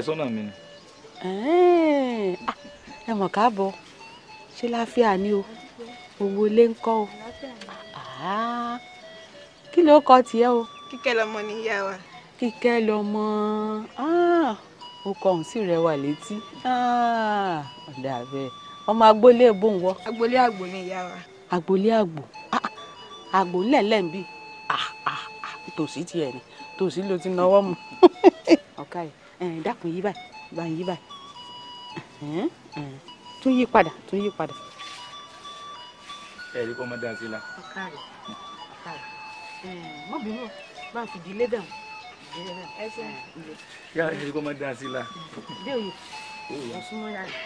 àfẹ́sọ́nà mi ni. Ah, ẹ mọ̀ káàbọ̀ ṣé láfíà ni o owó lé ń kọ́ o ah, kí ló kọ tiẹ̀ o. kíkẹ́ lọmọ ni ìyá wa. kíkẹ́ lọmọ ah, o kọ òun sì rẹwà létí ọ̀dà bẹ́ẹ̀ ọmọ agboolé bò ń wọ. agboolé àgbò ni ìyá wa. agboolé àgbò àgbò ńlẹ̀ńlẹ̀ ń bì tòsí tiẹ̀ ni tòsí ló ti náwó mu dákun yí báyìí bá yí báyìí tún yí padà tún yí padà. ẹ̀rí kọ́ máa dá sí la. ọ̀ká rẹ̀ ọ̀ká rẹ̀ mọ̀ bínú máa fi ìdílé dàn ẹsẹ̀ ìdílé. yá ẹ̀rí kọ́ máa dá sí la. dé òye ọ̀sùnmọ́ yá rẹ̀.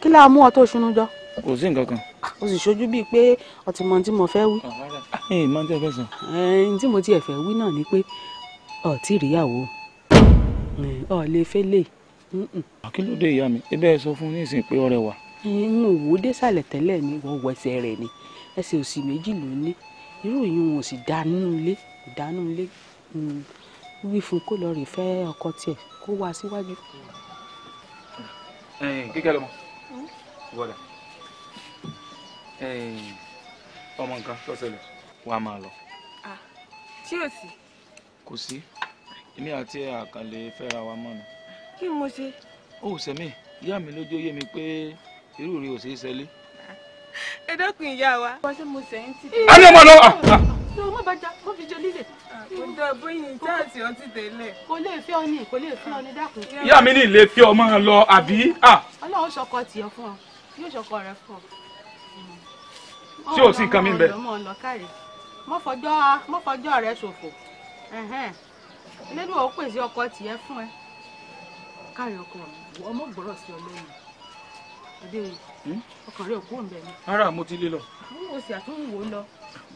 kí láà mú ọ tó jọ. kò sí nǹkan kan o sì ṣojú bíi pé ọtí mọ tí mo fẹ́ wí. ẹ ẹ máa ń tẹ́ fẹ́ sàn. ẹ ẹ tí mo tiẹ̀ fẹ́ wí náà ni pé ọtí ìríyàwó ọ lè fẹ́ lè. kí ló dé ìyá mi ebe ẹ sọ fún mi nísìnyí pé ọ̀rẹ́ wa. n ò wò désàlẹ̀ tẹ́lẹ̀ ni wọ́n wọ ẹsẹ̀ rẹ̀ ni ẹsẹ̀ òsì méjì ló ní irú yìí wọn ò sì dánú ilé dánú ilé mm. wí fún kó lọ rè fẹ́ ọkọ tiẹ̀ kó wá síwájú. kíkẹ́ lọ́mọ ìwọ́dà. Eh. ọmọ nǹkan ló ṣẹlẹ̀ wàá máa lọ. Ah, tí ò sí. kò sí èmi àti àkànlè fẹ́ra wa mọ́ ni. kí ni mo ṣe. ó sẹ́mi ìyá mi lójú yé mi pé irú rẹ ò ṣeé ṣẹlẹ̀. ẹ dẹ́kun ìyá wa. wọ́n ṣe mo sẹ́yìn tì. a ní ọmọ lọ. lọ mọ bàjá mo fi jẹ lílẹ. ǹjẹ́ bóyá ìjà àti ọtí tẹ́lẹ̀. kò lè fẹ́ ọ ní kò lè fẹ́ ọ ní dákun. ìyá mi ní ilé fi ọmọ lọ àbí. Ah. ọlọ́run ṣọkọ tiẹ̀ fún ọ yóò ṣọkọ rẹ fún ọ tí ò sí nǹkan mi bẹ. mo fọjọ́ rẹ ṣòfò lẹ́nu ò pèsè ọkọ tiẹ̀ fún ẹ kárí ọkọ mi ọmọ gbọ́rọ̀ sí ọ lẹ́yìn adéyẹ ọkàn rẹ ò kúrò nbẹ ni. ara mo ti lé lọ. mo sì àtúnwò lọ.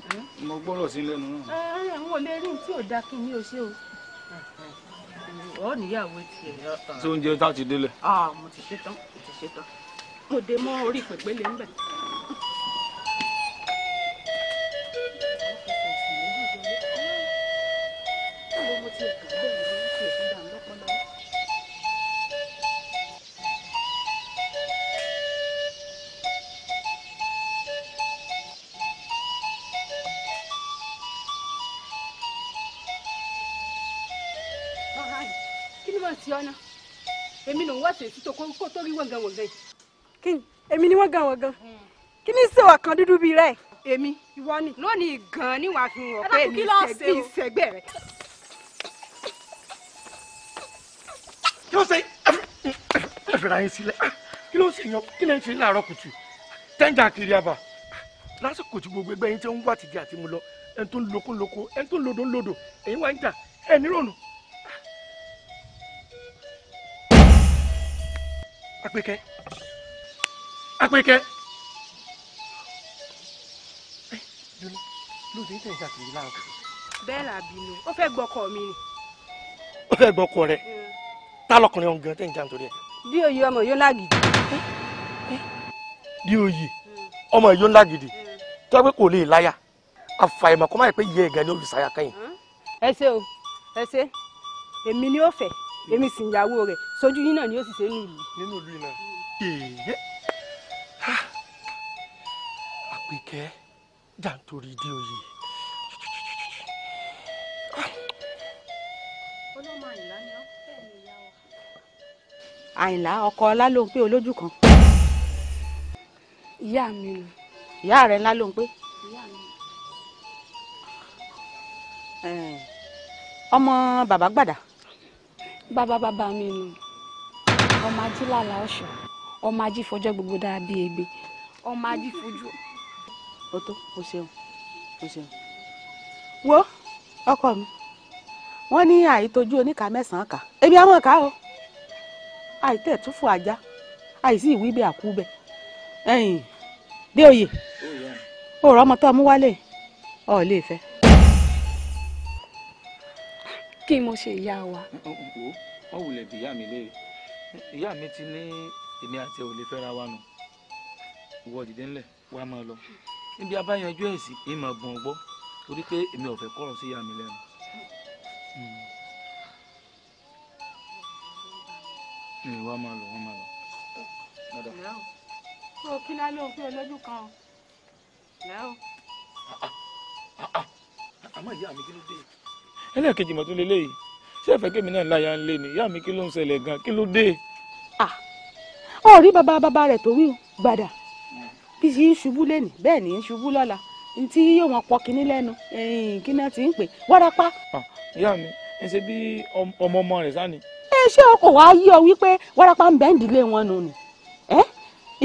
Hmm? mo gbọ́rọ̀ sí lẹ́nu náà. ẹ n ò lè rí tí ò da kí ni o ṣe o ọ níyàwó tiẹ̀. tí oúnjẹ tá a ti délẹ̀. Ah, mo ti ṣetán mo ti ṣetán mo dé mọ́ orí pèpéle ńbẹ̀. èsì tó kó tó rí wọ̀ngàn wọ̀ngàn yìí. kí ni èmi ni wọ̀ngàn wọ̀ngàn kí ni ṣe wà kan dúdú bíi rẹ. èmi ìwọ ni. lónìí gan-an ni wàá fi hàn pé èmi ìṣẹ́gbẹ́ rẹ. kí ló ṣe ẹ fẹ́ràn yín sílẹ̀ ah, kí ló ṣe yan kí lè ṣe láàárọ̀ kùtù kiri àbà ah, lásìkò tí gbogbo yín ti ń wá àti mu lọ ẹni tó ń loko ń ẹni tó ń lodo ń lodo ẹ̀yin wá ń jà ẹ̀ nírònú. apẹkẹ ah, apẹkẹ eh, lóde ń tẹ̀sí àtìrí láàbù. bẹ́ẹ̀ làbí ni ó fẹ́ gbọ́kọ̀ mi ni. ó fẹ́ gbọ́kọ̀ ta lọkùnrin ọ̀hún gan tẹ̀ ń jà nítorí ẹ̀. di oyè ọmọ yóò lágìdì. di oyè ọmọ yóò lágìdì tó pé kò lè láyà àfàìmọ̀ kó má yẹ pé yẹ ẹ̀gá ni olùsáyà kẹ́yìn. ẹ ṣe o ẹ ṣe èmi ni ó fẹ́ èmi sì ń yàwó rẹ̀ sójú yín náà ni ó sì ṣe nínú ìlú. nínú ìlú iná. èyí àpèkẹ́ jàǹtorí di oyè. àyìnlá ọkọ ọlá ló ń pé olójú kan. ìyá mi ni. ìyá rẹ ńlá ló ń pé. ìyá mi. ọmọ bàbá gbàdà. bàbá bàbá mi nù ọmọ ají làlà ọ̀ṣọ́ ọmọ ají fọjọ́ gbogbo dáa bíi egbe ọmọ ají fojú. o tó o ṣeun o ṣeun wo ọkọ mi wọ́n ní àìtójú oníkà mẹ́sàn kà ebi àwọn kà o àìtẹ́ ẹ̀ tún fún ajá àìsí ìwí bẹ́ẹ̀ àkú bẹ́ẹ̀ ẹ̀yìn dé òye òòrọ̀ ọmọ tó mú wálé ọ̀ lè fẹ́. kí mo ṣe ìyá wa. wọ́n wulẹ̀ bí ìyá mi léèrè ìyá mi ti ní èmi àti ẹ̀ ò lè fẹ́ra wa nù wọ dìde ńlẹ̀ wá máa lọ níbi abáyanjú ẹ̀ sí èmi àgbọ̀n torí pé èmi ò fẹ́ kọ́rọ̀ sí ìyá mi lẹ́nu. Hmm. ìwà hmm, máa lọ wọn máa lọ. kó o kí lálẹ́ òun pé olójú kan o. àmọ́ ìyá mi kí ló dé. ẹlẹ́ẹ̀kejì mọ̀ tún lélẹ́yìí ṣé ẹ̀fẹ́ kémi náà láyà ń lé ni ìyá mi kí ló ń ṣẹlẹ̀ gan kí ló dé. ó ah, rí bàbá bàbá rẹ̀ tó wí gbàdà bí ṣe ń ṣubú lẹ́nìí bẹ́ẹ̀ ni ń ṣubú lọ́la tí yóò wọn pọ kinní lẹ́nu kí náà ti ń pè wárápá. Ah, ìyá mi ẹ ṣe bí ọmọ ọmọ rẹ̀ sáà ṣé o kò wáá yí ọ wípé wárápá ń bẹ́ ń dílé wọn nù ni ẹ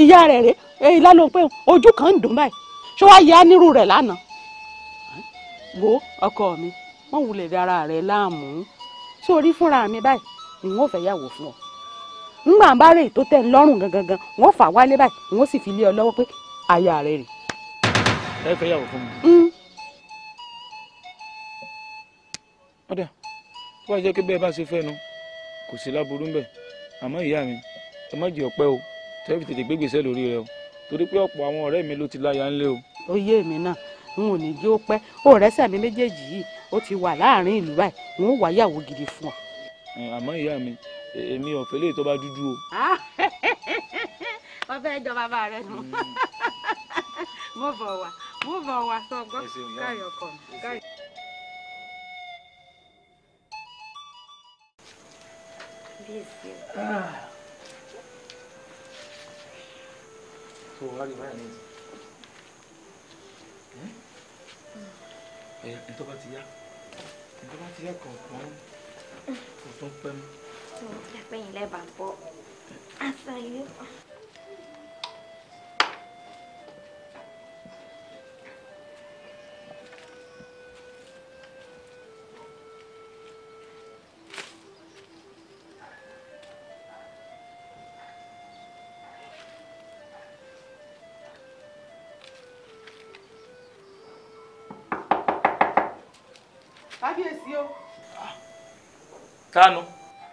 ìyá rẹ̀ rè é lánàá pé ojú kan ń dùn báyìí ṣé wàá yá nírú rẹ̀ lánàá wo ọkọ mi wọn wulẹ̀ dára rẹ̀ láàmú sórí fúnra mi báyìí ni wọn ò fẹ́ yàwó fún ọ ńgbà ń bá rè tó tẹ̀ ń lọ́rùn gangan gan wọn fà wálé báyìí wọn sì fi lé ọ lọ́wọ́ pé aya rẹ̀ rè. ẹ fẹ́ yàwó fún mi. ọ̀dà hmm. tó bá jẹ́ pé bẹ́ẹ̀ bá ṣe fẹ́ nu. No? kò sí láburú ńbẹ̀ àmọ́ ìyá mi ẹ má jẹ́ ọpẹ́ o tẹ́ fi tètè gbégbèsè lórí rẹ o torí pé ọ̀pọ̀ àwọn ọ̀rẹ́ mi ló ti láya ńlẹ̀ o. ó yé èmi náà n ò ní jẹ́ ó pẹ́ ó rẹ́sẹ̀ mi méjèèjì yìí ó ti wà láàrin ìlú báyìí n ó wáyàwó gidi fún ọ. àmọ́ ìyá mi èmi ọ̀fẹ́ lè tó bá dúdú o. Ah! wọ́n fẹ́ jọ bàbá rẹ nù hmm. mo bọ̀ wá mo bọ̀ wá sọ káyọ̀ kọ̀ káyọ̀. kábíyèsí o. tó o wá rí báyìí nìyí ẹ ẹ tó bá ti yá ẹ tó bá ti yá kọ̀ọ̀kan kò tó ń pẹ́ kábíyèsí o. kánú.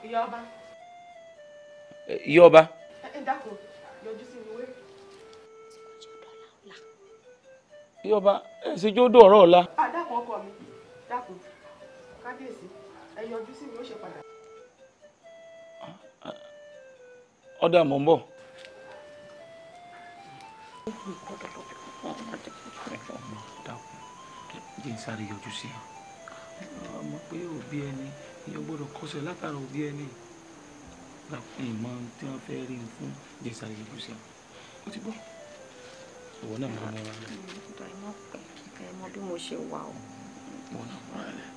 ìyá ọba. ìyá ọba. ẹ dákun lójú sí mi ìyá ọba ẹ ṣe jó ọ̀rọ̀ ọ̀la. dákun ọkọ mi dákun kábíyèsí ẹ yọjú sí mi ó ṣe padà. ọ̀dà mò ń bọ̀. jẹ́ yọjú sí ọ ọmọ ah, pé òbí ẹni èèyàn gbọ́dọ̀ kọsẹ̀ látara òbí ẹni ìmọ̀ tí wọ́n fẹ́ rí fún jésà ìbùsẹ̀ ó ti bọ́ ìwọ náà mọ̀ ọ́n rẹ̀ wá. ìmọ̀ pé ẹ mọ bí mo ṣe wà ó. ìwọ náà mọ̀ rẹ̀.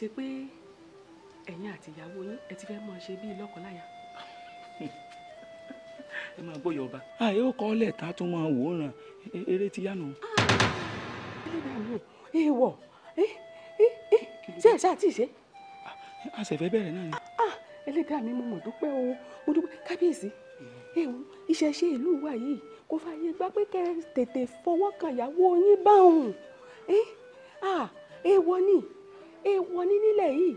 ṣe pé ẹ̀yin àti ìyàwó yín ẹ ti fẹ́ mọ̀ ṣe bíi lọ́kọláya. ẹ máa gbóyè ọba. àyè ó kọ́ ọ́ lẹ́ẹ̀ta tó máa wò ó ràn e, eré ti yánu. Ah! ìwọ ṣé ẹ ṣáà tí ì ṣe. Ah, a ṣẹ̀fẹ̀ bẹ̀rẹ̀ náà ni. Ah, ẹlẹ́dàá mi mo mọ̀ dúpẹ́ o mo dúpẹ́ kábíyèsí mm. iṣẹ́ ṣe ìlú wa yìí kò fààyè gbà pé kẹ́ ẹ tètè fọwọ́ kan ìyàwó yín báwọn èèwọ̀ ni èèwọ̀ ní nílẹ̀ yìí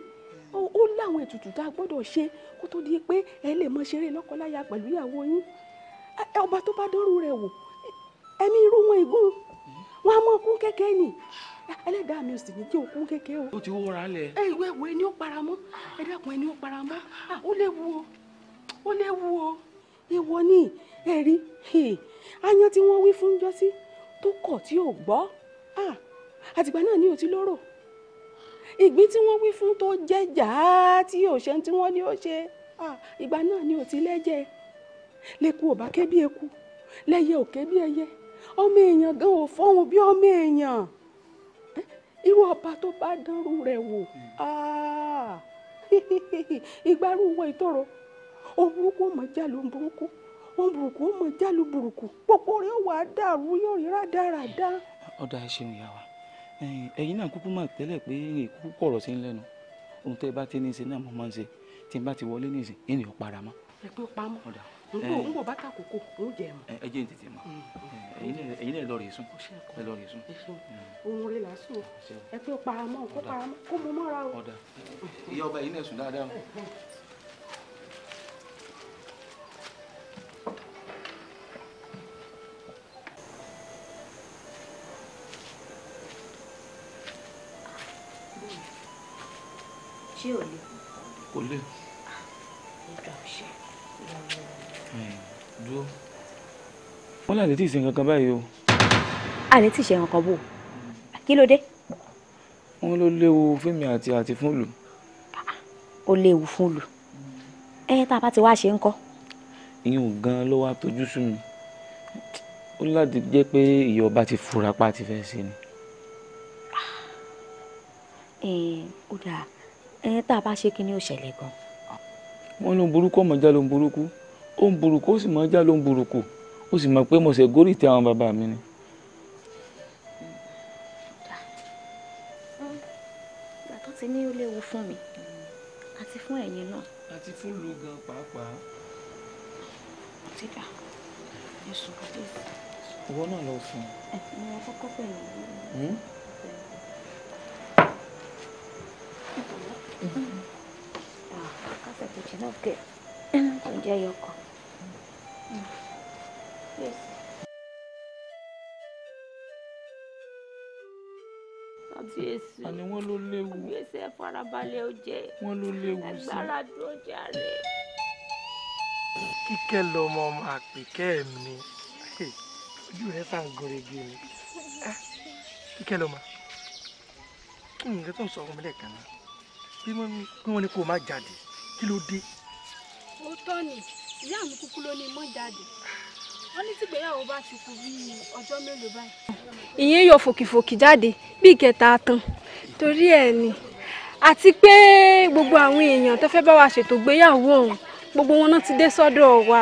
ó láwọn ètùtù tá a gbọ́dọ̀ ṣe kó tó di pé ẹ lè mọ ṣeré lọ́kọláya pẹ̀lú ìyàwó yín ọba tó bá dọ́rù rẹ̀ wò ẹ̀mí irú wọn ìgún wọn a mọ kún kẹ́kẹ́ nì ẹlẹ́dàá mi ò sì ní jẹ́ òkun kẹ́kẹ́ o. ó ti wúra lẹ. ẹ ìwé ìwé ni ó para mọ́ ẹ dákun ẹ ni ó para mọ́ ó léwu o ó léwu o ìwọ ni ẹ rí ayan tí wọ́n wí fún jọ́sí tó kọ̀ tí ò gbọ́ àtìgbà náà ni ò ti lóró ìgbín tí wọ́n wí fún tó jẹ́ jàá tí ò ṣe tí wọ́n ní ó ṣe ìgbà náà ni ò ti lẹ́jẹ̀ lẹ́kù ò bá ké bí eku lẹ́yẹ ò ké bí ẹyẹ ọmọ èèyàn gan ò fọ́hùn bí ọmọ èèyàn irú ọba tó bá dánrú rẹ̀ wò ìgbárù wọ ìtòrò ohun burúkú mọ̀ jálù burúkú ohun burúkú mọ̀ jálù burúkú pọ̀pọ̀ rẹ̀ wà á dàrú yóò rí rádaràda. ọ̀dà ẹ̀ nìyàwó ẹ̀yin náà kúkú mọ̀ tẹ́lẹ̀ pé èyí kúkú kọ̀rọ̀ sí ń lẹ́nu ohun tẹ́ bá ti ní í ṣe náà mo máa ń ṣe tí n bá ti wọlé nísìn èyí para mọ́. ẹ pé ó pa mọ́ n kò bá takoko n jẹ mọ. ẹ jẹ́ ìtìtì mọ mm. ẹ̀yin náà lọ rè sùn ẹ lọ rè sùn. Mm. ohun rẹ̀ lásùn ẹ pé ó para mọ́ kó para mọ́ kó mo mọ́ra o. ìyá ọba yìí náà sùn dáadáa ṣé ò lè. kò lè. dúró wọn láti tí ì ṣe nǹkan kan báyìí o. a lè tí ì ṣe nǹkan bò kí ló dé. wọn ló léwu fíìmù àti àti fún ó léwu fún lù tá a bá ti wá ṣe ń kọ́. ìyún gan-an ló wá tojú sú mi ó láti jẹ́ pé ìyọba ti fura pa ti fẹ́ ṣe ni. ó dáa ẹ tá a bá ṣe kí ni ó ṣẹlẹ̀ gan. wọ́n ló ń burúkú ọmọ já ló ń burúkú ó ń burúkú ó sì mọ já ló ń burúkú ó sì mọ pé mo ṣe górí ti àwọn bàbá mi ni. ìgbà tó ti ní ó léwu fún mi àti fún ẹ̀yin náà. àti fún lu gan pàápàá. ó ti dà èso kàdé. ìwọ náà lọ fún un. ẹ ní wọn kọ́kọ́ pẹ̀lú. Jùmọ̀kẹ́ kò jẹ́ Yes. kábíyèsí àní wọn ló léwu kábíyèsí ẹ farabalẹ̀ ó jẹ wọn ló léwu sí agbára dúró jàre. kíkẹ́ lọmọ máa pè kẹ́ mi ojú rẹ̀ sàn gòrègè ni ah, kíkẹ́ lọmọ kí nǹkan tó ń sọ ọmọ lẹ́ẹ̀kan náà bí wọ́n ní kó má jáde kí ló dé. ó tọ́ ni ìyá mi kúkú ló ní mọ́ jáde wọ́n ní tìgbéyàwó bá ti kú bíi ọjọ́ mélòó báyìí. ìyẹn yọ fòkìfòkì jáde bí ìkẹta tán torí ẹ̀ ni àti pé gbogbo àwọn èèyàn tó fẹ́ bá wa ṣètò gbéyàwó ọ̀hún gbogbo wọn náà ti dé sọ́dọ̀ wa.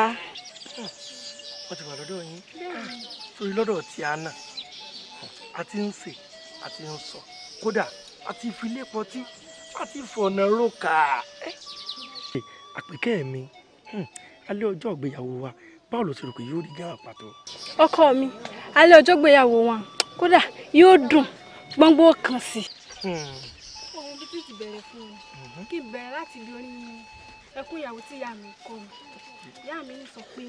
wọ́n ti wà lọ́dọ̀ yín torí lọ́dọ̀ tí a nà a ti ń sè a ń sọ kódà a ti fi lé pọtí a àpèkẹ́ mi hmm, alẹ́ ọjọ́ ìgbéyàwó wa báwo ló ti rò pé yóò rí gan pàtó. ọkọ mi alẹ́ ọjọ́ ìgbéyàwó wa kódà yóò dùn gbọ́ngbó kan sí. Hmm. ohun bíbí ti bẹ̀rẹ̀ fún mi mhm. kí bẹ̀rẹ̀ láti di orí ẹkún ìyàwó tí ìyá mi kọ mi ìyá mi ń sọ pé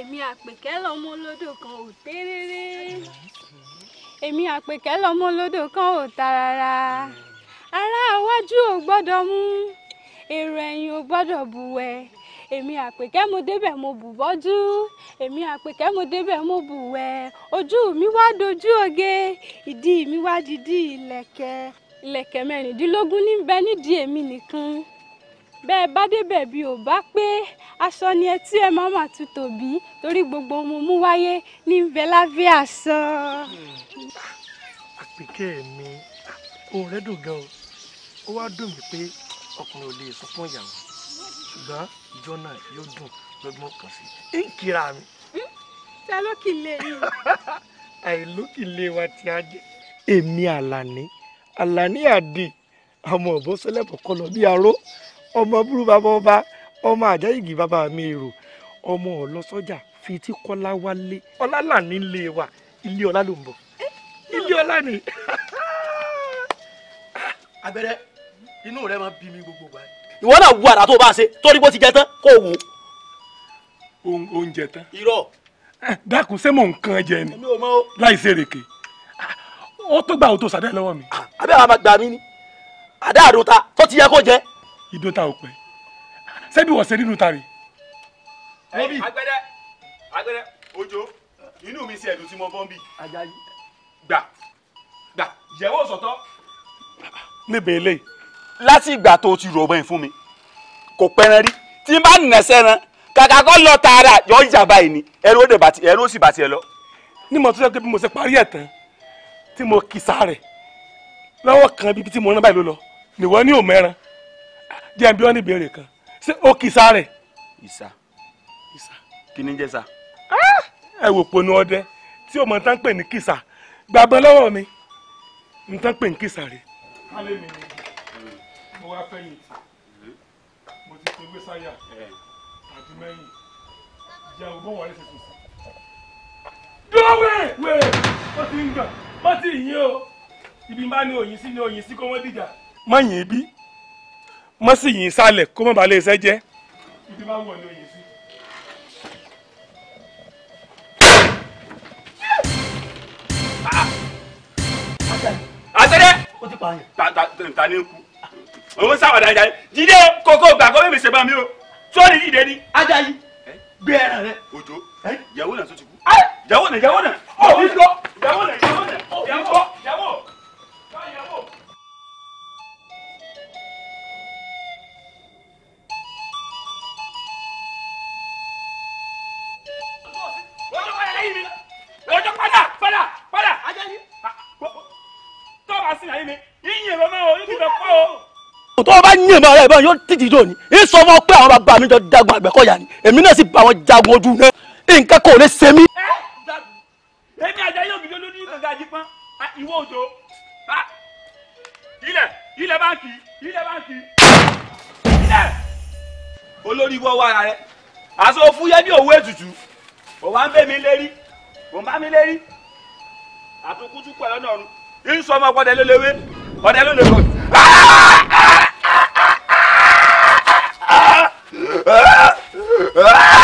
èmi àpèkẹ́ lọ́mọ olódò kan ò tẹ́rẹ́rẹ́ èmi àpèkẹ́ lọ́mọ olódò kan ò tarara ara iwájú ò gbọ́dọ̀ mú èrò ẹ̀yìn ò gbọ́dọ̀ bu wẹ èmi àpèkẹ́ mo débẹ̀ mo bù bọ́jú èmi àpèkẹ́ mo débẹ̀ mo bù wẹ ojú mi wá dojú oge ìdí mi wá dìdí ìlẹ̀kẹ̀ ìlẹ̀kẹ̀ mẹ́rìndínlógún ní bẹ nídìí èmi nìkan bẹ́ẹ̀ bá débẹ̀ bí ò bá pé aṣọ ni etí ẹ má má tu tòbí torí gbogbo mo mú wáyé ní bẹ lábẹ́ aṣọ. Hmm. àpèkẹ́ mi òun rẹ́ dùn gan-an ó wá dùn mí pé ọkùnrin ò lè sọ fún ìyàwó ṣùgbọ́n ìjọ náà yóò dùn lọ́gbọ́n kan sí i ń kíra mi. ṣé lókì lè yìí. àìlókì lè wa ti á jẹ èmi àlàní àlàní àdè ọmọ ọ̀bọ́sẹ́lẹ̀bọ̀ kọ́ lọ bí aró ọmọ búrú bàbá ọba ọmọ àjáyìgì bàbá mi èrò ọmọ ọlọ́sọ́jà fi tí wálé ọlá là ní wa ilé ọlá ló ń bọ̀ eh? ilé ọlá ni. abẹ́rẹ́ inú rẹ máa bí mi gbogbo wa. ìwọ náà wú àdá tó bá a ṣe torí bó ti jẹ tán kó wò. oúnjẹ tán. irọ́. Eh, dákun ṣé mò ń kan jẹ ni láì ṣe rèké ó tó gbà ó tó sàdá lọ́wọ́ mi. Ah, abẹ́ àwọn àgbà mi ni àdá àdóta tó ti yẹ kó jẹ. ìdóta ò pẹ́ ṣebí wọ́n ṣe nínú ta rè. agbẹ́dẹ́ agbẹ́dẹ́ ojo inú mi ṣe ẹ̀dùn tí mo bọ́ ń bì. gbà gbà yẹ̀wò sọ̀tọ̀. níbi eléyìí láti ìgbà tó o ti rọ̀ ọmọ yìí fún mi kò pẹ́ran rí tí n bá nà sẹ́ran kàkà kọ́ lọ tààrà yọ ìjà báyìí ni ẹrú ó dèbàtì ẹrú ó sì bàtì ẹ lọ. ní mo tún yẹ pé bí mo ṣe parí ẹ̀ tán tí mo kìsà rẹ̀ lọ́wọ́ kan bíbi tí mo rán báyìí ló lọ nìwọ ní òmẹ́ran jẹ́ bí wọ́n ní ìbéèrè kan ṣé ó kìsà rẹ̀. ìsà ìsà kí ni jẹ́ sà. Ah! ẹ wò ponu ọdẹ tí o mọ̀ tán pè ní kìsà gbàgbọ́n lọ́wọ́ mi n pè ní kìsà rẹ̀ mo wá fẹ̀yìntì mo ti pe gbèsáyà àti mẹ́yìn jẹ́ ọgbọ́n wọlé ṣe tù sí. dúwẹ́ wẹ́ ó ti ń gbà má ti yín o ibi bá ní òyìn sí ní òyìn sí kó wọ́n dìjà. má yìn bí má sì yìn sálẹ̀ kó má bàa lè ṣẹ́ jẹ́. ibi bá wọ̀ ní òyìn sí. àtẹ̀rẹ́ ó ti pààyàn. ta ta ta ni kú òun sáwàdà Àjàyí dídé kókó gbà kó bèbè sèbá mi o sórí dídé ni Àjàyí gbé ẹran rẹ. òjò ìyàwó náà tó ti kú. ìyàwó náà ìyàwó náà ó ní kọ́ ìyàwó náà ìyàwó náà ó ní kọ́ ìyàwó. ọjọ́ padà padà padà Àjàyí tọ́ba sí ayé mi yíyan ìrọ̀mọ́ o yóò fi bẹ̀ pọ́ o tó bá ní èmi ara ìbọn yóò títí dò ní í sọ fún ọ pé àwọn bàbá mi jọ jagun àgbẹ̀kọ̀yà ni èmi náà sì bá wọn jagun ojú náà nǹkan kò lè ṣe mí. èmi àjà yóò gbìyànjú lórí gàgà yìí pọ́n ìwọ òjò ilẹ̀ ilẹ̀ báńkì ilẹ̀ báńkì ilẹ̀. olórí wọ́ wára rẹ̀ aṣọ fúyẹ́ bí òwú ètùtù òwú à ń bẹ̀ mí lérí òun bá mi lérí àtòkútù pẹ̀lú ọ̀nà ọ̀run ń sọ ọmọ ọ̀pọ̀dẹ lólewé ọ̀dẹ lólewé. Ah!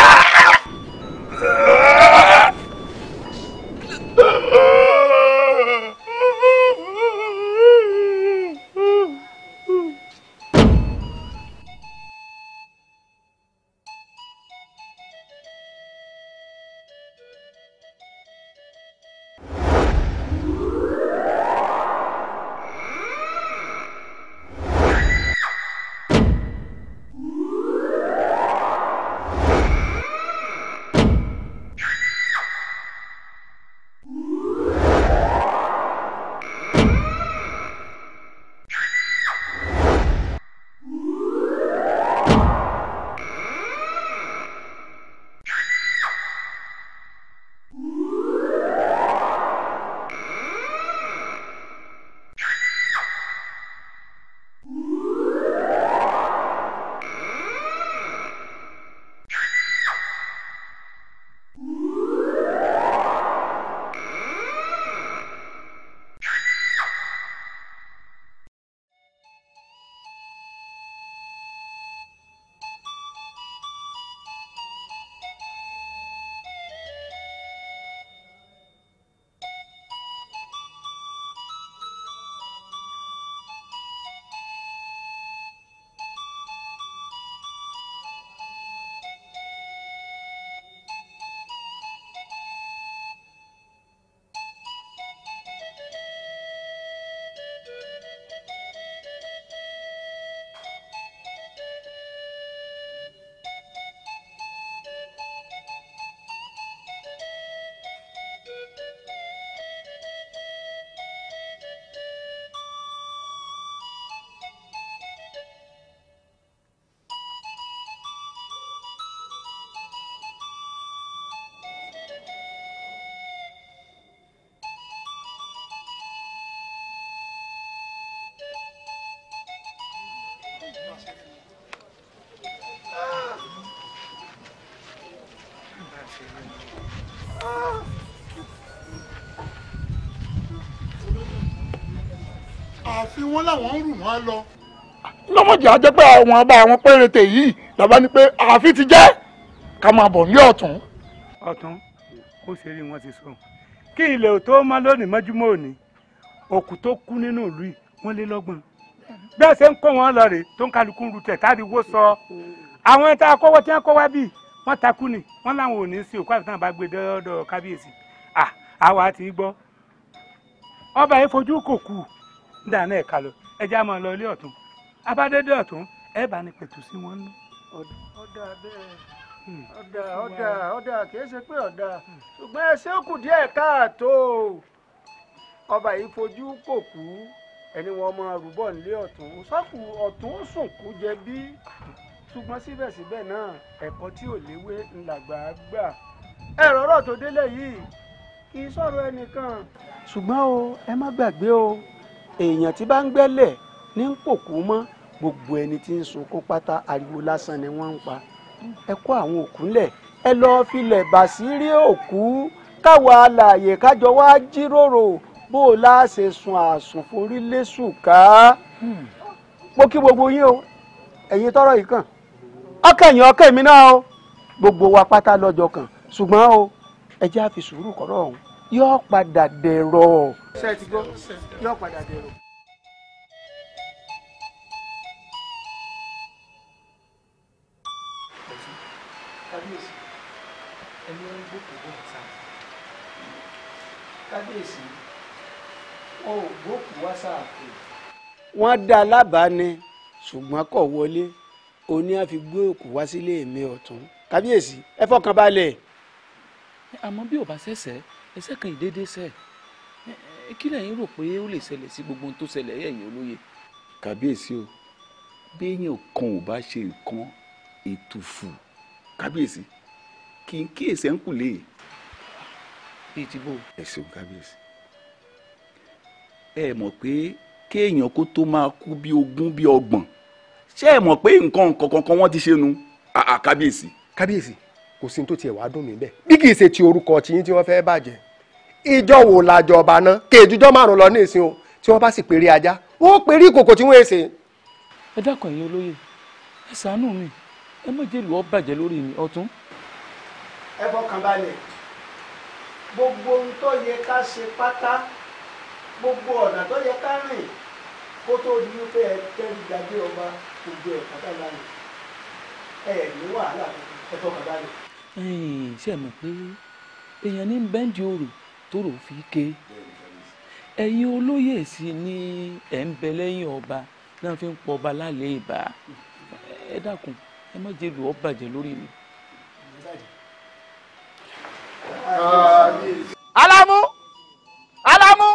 sí wọn làwọn ń rù wọn lọ. lọ́mọdé á jẹ́ pé àwọn ọba àwọn péréte yìí lọ́ba ni pé àfi ti jẹ́ ká máa bọ̀ ní ọ̀tún. ọ̀tún ó ṣe rí wọn ti sọ kí ilẹ̀ ò tó máa lónìí mọ́júmọ́ òní òkú tó kú nínú ìlú yìí wọ́n lé lọ́gbọ̀n bí ẹ ṣe ń kó wọn lọ rèé tó ń kálukú ń rutẹ̀ táriwo sọ àwọn ẹ̀ta akọ́wọ́ tí wọ́n kọ́ wá bíi wọ́n takú ni wọ́n láwọn ò ní sí òkú àti náà bá gbé dọ́dọ̀ kábíyèsí àwa ti gbọ́ ọba yìí fojú kò kù dáná ẹ̀ka lọ ẹjẹ́ a máa lọ ilé ọ̀tún abádédé ọ̀tún ẹ bá ní pẹ̀tù sí wọn ní. ọ̀dà bẹ́ẹ̀ hmm. ọ̀dà ọ̀dà ọ̀dà kìí ṣe pé ọ̀dà ṣùgbọ́n ẹ ṣé ó kù díẹ̀ káàtó ọba yìí fojú kò kú ẹni wọn máa rúbọ nílé ọ̀tún sọkù ọ̀tún sùn kú jẹ bí ṣùgbọ́n síbẹ̀síbẹ̀ náà ẹ̀kọ́ tí ò léwé ńlàgbà gbà ẹ̀rọ ọ̀rọ̀ tó délé yìí kì í sọ̀rọ̀ ẹnìkan ṣùgbọ́n o ẹ má gbàgbé o èèyàn tí bá ń gbẹ́lẹ̀ ní ń pòkú mọ́ gbogbo ẹni tí ń sunkún pátá ariwo lásán ni wọ́n ń pa ẹ kó àwọn òkú lẹ̀ ẹ lọ́ọ́ filẹ̀ bàṣírí òkú káwa alààyè kájọ wá jíròrò bó o láṣẹ sun àsùn forí lẹ́sùn ká hmm. mo kí gbogbo yín o ẹ̀yin tọ́rọ̀ yìí kàn ọkẹ̀yìn ọkẹ̀ mi náà o gbogbo wa pátá lọ́jọ́ kan ṣùgbọ́n o ẹ jẹ́ àfi sùúrù kọ́rọ̀ ọ̀hún yóò padà dẹ̀rọ̀. ṣé ẹ ti gbọ́ yóò padà dẹ̀rọ̀. ẹni ó ń gbókòó wá sáà kábíyèsí wọn ò gbókòó wá wọ́n dá a lábàá ni ṣùgbọ́n kò wọlé òní á fi gbé òkú wá sílé mi ọ̀tún kábíyèsí ẹ fọkàn balẹ̀. àmọ́ bí ò bá ṣẹ̀ṣẹ̀ ẹsẹ̀ kan ìdédé sẹ̀ kí lẹ́yìn rò pé ó lè ṣẹlẹ̀ sí gbogbo ohun tó ṣẹlẹ̀ ẹ̀yìn olóye. kàbíyèsí o béèyàn kan ò bá ṣe nǹkan ètùfù kábíyèsí kì í kíyèsí ẹ̀ ń kù léè. bíi ti bò. ẹ ṣeun kábíyèsí. ẹ mọ̀ pé kéèyàn kó tó máa kú bí ogún bí ọgbọ̀n ṣé ẹ mọ̀ pé nǹkan kankan wọ́n ti ṣe nu àkàbíyèsí. kábíyèsí. kábíyèsí kò sí tó tiẹ̀ wá dùn mí bẹ́ẹ̀ bí í ṣe ti orúkọ tiyín tí wọ́n fẹ́ bàjẹ́ ìjọ làjọ ọba náà kéèjújọ́ márùn lọ ní ìsìn o tí wọ́n bá sì péré ajá ó péré ìkòkò tí wọ́n ẹ dákun olóye ẹ mi ẹ má ọ bàjẹ lórí mi ẹ fọkàn gbogbo ohun tó yẹ ká ṣe pátá gbogbo ọ̀nà tó yẹ ká rìn kó tó di wípé ẹ ọba gbogbo ṣe mọ̀ èèyàn ní bẹ́ńdì òrò fi ké ẹ̀yin olóyè sí ẹ̀ ń bẹ lẹ́yìn ọba náà fi ń pọ̀ ọba lálẹ́ ìbá ẹ ẹ má lù ọ́ bàjẹ́ lórí mi. alamu alamu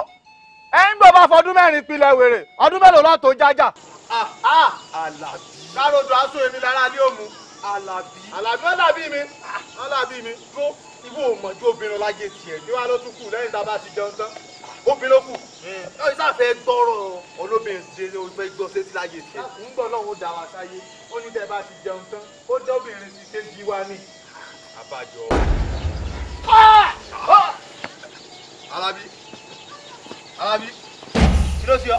bá fọdún mẹ́rin wèrè ọdún jájà. Ah, ah! lárodò aṣọ èmi lára ní Àlàbí. Àlàbí Àlàbí mi Àlàbí mi dúró ibú òmòjú obìnrin láyé tiẹ̀ ní wàá ló tún kù lẹ́yìn tá a bá ti jẹun tán obìnrin ló kù ọ hmm. ìsá fẹ́ gbọ́rọ̀ olóbìnrin ṣe o fẹ́ gbọ́ sétí láyé tiẹ̀. ń gbọ́ lọ́wọ́ dà wá sáyé ó ní tẹ́ bá ti jẹun tán ó jẹ́ obìnrin ti ṣe jí wá ní. àbájọ. Àlàbí ah! ah! Àlàbí kí ló ṣe ọ.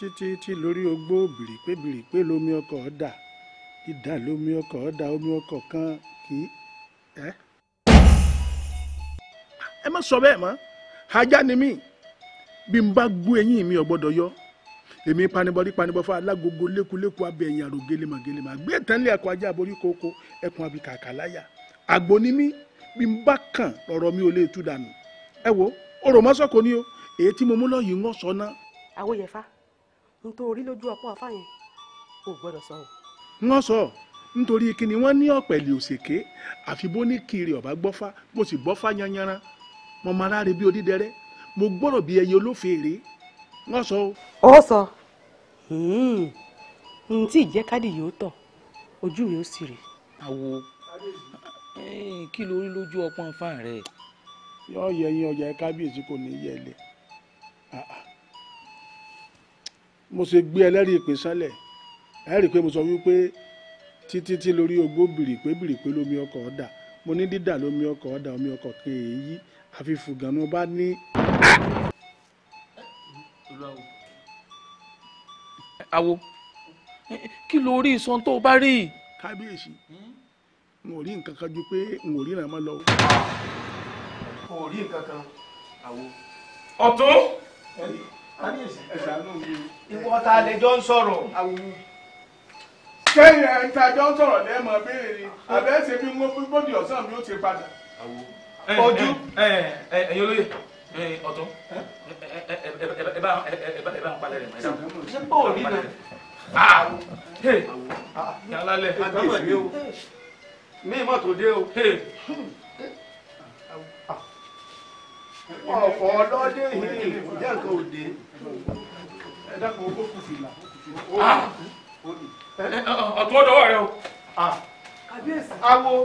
títí tí lórí ogbó bìrìpé bìrìpé lomi ọkọ̀ dà dídà lomi ọkọ̀ ọ̀dà omi ọkọ̀ kan kì í ẹ má sọ bẹ́ẹ̀ mọ́ ajá ni mí bí n bá gbú eyín mi ò yọ èmi panibọdí panibọ fún alágogo lékuléku abẹ́yìn àrò gẹlẹ́mà gbé tẹ́lẹ̀ ẹ̀kọ́ ajá aborí koko ẹkùn abikàkà láyà àgbo ni mí bí n bá kàn mi ò lè tú dànù ẹ wo ni o èyí tí mo mú ń nítorí lójú ọpọ afá yẹn ò gbọ́dọ̀ sọ o. wọ́n sọ nítorí kíni wọ́n ní ọ̀pẹ̀lì òṣèké àfi bó ní kiri ọ̀bá gbọ́fá mo sì gbọ́fá yanyanra mo máa láre bí odídẹrẹ́ mo gbọ́dọ̀ bí ẹyẹ olófèèrè wọ́n sọ o. ó sọ hmm. n tí ìjẹ́ kádì yóò tọ̀ ojú rẹ̀ ó sì rè. àwo kí ló rí lójú ọpọ́n fáà rẹ̀. yọ yẹyin ọjà kábíyèsí kò ní yẹlẹ ah, ah. mo ṣe gbé ẹlẹ́rìí ìpè sánlẹ̀ ẹ̀rí pé mo sọ wípé títí tí lórí ogbó bìrìpé bìrìpé lómi ọkọ̀ ọ̀dà mo ní dídà lómi ọkọ̀ ọ̀dà omi ọkọ̀ kéèyí àfi fùgàn mo bá ní. awo kí ló rí ìsan tó bá rí. kábíyèsí n ò rí nǹkan kan ju pé n ò lọ. rí nǹkan kan ìwọ ta lè jọ ń sọ̀rọ̀. kẹ́yìn ẹ̀ ta jọ ń sọ̀rọ̀ lẹ́ẹ̀mọ béèrè ni àbẹ́ ṣe bí wọ́n fi bóde ọ̀sán mi ó ti padà. ojú ẹ̀yin olóye ọ̀tún ẹ bá ń palẹ̀ rẹ̀ mọ́ ẹ bá ń palẹ̀ rẹ̀ yàlálẹ̀ mi mọ̀ tó dé o. ọ̀fọ̀ ọlọ́dẹ yìí jẹ́ nǹkan òde ẹ ah ó kù ah ọ̀tún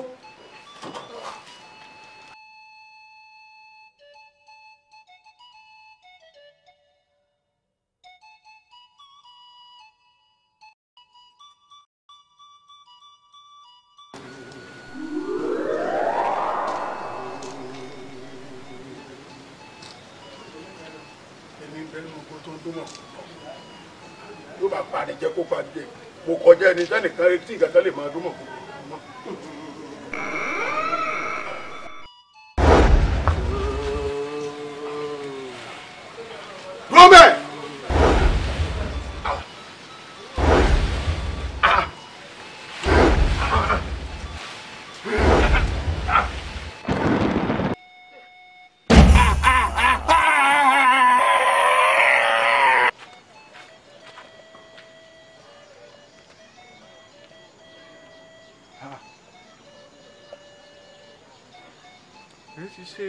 ṣe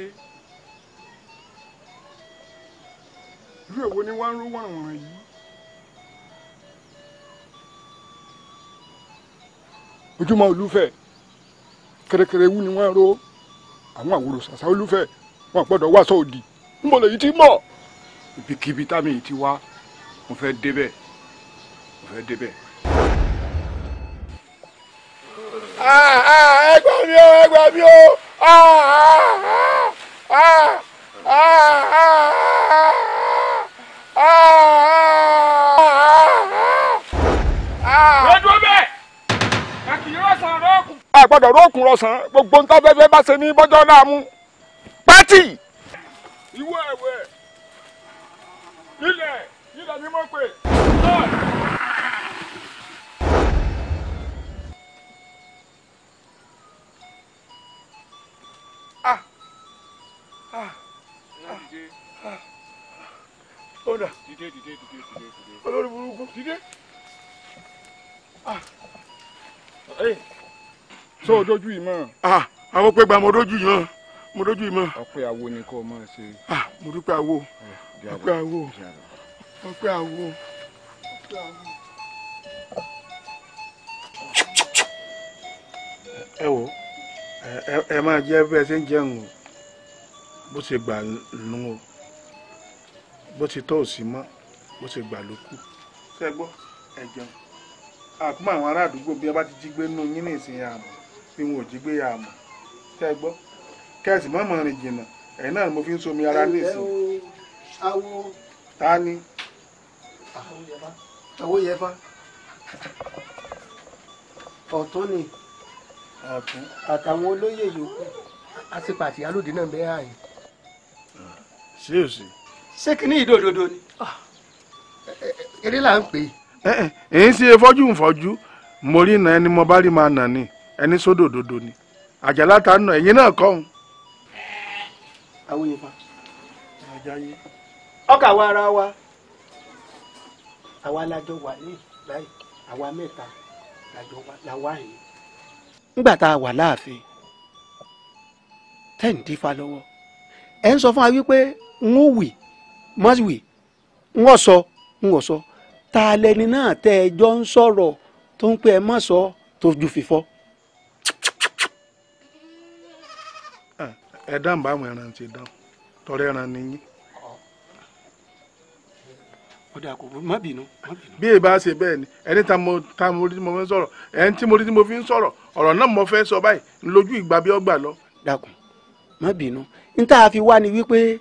irú èwo ni wọ́n ń rú wọ̀nrọ̀wọ̀n yìí ojúmọ́ olúfẹ́ kẹrẹkẹrẹ wú ni wọ́n ró àwọn àwòrò ṣàṣà olúfẹ́ wọn gbọ́dọ̀ wá sọ òdì ń bọ̀ lèyí ti mọ̀ ibikíbi támi yìí ti wá mo fẹ́ débẹ̀ mo fẹ́ débẹ̀. Ah, ah, ẹ gbà mí o ẹ gbà mí àgbàdo rókun rọsàn gbogbo nta fẹfẹ bá ṣe ní bọjọ náà mú pátì. ìwọ ẹwẹ ilẹ̀ ilẹ̀ ni mo pè. sọ ojú ìmọ̀. Ah, àwọn pé gba mo dojú yan mo dojú ìmọ̀. ọpẹ́ àwo ni kò máa ṣe. Ah, mo dúpẹ́ àwo eh, ọpẹ́ àwo ọpẹ́ àwo ọpẹ́ àwo. ẹ wo ẹ máa jẹ bẹ ẹ ṣe ń jẹun o bó ṣe gbà nù o bó ṣe tọ́ òsì mọ́ bó ṣe gbà ló kù. ṣé gbọ́ ẹ jẹun àkúmọ̀ àwọn ará àdúgbò bí ẹ ti jí gbé nù yín ní ìsinyìí àmọ́ bí wọn ò jí gbé ya àmọ́ tẹ́ gbọ́ kẹ́sì mọ́mọ́ rìn jìnnà ẹ̀ náà mo fi ń somi ara ní ìsìn. awo. ta ni. awo yẹfa. ọ̀tún ni. ọ̀tún. àtàwọn olóyè yòókù a ti pàtì alóde náà bẹ́ẹ̀ àyè. ṣé o sì. ṣé kí ìdòdòdò ni. eré là ń pè é. ẹ ẹ èyí ṣe fọ́jú ń fọ́jú mo rí na ẹni mo bá rí máa nà ni. ẹni sódò ni àjàlá ta nà ẹ̀yin náà kọ́ òun. àwọn yorùbá ọkà wa ara wa àwa lájọ wà ní láì àwa mẹ́ta lájọ wà láwa yìí. nígbà tá a wà láàfin tẹ́ ń dífá lọ́wọ́ ẹ̀ ń sọ fún wa wípé ń wì má wì n ó sọ n ó sọ ta lẹni náà tẹ́ ẹ jọ ń sọ̀rọ̀ tó ń pẹ́ ẹ má sọ tó ju fìfọ́. ẹ̀dá mgbe àwọn ẹran ti dán tọrọ ẹran nìyí. bí èyí bá ṣe bẹ́ẹ̀ ni ẹni tá mo tá mo rí tí mo fi ń sọ̀rọ̀ ẹni tí mo rí tí mo fi ń sọ̀rọ̀ ọ̀rọ̀ náà mo fẹ́ sọ báyìí lójú ìgbà bí ọgbà lọ. dákun má bínú n tá a fi wá ni wípé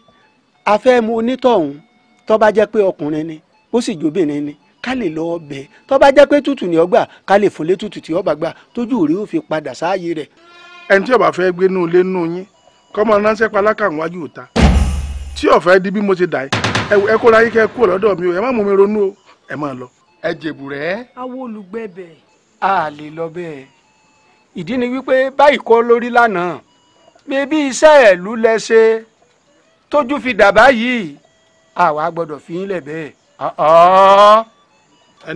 a fẹ́ mu onítọ̀hún tó jẹ́ pé ọkùnrin ni ó sì jóbìnrin ni ká lè lọ ọbẹ̀ tó jẹ́ pé tútù ni ọgbà ká lè fúnlé tútù tí ọba gbà tójú rí ó fi padà sáàyè rẹ̀. ẹni tí ó bá fẹ́ gbénú ilé nù yín kọ́mọ ránṣẹ́ palákà wájú òta tí ọ̀fẹ́ di bí mo ṣe dà ẹ kóra yín kẹ́ kú ọ̀lọ́dọ̀ mi o ẹ má mú mi ronú o ẹ máa lọ. ẹ jèbù rẹ. awo olùgbẹ́bẹ̀. a lè lọ bẹ́ẹ̀ ìdí ni wípé báyìí kọ́ lórí lánàá bébí iṣẹ́ ẹ̀ lẹ ṣe tójú fi dà báyìí àwa gbọ́dọ̀ fi yín lẹ̀ bẹ́ẹ̀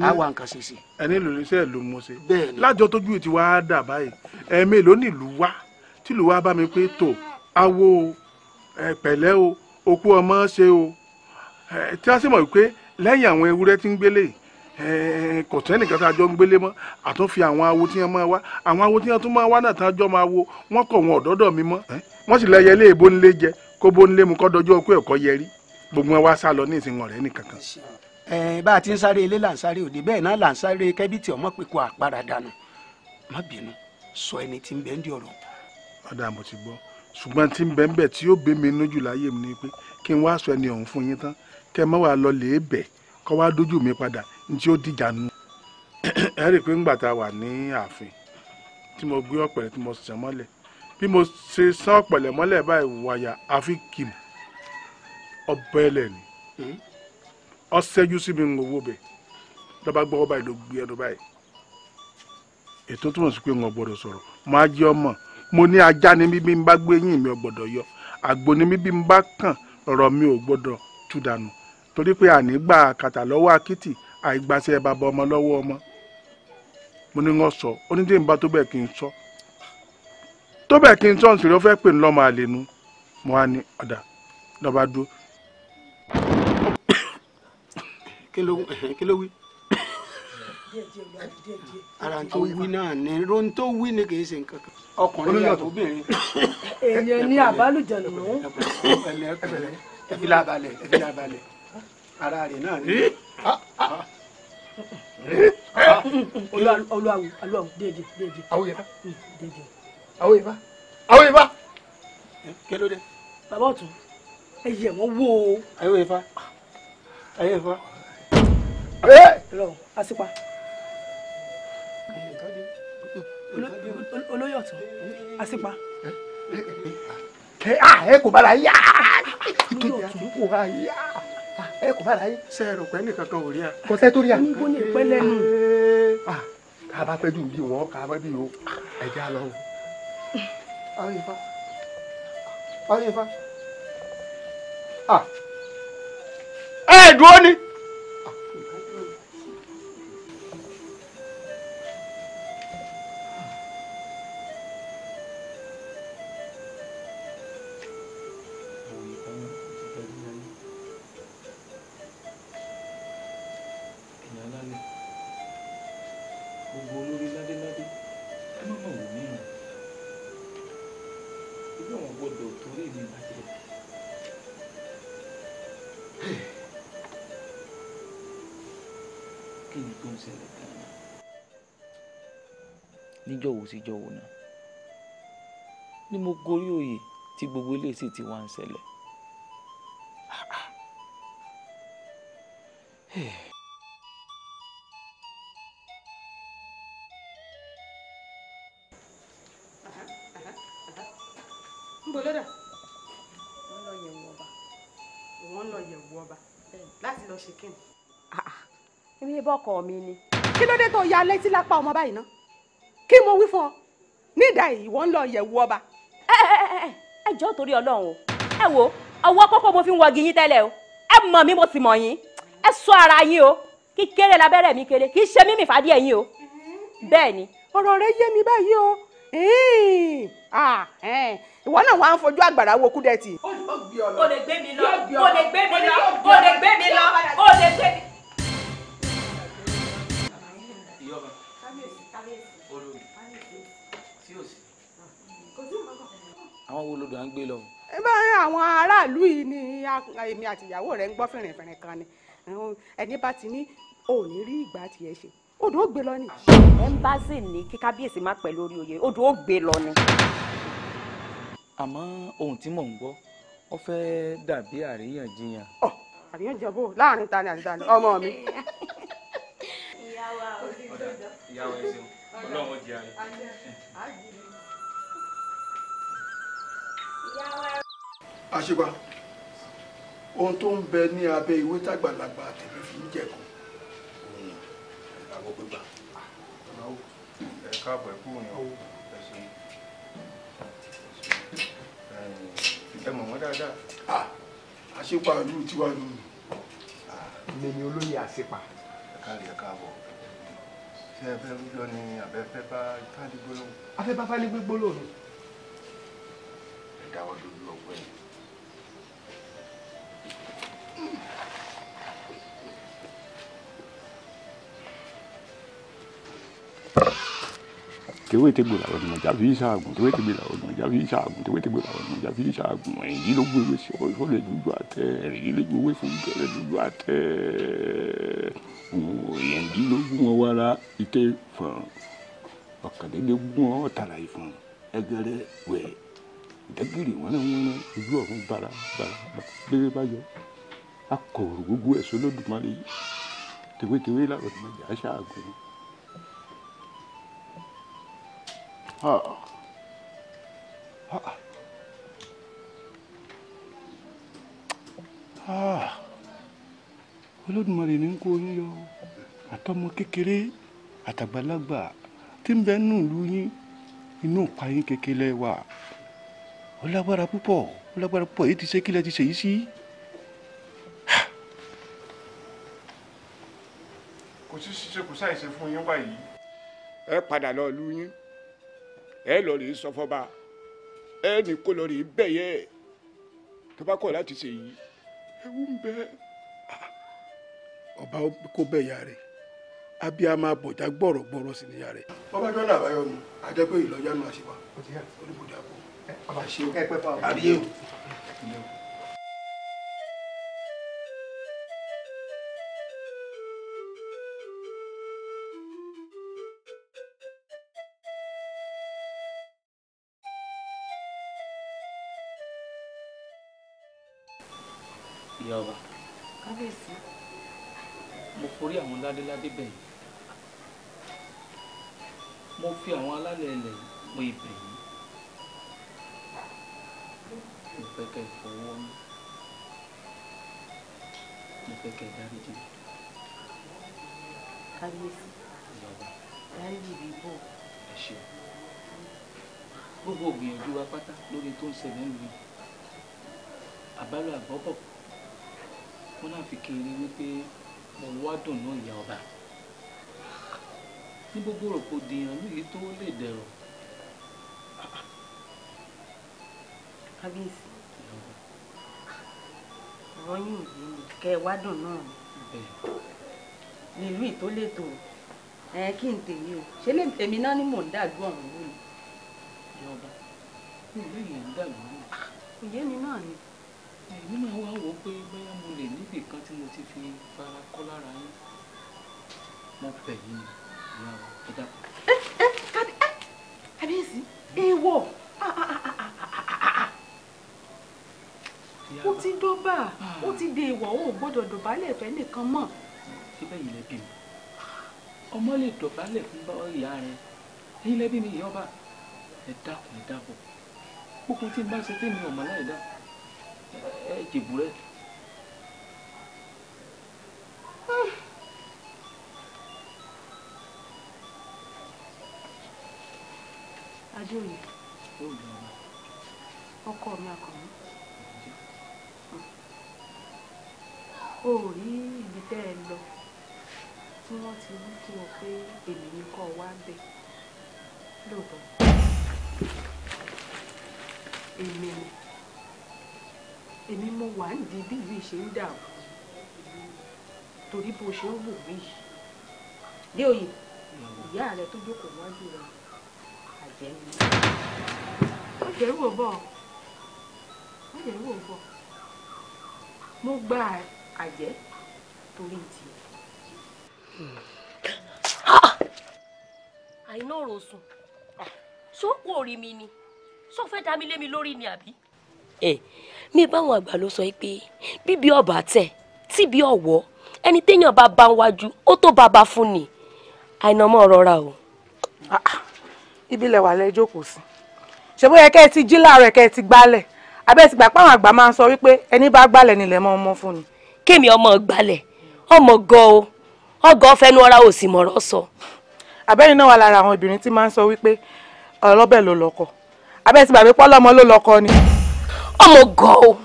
àwa nǹkan ṣe sí. ẹni lòlù iṣẹ́ ẹ̀ ló mú ṣe lájọ tójú ti wá dà báyìí ẹ̀ẹ́mẹ́lò nílùú wá tìlùú wá bá mi pé tó awo ẹ pẹ̀lẹ́ o òkú ọmọ ṣe o ẹ tí a sì mọ̀ wípé lẹ́yìn àwọn ewúrẹ́ tí ń gbélé kò tẹ́ nìkan tá a jọ ń gbélé mọ́ àtún fi àwọn awo tí wọ́n máa wá àwọn awo tí wọ́n tún máa wá náà tá a jọ máa wo wọ́n kọ̀ wọn ọ̀dọ́dọ̀ mi mọ́ wọ́n sì lẹ́yẹ ilé ìbò ńlé jẹ kó bó ńlé mu kọ́ dọjọ́ ọkọ ẹ̀kọ́ yẹrí gbogbo wọn wá sá lọ ní ìsìn ọ̀rẹ́ nìkankan. ẹ bá a ti ń sáré ilé là ń sáré òde bẹ́ẹ̀ náà là ń sáré kẹ́bìtì ọmọ pé kó àpárá dànù má bínú sọ ẹni tí ń bẹ́ẹ̀ ń di ọ̀rọ̀. ọ̀dà mo ti gbọ́ ṣùgbọ́n tí ń bẹ́ẹ̀ tí yóò bẹ́ mi lójú láyé mi ni pé kí n wá aṣọ ẹni ọ̀hún fún yín tán kẹ́ ẹ má wàá lọ lèé bẹ̀ kọ́ wá dójú mi padà ní tí ó dìjà nù. ẹ rí i pé ńgbà tá a wà ní ààfin tí mo gbé ọ̀pẹ̀lẹ̀ tí mo sàn mọ́lẹ̀ bí mo ṣe sán ọ̀pẹ̀lẹ̀ mọ́lẹ̀ báyìí wàyà àfi kìm ọbẹ̀ ẹlẹ̀ ni hmm? ọ ṣẹ́jú sí mi ń wo bẹ̀ lọ́ba gbọ́ báyìí ló gbé ẹnu báyìí ètò túmọ̀ sí pé ń gbọ́dọ̀ sọ̀rọ̀ máa jẹ́ ọmọ mo ní ajá ni mí bí n bá gbé yín mi ò gbọ́dọ̀ yọ àgbo ni mí bí n bá kàn ọ̀rọ̀ mi ò gbọ́dọ̀ tú dànù torí pé ànígbà kàtà lọ́wọ́ akitì àìgbàṣẹ bàbá ọmọ lọ́wọ́ ọmọ mo ní wọn sọ onídé ń bá tó bẹ́ẹ̀ kí n sọ tó bẹ́ẹ̀ kí n sọ nsìrì ó fẹ́ pè ní lọ́mọ àlè nu mo wá ní ọ̀dà lọ́ba dúró. kí ló wí. ara tó wí náà ni ron tó wí ni kì í ṣe nǹkan kan ọkùnrin yàtọ̀ obìnrin. èèyàn ní àbálùjọ̀nù. ẹbí làbàlẹ̀ ẹbí làbàlẹ̀ ara rẹ̀ náà ni. olúwa olúwa déédéé déédéé. àwọn yẹn bá àwọn yẹn bá àwọn yẹn bá. kí ló dé. bàbá ọ̀tún ẹ yẹ wọ́n wò ó. ayé yẹn fa ayé yẹn fa. lọ asipa olóyè ọ̀tún àṣìpa. ẹ kò bára yá ah, ẹ kò bára yá. ṣé ẹ rò pé ẹnìkankan ò rí a. kò sẹ́ tó rí a. níbo ni ìpẹ́ lẹ́nu. Ah, ká a bá pẹ́ jù bí wọ́n ká a bá bí o ẹ já lọ. àwọn ìfà àwọn ẹ dúró ni. síjọ́ wo náà ni mo gorí oyè tí gbogbo ilé sì ti wá ń ṣẹlẹ̀. níbo lọ́dà wọ́n lọ yẹ̀wò ọba wọ́n lọ yẹ̀wò ọba láti lọ ṣe kíni. Ah, ah. èmi bọ́kọ̀ mi ni kí ló dé tó ya létí lápá ọmọ báyìí náà mo wí fún ọ nídà ìwọ ń lọ yẹ̀wò ọba. ẹ ẹ ẹ ẹ jọ̀ọ́ torí Ọlọ́run o ẹ wo ọwọ́ kókó mo fi ń wọgi yín tẹ́lẹ̀ o ẹ mọ̀ mí mo sì mọ̀ yín ẹ sọ ara yín o kí kéré labẹ́rẹ́ mi kéré kì í ṣe mímì fàdíẹ̀ yín o bẹ́ẹ̀ ni. ọ̀rọ̀ rẹ yé mi báyìí o ìwọ náà wàá ń fojú àgbàrá wo kúdẹ́tì. o lè gbé mi lọ o lè gbé mi lọ o lè gbé mi lọ o lè gbé mi. ìyọba sí òsì. àwọn wo lodò à ń gbé lọ. bá àwọn aráàlú yìí ni èmi àti ìyàwó rẹ̀ ń gbọ́ fìrìnfìrìn kan ni ẹni bá ti ní òní rí ìgbà tiẹ̀ ṣe odò ó gbé lọ ni. ẹ̀ńbáṣì ní kí kábíyèsí má pẹ̀ lórí oyè odò ó gbé lọ ni. àmọ́ ohun tí mò ń gbọ́ ó fẹ́ dàbí àríyànjiyàn. ọ àríyànjiyàn bò láàrin ta ni àti ta ni ọmọ mi. ìyá wa ò sí ìjọba. ìyá wa ẹ ṣeun ọlọ́run jẹ ayé. àṣìpa ohun tó ń bẹ ní abẹ́ ìwé tàgbàlagbà tèmi fi ń jẹ̀kọ́. àgbo pípa. ẹ káàbọ̀ ẹ kúrò ní ọwọ́ ẹ ṣeun ẹ mọ̀ wọ́n dáadáa. àṣìpa ìlú tiwa nù. mi ni olóyè àṣìpa. ẹ káàbọ̀ ẹ káàbọ̀ tí ẹ fẹ́ lọ ni àbẹ́fẹ́ bá fáde gbólóhùn. afẹ́ bá fáde gbólóhùn ni. ẹ dáwọ́ dúró ọgbẹ́ yẹn. tewétegbò làwọn ògbìmọ̀já fi ṣaagùn tewétegbò làwọn ògbìmọ̀já fi ṣaagùn tewétegbò làwọn ògbìmọ̀já fi ṣaagùn èyí ló gbé sí ọ lè dúdú àtẹ èyí ló gbé ewé fún gẹ̀rẹ́ dúdú àtẹ èyí ló wọn wára ite fún ọ̀kàndínlẹ̀ wọn tààrà ìfún ẹgẹrẹ wẹ̀ ìdẹ́gìrì wọn náà wọn ojú ọ̀run bara bara bẹ́ẹ̀ bá yọ akọ̀rọ̀ gbogbo ẹ̀sọ́ lódùmarè tewétewé làwọn ògbìmọ̀já ṣaagùn olódùmarè ní kó yín yọ àtọmọ kékeré àtàgbàlagbà tí ń bẹ nù lú yín inú ìpayín kékeré wà ó lágbára púpọ̀ ó lágbára púpọ̀ èyí ti ṣe kílẹ̀ ti ṣe yìí sí. kò sí ṣíṣe kò sáì ṣe fún yín báyìí. ẹ padà lọ lú yín ẹ lọ rèé sọ fọba ẹ ní kó lọ rèé bẹ̀yẹ̀ tó bá kọ̀ láti ṣe yìí ewu ń bẹ. ọba kó bẹ́ẹ̀ ya rẹ̀ abiyamọ abọ̀já gbọ̀rọ̀gbọ̀rọ̀ sí níyà rẹ̀. bọ́bá jọ́nà àbáyọ mi àjẹpẹ́ ìlọjánu àṣìwà olùbùdó àpò àbáṣe àríyé o. ìyá ọba. kábíyèsí. mo forí àwọn ládéládé bẹ̀ yín mo fi àwọn alálẹ̀ ilẹ̀ mo ibẹ̀ yín mo fẹ́ kẹ́ ẹ fọwọ́ mi mo fẹ́ kẹ́ ẹ dáríjì mi. kábíyèsí. ìyá ọba. dáríjì mi bò. ẹ ṣeun gbogbo ògbìyànjú wa pátá lórí tó ń ṣẹlẹ̀ ń lu àbálò àgbọ́bọ̀ mo náà fi kiri wípé mo wá dùnú ìyá ọba ní gbogbo rògbòdìyàn yìí tó lè dẹ̀rọ̀. kábíyèsí ọ̀rọ̀ yìí ò yé mi kẹ́ ẹ wá dùn náà ni nílùú ìtólètò ẹ kí n tèmi o ṣé lè tèmi náà ni mò ń dàgbọ́ ọ̀hún lónìí. ìyá ọba nílùú yìí ń dàgbọ́ lónìí. òye mi náà ni èmi máa wá wò ó pé bóyá mo lè níbì kan tí mo ti fi fara kọ́ lára yín mo bẹ̀ yín ni ìyá wa ẹ dákun. kábíyèsí èèwọ̀ ó ti dọ́bà ó ti de èèwọ̀ ó gbọ́dọ̀ dọ̀bálẹ̀ fẹ́ nìkan mọ̀. síbẹ̀ yìí lẹ́bi mi ọmọ lè dọ̀bálẹ̀ fún ìyá rẹ̀ ẹ̀yin lẹ́bi mi ìyá ọba ẹ dákun ẹ dábọ̀ gbogbo tí n bá ṣe tẹ́mi ọmọ láì dáa ẹ jẹ búrẹ́. adéoyè ọkọ mi àkànmú o ò rí ibi tẹ́ ẹ lọ tí wọ́n ti wí fún ọ pé ènìyàn kọ̀ wá bẹ̀ lóòótọ́ èmi ni èmi mo wà ń di bí ìlú ìṣe ń dàrú torí bó ṣe ń wò mí dé òye ìyá rẹ tó jókòó wájú rẹ àjẹ́ mi ó jẹ́ rú ọ̀bọ̀ ó mo gba àjẹ́ torí tiẹ̀. Ah! àìná òrò sùn ah! ṣó kò mi ni ṣó fẹ́ dá mi lé mi lórí ni àbí ẹ eh, mi báwọn àgbà ló sọ pé bíbí ọba tẹ tíbi ọwọ ẹni téèyàn bá bá wájú ó tó bàbá fún ni àìná mọ rọra o. Ah, ah, ibi lẹ wà lẹ jókòó sí ṣe bóyá kẹ́ ẹ ti jí láàárọ̀ ẹ kẹ́ ẹ ti gbálẹ̀ abẹ́ ti gbà páwọn àgbà máa ń sọ wípé ẹni bá gbálẹ̀ nílẹ̀ mọ́ ọmọ fún ni. kémi ọmọ gbálẹ̀ ọmọ gan o ọgọ́ fẹnu ọra ò sì mọ̀rọ̀ sọ. abẹ́yìn náà wà lára àwọn obìnrin tí máa ń sọ wípé ọlọ́bẹ̀ ló lọ́kọ abẹ́ ti gbàgbé pọ́lọ́mọ ló lọ́kọ ni ọmọ gọ o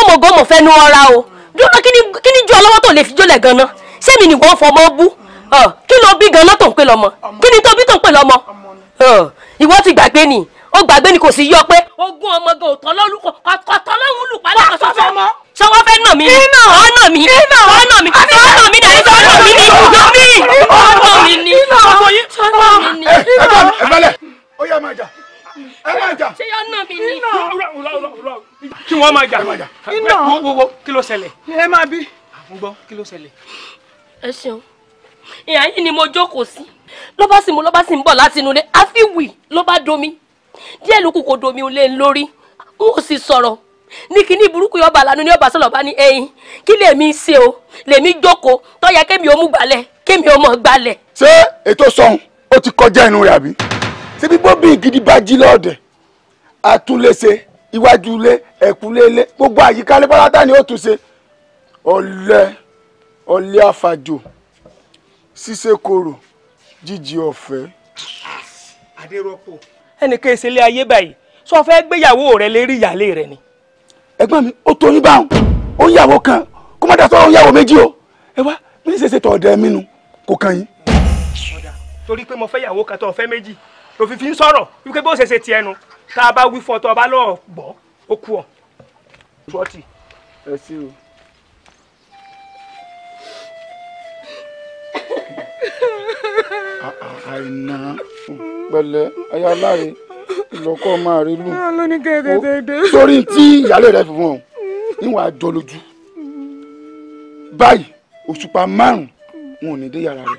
ọmọ gọ ọmọ fẹnu ọra o dúró kí ni ju ọlọ́wọ́ tó lè fi jólẹ̀ ganan ṣé mi nìwọ́n fọmọ bú kí ló bí ganan tó ń pè lọ́mọ kí ni tó bí tó ń pè lọ́mọ ìwọ ti gbàgbé ni ó gbàgbé ni kò sí yọ pé ogún ọmọ gan òtọ́ lọ́lùkọ́ ọ̀tọ́ lọ́hùn lùpá lọ́kọ̀ sọ́fẹ́ mọ́ ṣé wọ́n fẹ́ nà mí ni ọ̀ nà mí ọ̀ nà mí ọ̀ nà mí dàrí sọ nà mí ni nà mí ọ̀ nà mí ni ọ̀ nà mí ni. ẹ bá ẹ bá lẹ ó yá máa jà ẹ má jà ṣé yọ náà mi ni. kí wọ́n máa jà iná wo kí ló ṣẹlẹ̀. ẹ má bí. mo gbọ́ kí ló ṣẹlẹ̀. ẹ ṣeun ìyá yìí ni mo jókòó sí ló bá sì mú ló sì ń bọ̀ láti inú ilé àfi wì domi díẹ̀ ló kò domi olè lórí n ò sì sọ̀rọ̀ ní kíní burúkú yọba lanu ní ọba sọlọ bá ní ẹyin kí lèmi ṣe o lèmi jókòó tó yẹ kémi ó mú gbalẹ̀ kémi ó mọ gbalẹ̀. ṣé ètò sọhùn ó ti kọjá inú rẹ àbí ṣebí bóbìnrin gidi bá jí lọ́ọ̀dẹ̀ àtúnlẹ̀ṣe iwájú ilé ẹ̀kúnlé ilé gbogbo àyíká ilé pátá ni ó tún ṣe ọ̀lẹ ọ̀lẹ àfàjò ṣíṣe korò jíjí ọ̀fẹ́. adérọ́pọ̀. ẹnìkan ìṣẹ̀lẹ̀ ayé báyìí sọ fẹ́ gbéyàwó rẹ lérí ìyáálé rẹ ni. ẹ̀gbọ́n mi ó torí báwọn ó ń yàwó kan kó má dàtọ́ ó ń yàwó méjì o ẹ wá bí ní ṣe ṣe tọ̀ ọ̀dẹ̀ mi nu kò kàn yín. torí pé mo fẹ́ yàwó kan tó o fẹ́ méjì lòfin fi ń sọ̀rọ̀ wípé bó ṣe ṣe tiẹ̀ nu tá a bá wí fún tó o bá lọ́ọ̀ gbọ́ ó kú ọ. àìná pẹ̀lẹ́ aya láre ìlọkọ máa rí lù sórí tí ìyálé rẹ fi wọn níwọ̀n àjọ báyìí òṣùpá márùn-ún wọn ò ní dé yàrá rẹ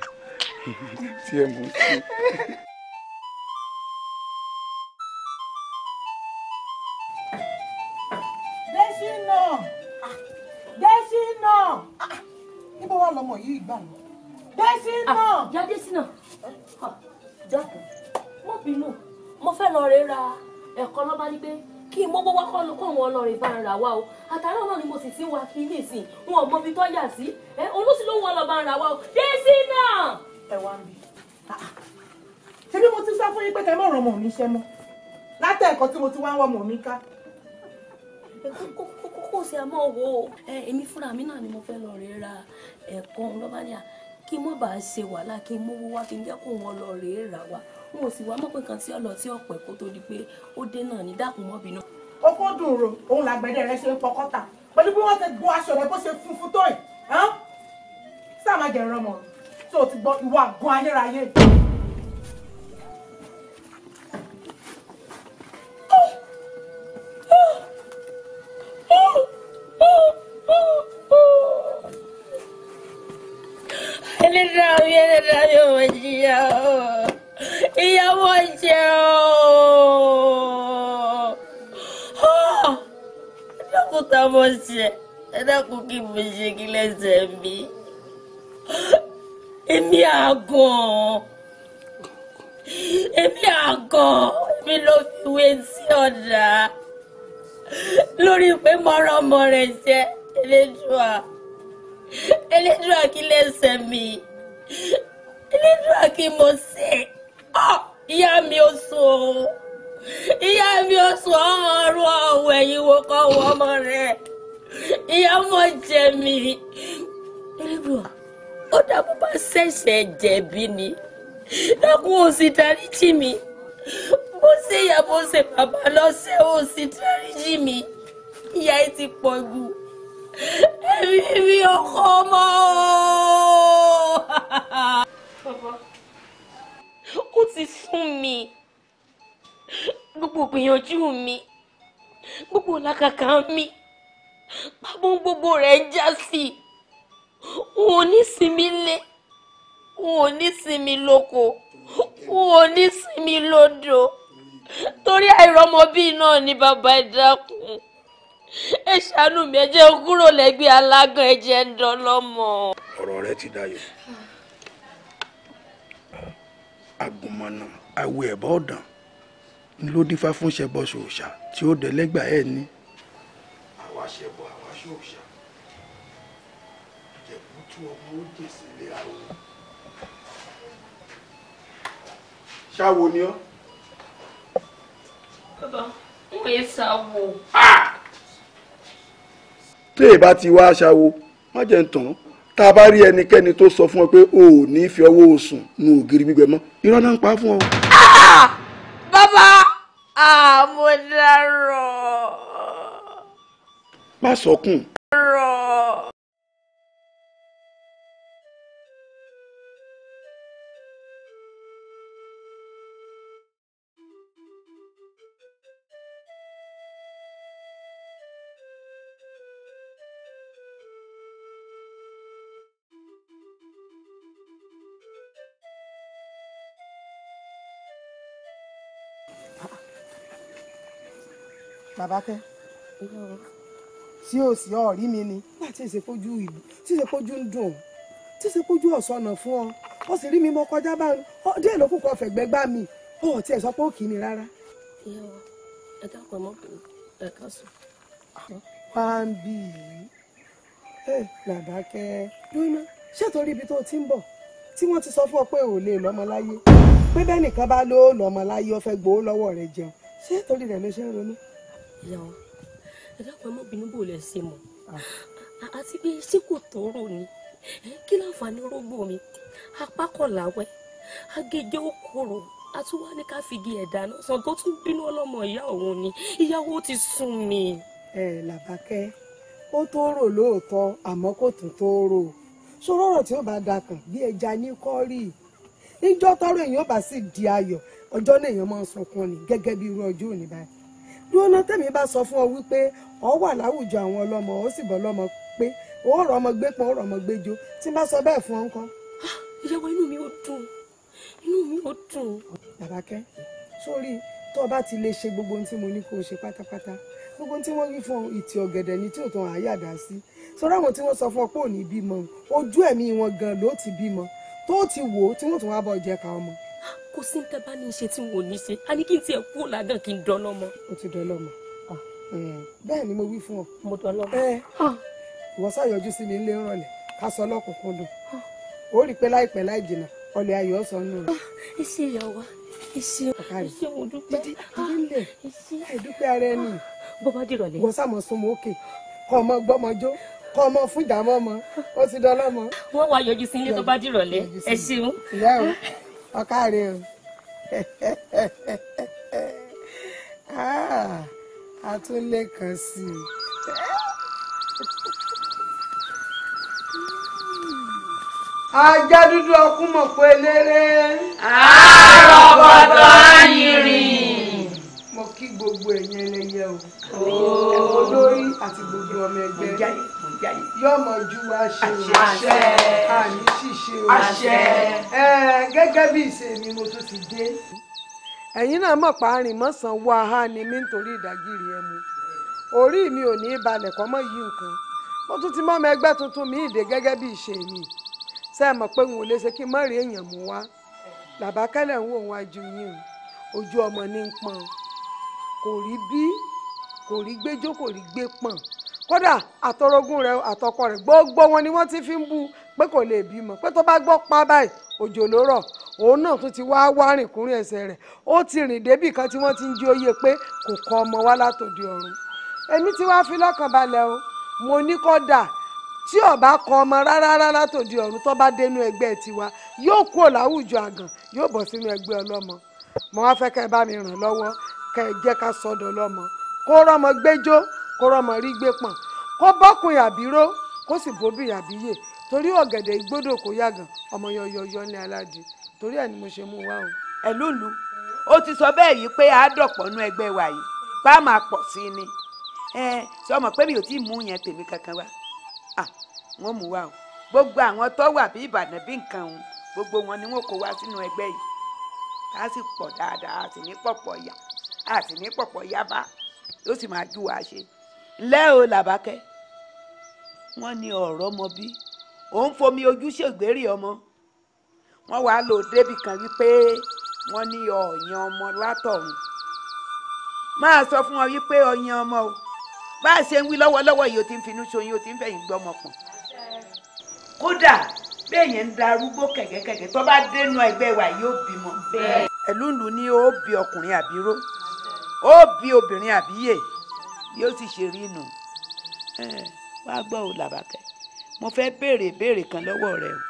tí ẹ mọ̀ sí i. náà níbo wà lọmọ yìí gbà lọ. Dẹ́sí náà. Ìyá Dẹ́sí náà. Jáde. Mo bínú. Mo fẹ́ lọ rè ra ẹ̀kọ́ lọ́ba ní pé kí n mọ́gbó wá kọ́nu kó wọn lọ́ọ̀rìn bá ń ra wa o. Àtàrà náà ni mo sì ti wá kí ní ìsìn. Wọn ò mọbi tó yà sí. Ẹ olóṣì ló ń wọn lọ bá ń ra wa o. Dẹ́sí náà. Ẹ wá mi. Ṣé bí mo ti sá fún yín pé kẹ́ mọ̀ràn mọ̀ mi ṣẹ́ mọ́? Látẹ̀kọ́ tí mo ti wá ń mọ̀ mi ká kókó sí a máa wò ó èmi fúnra mi náà ni mo fẹ́ lọ rè ẹ̀kọ́ lọ́ba kí mo bá ṣe wàhálà kí mówó wá kí n jẹ́ kó wọn lọ rè é rà wá wọn ò sì wá mọ̀ pé kan tí ọlọ tí ọ̀pẹ kó tó di pé ó dé náà ní dákun mọ́bi náà. ó kó dùn ro òun làgbẹ̀dẹ rẹ ṣe ń pọkọ́ta pẹ̀lú bí wọ́n ti gbọ́ aṣọ rẹ bó ṣe funfun tó yìí sáà má jẹ̀rọ mọ̀ tó o ti gbọ́ ìwà gan ayérayé. ṣe o ìyàwó ṣe o ẹ̀dẹ́kùn tá a mọ̀ ṣe ẹ̀dẹ́kùn kí mo ṣe kí lẹ́sẹ̀ mi èmi àgàn èmi àgàn èmi ló fi wé sí ọ̀dà lórí pé mọ́rọ́ ọmọ rẹ̀ jẹ́ elédùà elédùà kí lẹ́sẹ̀ mi elédùà kí mo ṣe ọ ah, ìyá mi ò sùn o ìyá mi ò sùn ọrùn ọ̀hún ẹ̀yìn wo kọ́ wọ ọmọ rẹ ìyá mọ jẹ mi elédùà ó dàbí bá ṣẹ̀ṣẹ̀ jẹ̀bi ni dákun ò sì dáríjì mi bó ṣe ìyá bó ṣe bàbá lọ́sẹ̀ ò sì dáríjì mi ìyá ẹ ti pọ̀ jù ẹ̀mí mi ò kọ́ mọ́ o. ti sún mi gbogbo gbìyànjú mi gbogbo làkàkà mi pàbó gbogbo rẹ̀ ń já sí i wọn ò ní sinmi lé wọn ò ní sinmi lóko wọn ò ní sinmi lódò torí àìrọ́mọ bíi náà ni bàbá ẹ dákun ẹ ṣàánú mi ẹ jẹ́ kúrò lẹ́gbẹ̀ẹ́ alágàn ẹ jẹ́ ń dán lọ́mọ. ọ̀rọ̀ rẹ ti dayọ̀ àgùnmọ̀nà àwo ẹ̀bá ọ̀dàn ló dífá fún ṣẹbọ ṣòòṣà tí ó dẹlẹ́gbà ẹ̀ ní. àwa ṣẹbọ àwa ṣòòṣà jẹ̀kú tú ọmọ ó jè sílé àrò. ṣáwo ni ọ́. bàbá ń wòye ṣáwo. Ah! tẹ́ ẹ bá ti wá ṣáwo má jẹ́ ń tàn án tá a bá rí ẹnikẹ́ni tó sọ fún ọ pé o ò ní fi ọwọ́ òsùn nu ògiri gbígbẹ mọ́ irọ́ náà ń pa fún ọ. bàbá àmọ̀dárọ̀. má sọkún. rọ̀. Làbákẹ́ tí ò sí ọ̀rí mi ni láti ṣe fojú ìlú tí ṣe fojú ń dùn tí ṣe fojú ọ̀sọ̀nà fún ọ ó sì rí mi mọ kọjá bá ń díẹ̀ ló kù kọ fẹ̀gbẹ́ gbá mi ó ti ẹ̀ sọ pé ó kì í mi rárá. ẹ dákun mọ ẹ ká sùn. pàǹbì ẹ Làbákẹ́ lóná ṣètò orí ibi tó ti ń bọ̀ tí wọ́n ti sọ fún ọ pé ò lè lọ́mọ pé bẹ́ẹ̀ nìkan bá ló lọ́mọ láyé fẹ́ gbowó lọ́wọ́ rẹ jẹun ṣé torí rẹ̀ ronú ìyá wa ẹ dákun ẹ má bínú bò lẹ ṣe mọ àti bí ṣé kò tọrọ ni kí láǹfààní rógbò mi apá kọ làwẹ agéjẹ ó kòrò ká figi ẹ̀dá náà sàn tó tún bínú ọlọ́mọ ìyá òun ni ìyàwó ti sún mi. ẹ làbákẹ́ ó tó rò lóòótọ́ àmọ́ kò tún tó rò sọ̀rọ̀ tí wọ́n bá da kàn bí ẹja ní kọ́rì níjọ́ tọrọ èèyàn bá sì di ayọ̀ ọjọ́ náà èèyàn máa ń sọkún ni gẹ́gẹ́ bí irú ọjọ́ òní báyìí dúró náà tẹ̀mí bá sọ fún ọ wípé ọ wà láwùjọ àwọn ọlọ́mọ ó sì bọ́ lọ́mọ pé ó rọ ọmọ gbé pọn ó rọ ọmọ gbé jo tí n bá sọ bẹ́ẹ̀ fún ọ ńkọ́. Ah, ìyàwó inú mi ò dùn inú mi ò dùn. Làbákẹ́ sórí tó o bá ti lè ṣe gbogbo ohun tí mo ní kó o ṣe pátápátá gbogbo ohun tí wọ́n wí fún ọ ìtì ọ̀gẹ̀dẹ̀ ni tí ò tán àyàdá sí sọ́dọ̀ àwọn tí wọ́n sọ fún ọ pé ò ní bímọ ojú ẹ̀mí wọn gan ló ti bímọ tó ti wò ó tí wọ́n tún wá bọ̀ jẹ́ ka ọmọ kò sí nǹkan bá ní í ṣe tí n ní ṣe a ní kí n tiẹ̀ kú làgàn kí n dọlọ́mọ. o ti dọlọ́mọ ah, eh, bẹ́ẹ̀ ni mo wí fún ọ. mo dọlọ́mọ. Eh, ah. ìwọ ṣàyọjú sí mi nílé ìrọ̀lẹ́ ká sọ lọ́kùnkúndùn ah. ó rí i pé láìpẹ́ láì jìnnà ọlẹ́ ayọ̀ sọ nù. ẹ ṣe ìyàwó ẹ ṣe ẹ ṣe mo dúpẹ́ dídílé àìdúpẹ́ ara ẹni. bọ́bá dìrọ̀lẹ́. wọ́n sàmọ̀ súnmọ́ òkè kọ́ ọmọ gbọ́mọjó kọ́ ọmọ fún ìdààmú ọmọ ó ti dọ́lọ́mọ. wọ́n wá yọjú sí ilé tó bá dìrọ̀lẹ́ ẹ ṣeun. o ọ̀kàrẹ́ ah, a tún lè kàn sí i. ajá dúdú ọkú mọ̀ pé eléré. àárọ̀ bọ̀dọ̀ ayìnrìn. mo kí gbogbo ẹ̀yin ẹlẹ́yẹ o ẹ̀kọ́ lórí àti gbogbo ọmọ ẹgbẹ́ ìgbé ayé. yọmọ ju aṣẹ o àṣẹ àní ṣíṣe o àṣẹ. gẹ́gẹ́ bí ìṣe mi mo tún ti dé. ẹ̀yin náà mọ̀ páàrin mọ́sàn-án wá ni mí nítorí ìdágìrì ẹ mu orí mi ò ní balẹ̀ kọ́ mọ́ yí nǹkan mo tún ti mọ́ ọmọ ẹgbẹ́ tuntun mi ìdè gẹ́gẹ́ bí ìṣe mi ṣe é mọ̀ pé n ò lè ṣe kí n má rí èèyàn mú wá làbákẹ́lẹ̀ ń wò wá ju yín o ojú ọmọ ní pọ́n kò rí bí kò rí gbẹ́jọ́ kò rí gbé pọ́n kódà àtọrọgún rẹ̀ àtọkọ rẹ̀ gbogbo wọn ni wọ́n ti fi ń bu pé kò lè bímọ pé tó bá gbọ́ pa báyìí òjò ló rọ̀ òun náà tún ti wáá wá rìn kúrin ẹsẹ̀ rẹ̀ ó ti rìn débì kan tí wọ́n ti ń jí oyè pé kò kọ ọmọ wá látòdì ọ̀run èmi ti wá fi lọ́kàn balẹ̀ o mo ní kódà tí ọba kọ ọmọ rárá rárá tòdì ọ̀run tó bá dénú ẹgbẹ́ tiwa yóò kúrò láwùjọ àgàn yóò bọ̀ sínú ẹgbẹ́ ọlọ́mọ mo wá fẹ́ kẹ́ ẹ bá mi ràn lọ́wọ́ kẹ́ ẹ ká sọ̀dọ̀ lọ́mọ kó rọ́mọ gbẹ́jọ́ kó rọmọ rí gbé pọ̀n kó bọ́kùn yàbíró kó sì bóbi yàbíyè torí ọ̀gẹ̀dẹ̀ ìgbódò kò yàgàn ọmọ yọyọyọ ní aládì torí ẹ̀ mo ṣe mú wá o. ẹ lólu ó ti sọ bẹ́ẹ̀ yìí pé àádọ́pọ̀ nú ẹgbẹ́ wa yìí pa máa pọ̀ sí i ni ẹ sọ mọ̀ pé mi ò tí ì mú yẹn tèmi kankan wá à wọ́n mú wá o gbogbo àwọn tó wà bí ìbàdàn bí nǹkan òun gbogbo wọn ni wọn kó wá sínú ẹgbẹ́ yìí tá sì pọ̀ dáadáa a ní pọ̀pọ̀ yá a ní pọ̀pọ̀ yá bá yóò sì máa ju wa ṣe lẹ́ o làbákẹ́ wọ́n ní ọ̀rọ̀ ọmọ bí òun fomi ojú ṣègbèrè ọmọ wọ́n wàá lò débì kan wípé wọ́n ní ọ̀yàn ọmọ látọ̀run máa sọ fún wọn wípé ọ̀yàn ọmọ o bá a ṣe ń wí lọ́wọ́lọ́wọ́ yìí o ti ń finú ṣoyún o ti ń fẹ̀yìn gbọ́mọ pọ̀n kódà béèyàn ń darúgbó kẹ̀kẹ́kẹ̀kẹ́ tó bá dénú ẹgbẹ́ wa yóò bímọ. ẹ̀lúùlù ni ó bí ọkùnrin àbíró ó bí obìnrin àbíyè yóò sì ṣe rí nù wá gbọ́ ò làbàkẹ́ mo fẹ́ béèrè béèrè kan lọ́wọ́ rẹ o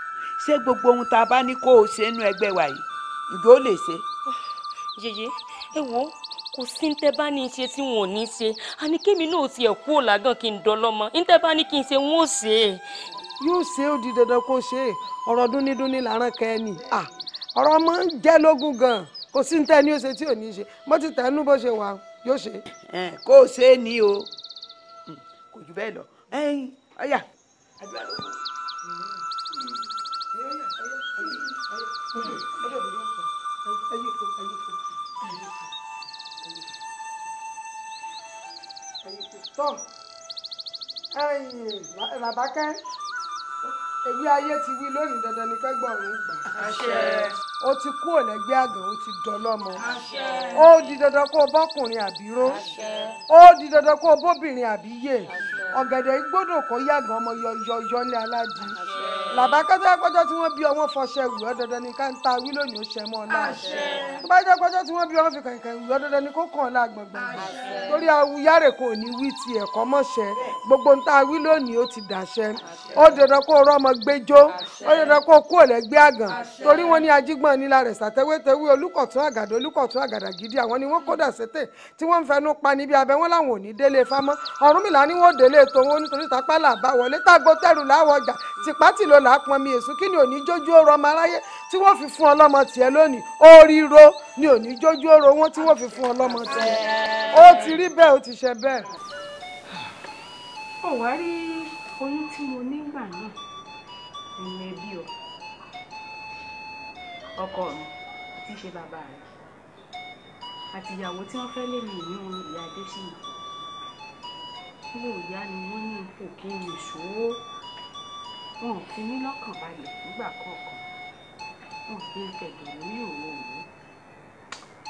ṣé gbogbo ohun tá a bá ní kó o ṣe nínú ẹgbẹ́ wa yìí ǹjẹ́ ó lè ṣe. yèyé ẹ wo kò sí ní tẹ bá ní í ṣe tí wọn ò ní í ṣe àní kémi náà tiẹ̀ kú òlàgàn kí n dọlọ́mọ ní tẹ bá ní kí n ṣe wọn ò ṣe é. yóò ṣe ó di dandan kó ṣe é ọ̀rọ̀ dúnnídúnní làárọ̀ kẹ́ni ọ̀rọ̀ ọmọ ń jẹ́ lógún gan-an kò sí ní tẹ ní ó ṣe tí ò ní í ṣe bó ti bó ṣe wà yóò ṣe. kó o ṣe é ní o kò jù bẹ́ẹ̀ lọ ọ̀yà àdúrà ló kù. tọ́ ẹ̀yìn làbákẹ́ èyí ayé ti wí lónìí dandan ni kẹ́gbọ́n òun gbà. àṣẹ. O ti kú òlẹ́gbẹ́ àgàn o ti dọlọ́mọ ó di dandan kó o bọ́kùnrin àbíró ó di dandan kó o bóbìnrin àbíyè ọ̀gẹ̀dẹ̀ gbọ́dọ̀ kó yàgàn ọmọ yọyọyọ ní aládìí làbákẹ́tọ́ pọ́jọ́ tí wọ́n bí ọmọ fọṣẹ wù dandan ni ká ń ta wí lónìí ó ṣẹ mọ́ ọ náà tó bá jẹ́ pọ́jọ́ tí wọ́n bí ọmọ fi kẹ̀kẹ́ wù ọ́ dandan ni kó kàn án lágbọ̀ngbọ̀n torí awuyáre kò ní wí ti ẹ̀kọ́ mọ̀ṣẹ́ gbogbo ń ta wí lónìí ó ti dàṣẹ́ ó dandan kó rọ́mọ gbẹjọ́ ó dandan kó kú ọ̀lẹ́gbẹ́ àgàn torí wọ́n ní ajígbọ̀n nílá rẹ̀ sàtẹ́wétẹ́wé olùkọ̀tún àgàdo olùkọ̀tún àgàdà gidi àwọn ni wọn làwọn là á pọnmi èso kí ni òní jójú ọ̀rọ̀ ọmọ aráyé tí wọ́n fi fún ọlọ́mọ tiẹ̀ lónìí oríro ni òní jójú ọ̀rọ̀ wọn tí wọ́n fi fún ọlọ́mọ tiẹ̀ ó ti rí bẹ́ẹ̀ ó ti ṣe bẹ́ẹ̀. ó wá rí oyún tí mo nígbà náà ìrìn ẹbí o ọkọ mi tí ṣe bàbá rẹ àti ìyàwó tí wọ́n fẹ́ lé mi ìyún ìyá adésínà wọn ò yá ni wọ́n ní ipò kí n lè ṣòwò wọn ò fi mí lọ́kàn balẹ̀ nígbà kọ̀ọ̀kan wọn ò fi kẹ̀kẹ́ lórí òun òun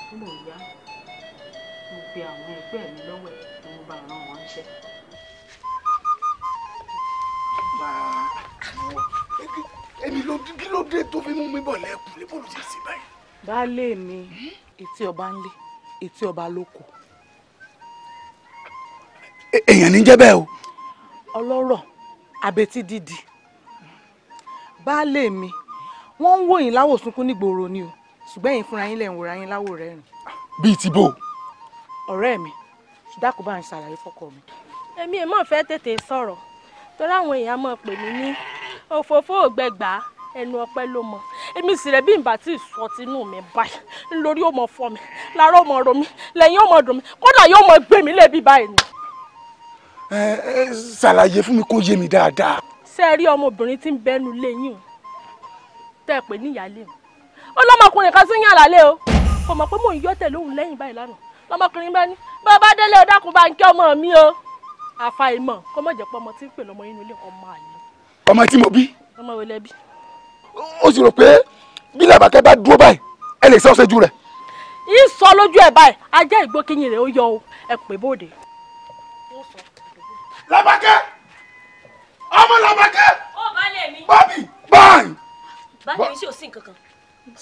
tí mò ń yá mo pe àwọn ẹgbẹ́ mi lọ́wọ́ ẹ̀ tí mo bá rán wọn ṣẹ́. èmi ló kí ló dé tó fi mú mi bọ̀ lẹ́kùn lébò ló ti sí báyìí. baálé mi etí ọba ń lé etí ọba lóko. èèyàn ní jẹ́ bẹ́ẹ̀ o. ọlọ́rọ̀ abetí dídì baálé mi wọ́n ń wò yín láwò sunkún nígboro ni o ṣùgbọ́n ẹ̀yin fúnra yín lẹ̀ ń wòra yín láwò rẹ̀ rìn. bíi ti bò. ọ̀rẹ́ mi dákun bá ń ṣàlàyé fọ́kọ mi. èmi ẹ̀ mọ̀ fẹ́ tètè sọ̀rọ̀ torí àwọn èèyàn máa pè mí ní òfófó ògbẹ́gbà ẹnu ọpẹ́ ló mọ èmi sì rẹ̀ bí ìgbà tí ìsọ tinú mi báyìí lórí ó mọ fọ mi lára ó mọ ro mi lẹ́yìn ó mọ dùn mi kódà yóò mọ gbé mi lẹ́bi báyìí ni. ẹ ẹ ṣàlàyé fún mi kó yé mi dáadáa ṣe rí ọmọbìnrin tí ń bẹnu lẹ́yìn o tẹ́ ẹ pè ní ìyáálé o ó lọ́mọkùnrin kan sí yàn lálẹ́ o kò mọ̀ pé mò ń yọ tẹ̀lé òun lẹ́yìn báyìí lánàá lọ́mọkùnrin bá ní bàbá délé o dákun bá ń kí ọmọ mi o àfàìmọ̀ kó mọ̀ jẹ́ pé ọmọ tí ń pè lọ́mọ inú ilé ọmọ àlè. ọmọ tí mo bí. ọmọ wo lẹ bí. ó sì rò pé bí làbàkẹ́ bá dúró báyìí ẹ lè sọ́ọ́ sẹ́jú rẹ̀. ìsọ lójú ẹ̀ báyìí ajá ìgbókíyìn rẹ̀ ó yọ ẹ pè bóde. làbàkẹ́ ọmọ làbàkẹ́. ó bá lè mí. bábì báyì. báyì ṣé o sí nǹkan kan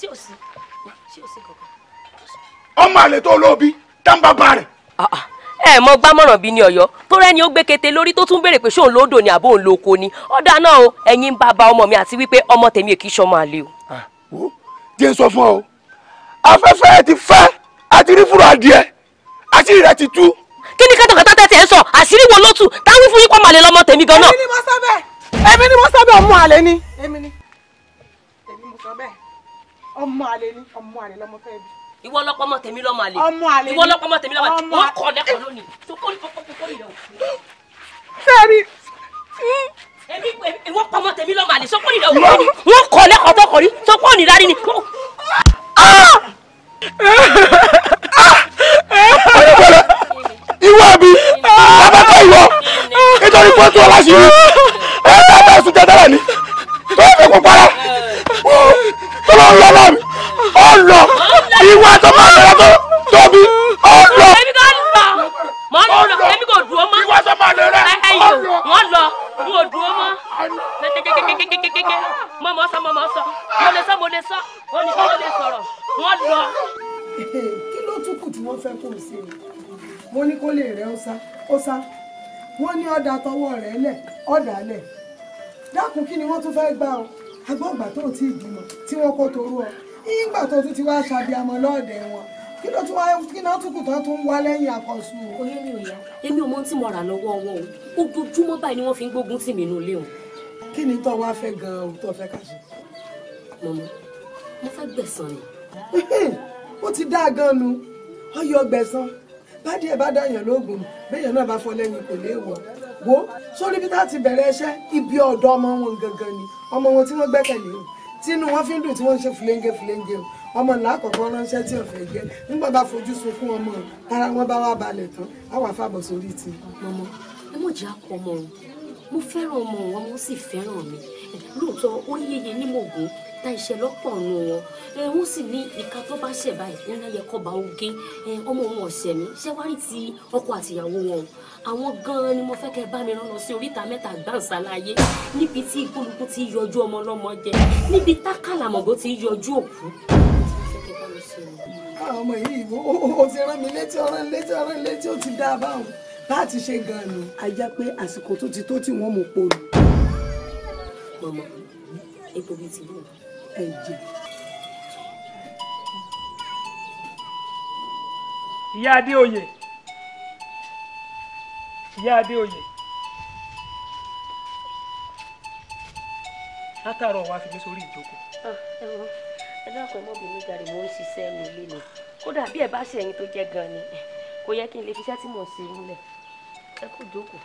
ṣé o sí ṣé o sí nǹkan kan. ọmọ àlè tó lóbi tàǹbà bá rẹ̀. Ah, ah. ẹ mọ gbámọ̀ràn bíi ní ọ̀yọ́ tó rẹ́ni ó gbé kété lórí tó tún béèrè pé ṣóun lódò ni àbó òun lóko ni ọ̀dà náà o ẹ̀yin bá ba ọmọ mi àti wípé ọmọ tèmi èkì sọmọ àlè o. Ah, wo jẹ́ ń sọ fún ọ afẹ́fẹ́ ti fẹ́ àti rí fúra adìẹ àti ìrẹ́ ti kí ni kátàkátà tẹ̀ tẹ̀ ń sọ àṣírí wo lótú táwọn fún yín pọ̀ màlẹ́ lọ́mọ tèmi gan náà. èmi ni mo sọ bẹ́ẹ̀ ọmọ àlè ni. èmi ni mo sọ bẹ́ẹ̀ ọmọ àlè ni ọmọ àlè lọmọ fẹ́ bí. ìwọ ọlọpọ ọmọ tèmi lọmọ àlè ìwọ ọlọpọ ọmọ tèmi lọmọ àlè wọn kọ lónìí tó kọ kókó ìyẹwò. sẹ́ẹ̀rì. èmi ìwọ tèmi lọmọ àlè sọ́kọ́ ìyẹwò lónìí wọn kọ lẹkọọ tó kọrí sọ́kọ́ ìnilárí ni. Ah! Ah! ọ̀rọ̀ ìwọ àbí bàbá tó ìwọ nítorí pọ́ńtù ọláṣìírí ẹ bá bá oṣù jẹjẹrẹ ni tó fi kú para tó lọ lọ lọ mi ọ lọ ìwọ àti ọmọ àgbẹ̀rẹ̀ tó tóbi ọ lọ. èmi kò lọ mọ ọ lọ èmi kò dúró mọ ìwọ àti ọmọ àgbẹ̀rẹ̀ ọ lọ mọ lọ n kò dúró mọ kékékékékékékékéké mọ mọ sọ mọ mọ sọ mo lè sọ mo lè sọ mo lè sọ mo lè sọ̀rọ̀ wọn lọ. kí ló tún kù tí wọ́n fẹ́ kó o ṣe ni mo ní kó lè rẹ ó sá ó sá wọ́n ní ọ̀dà tọwọ́ rẹ̀ lẹ̀ ọ̀dà lẹ̀ dákun kí ni wọ́n tún fẹ́ gbà ọ agbọ́gbà tó ti bímọ tí wọ́n kó torú ọ ìgbà tó tún ti wá ṣàbíamọ lọ́ọ̀dẹ̀ wọn kí ló tún wá kí náà tún kù tán tún wá lẹ́yìn àkọ́sù. oyè mi ò yá èmi ò mọ tí mo rà lọ́wọ́ wọn o ojoojúmọ́ báyìí ni wọ́n fi ń gbógun tì mí nílé wọn. kí ni tó wá fẹ́ gan o tó fẹ́ ká mọ̀mọ́ mo fẹ́ gbẹ̀san ni. ó ti dáa gan-an nu ọyọ gbẹ̀san bádìí ẹ̀ bá dàyàn lóògùn béèyàn náà bá fọ lẹ́yìn kò léèwọ̀ wo sórí bí táà ti bẹ̀rẹ̀ iṣẹ́ ibi ọ̀dọ̀ ọmọ wọn gangan ni ọmọ wọn tí wọ́n gbẹ́kẹ̀lé o tínú wọn fi ń dùn tí wọ́n ń ṣe fúlẹ́ńgẹ́ fúlẹ́ńgẹ́ o ọmọ ńlá àkọ́kọ́ ránṣẹ́ tí ọ̀fẹ́ jẹ́ nígbà bá fojú sunkún ọmọ tara wọn bá wá balẹ̀ tán á wà fàbọ̀ sórí ti. ọmọ ẹ mọ̀ jẹ́ akọ ọmọ mo fẹ́ràn ọmọ wọn mo sì fẹ́ràn mi lóòótọ́ ó yéye ní mògùn ta ìṣe lọ́pọ̀ nù wọn ẹ wọ́n sì ní ìka tó bá ṣẹ̀ báyìí ńlá yẹ kọ́ bá oge ẹ ọmọ wọn ọ̀sẹ̀ mi ṣé wá rí ti ọkọ àtìyàwó wọn àwọn gan-an ni mo fẹ́ kẹ́ bá mi rán lọ sí oríta mẹ́ta gbàǹsáláyé níbi tí ìgbónukú ti yọjú ọmọ ọlọ́mọ jẹ níbi tákàlàmọ̀gbó ti yọjú òkú. ọmọ yìí o ti rán mi létí ọ̀rán létí ọ̀rán létí ó ti dá a báwọn bá a ti ṣe gan-an nù. a jẹ́ pé àsìkò tó ti tó tí wọ́n mú polu. mọ̀mọ́ epo bíi ti bọ̀ ẹ̀jẹ̀. ìyá adéoyè ìyá adéoyè látàárọ̀ wá fi mí sórí ìjókòó. Ah, ẹ dákun ẹ mọ bí mi jàre mò ń ṣiṣẹ́ mi lé mi kódà bí ẹ bá ṣe ẹyin tó jẹ́ gan ni kò yẹ kí n lè fi iṣẹ́ tí mò ń ṣe nílẹ̀ ẹ kò jókòó.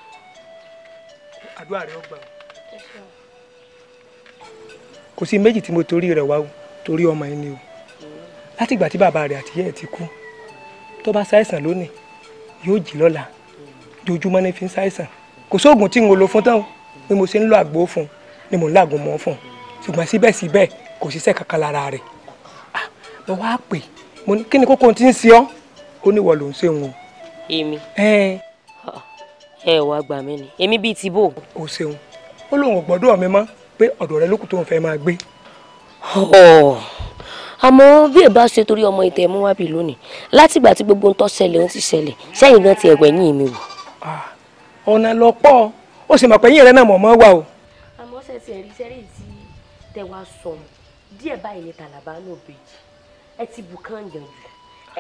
àdúrà rẹ ọgbà ẹ ṣeun kò sí méjì tí mo torí rẹ̀ wá o torí ọmọ yìí ni o látìgbà tí bàbá rẹ̀ àtìyẹ́ ẹ̀ ti kú tó bá ṣàìsàn lónìí yóò jí lọ́la dojúmọ́ ní fi ń ṣàìsàn kò sóògùn tí n ò lo fún tán ni mo ṣe ń lo àgbo fún ni mo ń làgùn mọ́ fún ṣùgbọ́n síbẹ̀síbẹ̀ kò ṣiṣẹ́ kankan lára rẹ̀ ah, mo wá pè mo ní kí ni kókó tí ń ṣe ọ́ ó ní ìwọ ló ń ṣe òun èmi ẹ wàá gbà mí ni èmi bíi ti o ṣeun ó lóun ò gbọ́dọ̀ mi mọ́ pé ọ̀dọ̀ rẹ lókùn tó ń fẹ́ máa gbé. àmọ́ bí èbá ṣe torí ọmọ ìtẹ̀ mú wá bí lónìí látìgbà tí gbogbo ń tọ́ ṣẹlẹ̀ ó ti ṣẹlẹ̀ sẹ́yìn gan ti ẹ̀gbẹ́ yín mi wò. ọ̀nà lọ pọ̀ ó sì mọ̀ pé yín rẹ náà mọ̀ mọ́ wà o. àmọ́ ṣe ti ẹ̀rí sẹ́rí tí tẹ wá sọ díẹ̀ báyìí ni tàlàbà náà bèjì ẹ ti bù kán yànjú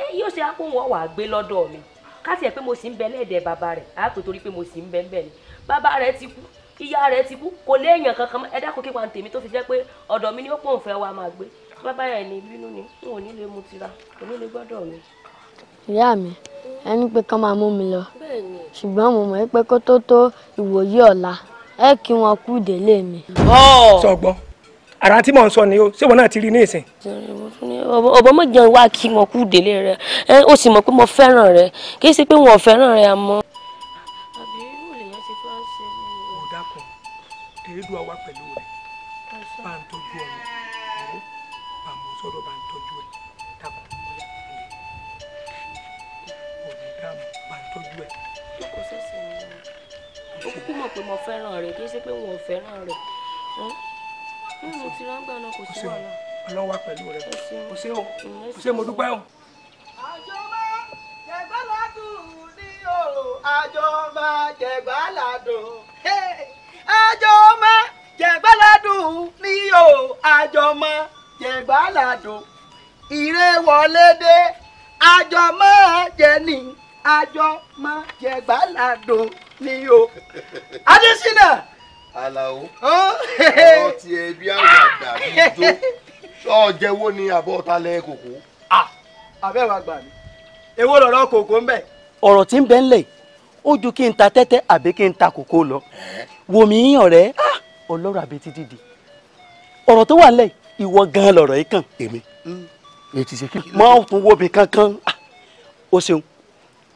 ẹ yóò ṣe àpò wọn wà gbé lọ́dọ̀ mi ká tiẹ̀ pé mo sì ń bẹ lẹ́ẹ̀dẹ̀ bàbá rẹ̀ àpò torí pé mo sì ń bẹ ń bẹ ni bàbá rẹ̀ ti kú ìyá rẹ̀ ti kú kò léèyàn kankan ẹ dákun kí wọn tèmi tó fi jẹ́ pé ọ̀dọ̀ mi ni ó pòun fẹ́ wa máa gbé bàbá yẹn ní bínú ni n ò ní lè mu tira kò ní lè gbọ́dọ̀ mi. ìyá mi ẹni pé kán máa mú mi lọ ṣùgbọ́n mo mọ̀ pé kó tó tó ìwòye ọ̀la ẹ kí wọn kú délé mi. sọgbọ́n ara tí mò ń sọ ni o ṣé wọn náà ti rí ní ìsìn. ọ̀bọ̀n mọ̀ jẹun wá kí wọn kú délé rẹ ó sì mọ̀ pé mo fẹ́ràn rẹ kì í ṣe pé wọn ò fẹ́ràn rẹ àmọ́. elédùn àwa pẹ̀lú rẹ̀ bá ń tọ́jú ọmọ ìwọ bá mọ sọ́dọ̀ bá ń tọ́jú ẹ̀ dàpọ̀ bóyá òní dààmú bá ń tọ́jú ẹ̀. kò sẹ́sẹ̀ ni o kúkú mọ̀ pé mo fẹ́ràn rẹ̀ kì í ṣe pé wọn ò fẹ́ràn rẹ̀ hm? Hm, mo ti ráńgbà náà kò sí wàhálà. ọlọ́wà pẹ̀lú rẹ̀ kò sí o kò sí mo dúpẹ́ o. àjọba jẹgbàládùn ní òòrùn àjọba jẹgbàládùn àjọmọ jẹgbàládùn ni o àjọmọ jẹgbàládùn ìrè wọlé dé àjọmọ jẹni àjọmọ jẹgbàládùn ni o. adésínà. àlàó ọ̀rọ̀ tiẹ̀ bí àwọn àgbà bíi jó ọ̀jẹ̀wò ni àbọ̀ ọ̀tá lẹ kòkó. àbẹ̀wò àgbà mi èwo lọ̀rọ̀ kòkó ń bẹ. ọ̀rọ̀ tí ń bẹ ń lẹ̀ ó ju kí n ta tẹ́tẹ́ àbí kí n ta kòkó lọ wò mí ọ̀rẹ́ ah! ọlọ́rọ̀ àbí ti dìde ọ̀rọ̀ tó wà lẹ̀ ìwọ gan lọ̀rọ̀ yìí kàn. èmi èyí hmm. ti ṣe kí. mọ tún wo mi kankan o ah! ṣeun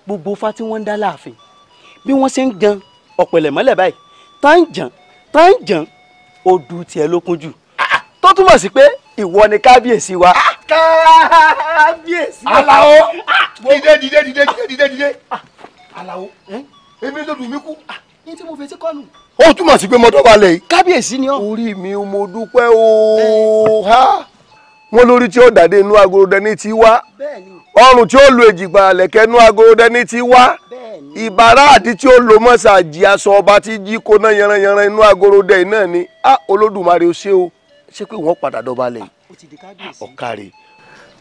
gbogbo fa tí wọ́n ń dá láàfin bí wọ́n ṣe ń gan ọ̀pẹ̀lẹ̀mọ́lẹ̀ báyìí tá ń jàn tá ń jàn ó du tiẹ̀ lókun jù ah! tó túmọ̀ sí pé ìwọ ni kábíyèsí wa. kábíyèsí. Alao dìde dìde dìde dìde dìde aláwo ebi ló dùn mí kú ah, ní tí mo fetí kọ́nù. ó túmọ̀ sí pé mo dọ́gba lẹ̀. kábíyèsí ni ọ́. orí mi mo dúpẹ́ o ha wọn lórí tí ó dàdé inú agorodẹni ti wá ọrùn tí ó lo èjìgbà àlẹ̀kẹ́ inú agorodẹni ti wá ìbára àti tí ó lo mọ́sàájì aṣọ ọba tí jí kóná yanranyanran inú agorodẹ náà ni a ah, olódùmarè ó o ṣé pé wọ́n padà dọ́ba lẹ̀ ah, ọ̀kàrẹ̀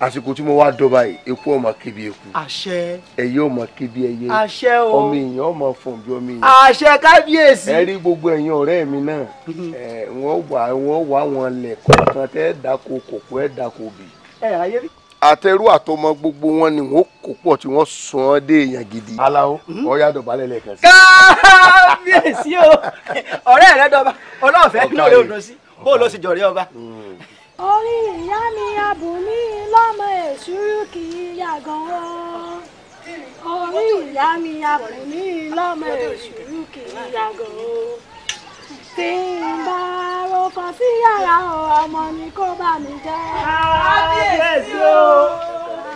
àsìkò tí mo wá dọba yìí eku ọmọ kébi eku. àṣẹ. ẹyẹ ọmọ kébi ẹyẹ. àṣẹ o. ọmọ èèyàn ọmọ fún bí ọmọ èèyàn. àṣẹ kábíyèsí. ẹ rí gbogbo ẹ̀yin ọ̀rẹ́ mi náà. ẹ wọ́n wà wọ́n wà wọn lẹ̀ kọ̀ọ̀kan tẹ́ ẹ dáko kòkó ẹ dáko bì. ẹ ayé rí. àtẹrù àtọmọ gbogbo wọn ni wọn kò pọ̀ tí wọ́n sàn án dé èèyàn gidi. aláwo hmm? ọyá dọ̀bálẹ̀ lẹ́ẹ̀kan sí. kábíyèsí o ọ̀rẹ́ rẹ dọba ọlọ́ọ̀fẹ́ kí ló rẹ òdò sí bó orí ìyá mi abùmí lọ́mọ èṣùrù kì í yàgàn o orí ìyá mi abùmí lọ́mọ èṣùrù kì í yàgàn o tí n bá rọfọ sí yàrá ọmọ mi kó bá mi jẹ. kábíyèsí o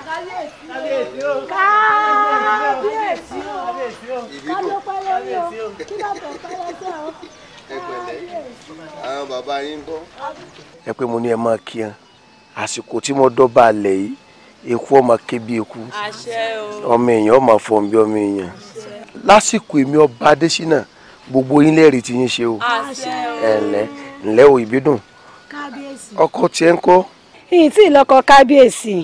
kábíyèsí o kábíyèsí o kábíyèsí o kábíyèsí o kí o. ẹgbẹ̀lẹ́ àwọn bàbá ẹ pé mo ní ẹ máa kí ẹ àsìkò tí mo dọ́ba yìí eku ọmọ ké bí ọmọ èèyàn ọmọ bí ọmọ ọba adésínà gbogbo yín lẹ́rìí yín ṣe ọkọ tiẹ̀ ń kọ́. yìí tí ìlọkọ kábíyèsí.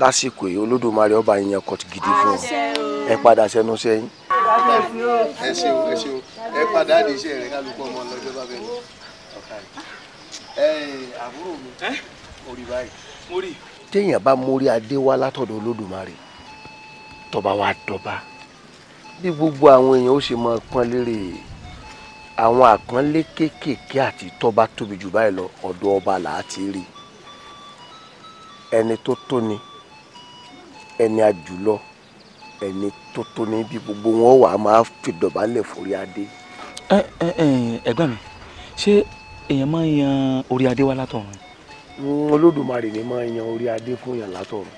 lásìkò yìí ọba yan fún ọ ẹ padà ẹ ṣeun ẹ ṣeun ẹ padà ní iṣẹ́ rẹ kálukú ọmọ lọ́jọ́ bá bẹ̀rẹ̀ ọ̀ka yìí àbúrò mi mo rí báyìí mo rí. téèyàn bá mórí adé wá látọ̀dọ̀ olódùmarè tọba wa dọba bí gbogbo àwọn èèyàn ó ṣe mọ pọn lérè àwọn àpọ́nlé kéékèèké àti tọ́ba tóbi jù báyìí lọ ọ̀dọ̀ ọba làá ti rí ẹni tó tóni ẹni àjùlọ ẹni tó tó níbi gbogbo wọn wà á máa fi dọ̀bálẹ̀ forí adé. ẹ mi ṣé èèyàn máa ń yan orí adé wá látọ̀run. Mm, olódùmarè ni máa ń yan orí adé fún yàn látọ̀run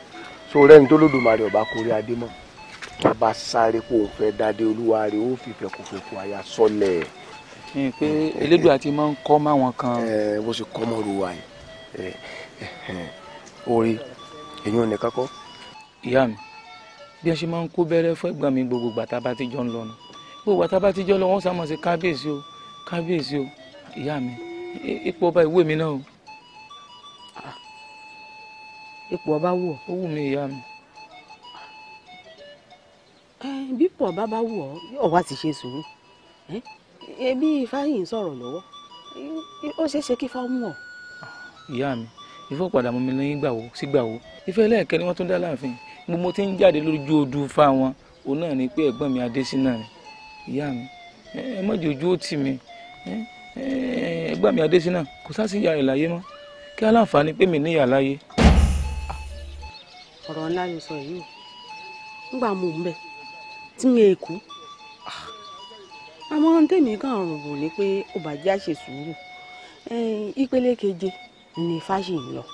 so rẹ́ni tó lódùmarè ọba kò orí adé mọ́ tó bá sáré kó o fẹ́ dáadé olúwa rẹ̀ ó fìfẹ́ kó fòfò àyà sọlẹ̀. pé elédùn àti máa ń kọ́ máwọn kan. ẹ bó ṣe kọ́ mọ́rù wa yìí orí èyí ò ní kákọ́. ìyá mi bí a ṣe máa ń kó bẹ́rẹ́ fún ẹ̀gbọ́n mi gbogbo gbàtà bá ti jọ ń lọ nù gbogbo gbàtà bá ti lọ wọ́n sá mọ̀ sí kábíyèsí o kábíyèsí o ìyá mi ipò ọba ìwé mi náà o. Ah, ipò ọba wù ọ́. ó wù mí ìyá mi. bí ipò ọba bá wù ọ́ yóò wá ti ṣe sùúrù ẹbí fáyìn sọ̀rọ̀ lọ́wọ́ ó ṣeé ṣe kí fá mú ọ. Ah, ìyá mi ìfọ̀padà mú mi lẹ́yìn gbàwó sígbàwó ìfẹ́ ẹlẹ́ẹ̀kẹ́ ni wọ́n tún dá láàfin mo mo ti ń jáde lójú odù fa wọn òun náà ni pé ẹ̀gbọ́n mi adésínà ni ìyá mi ẹ mọ̀jọ ojú ó tì mí ẹ̀gbọ́n mi adésínà kò sá sí ìyá rẹ̀ láyé mọ́ kí aláǹfààní pé mi níyà láyé. Ah, ọ̀rọ̀ ńlá ló sọ yìí o nígbà mò ń bẹ̀ tí mi è kú ah, àmọ́ tèmi kàn rò wò pé ó bàjẹ́ àṣẹ sùúrù ìpele keje ni fáṣí lọ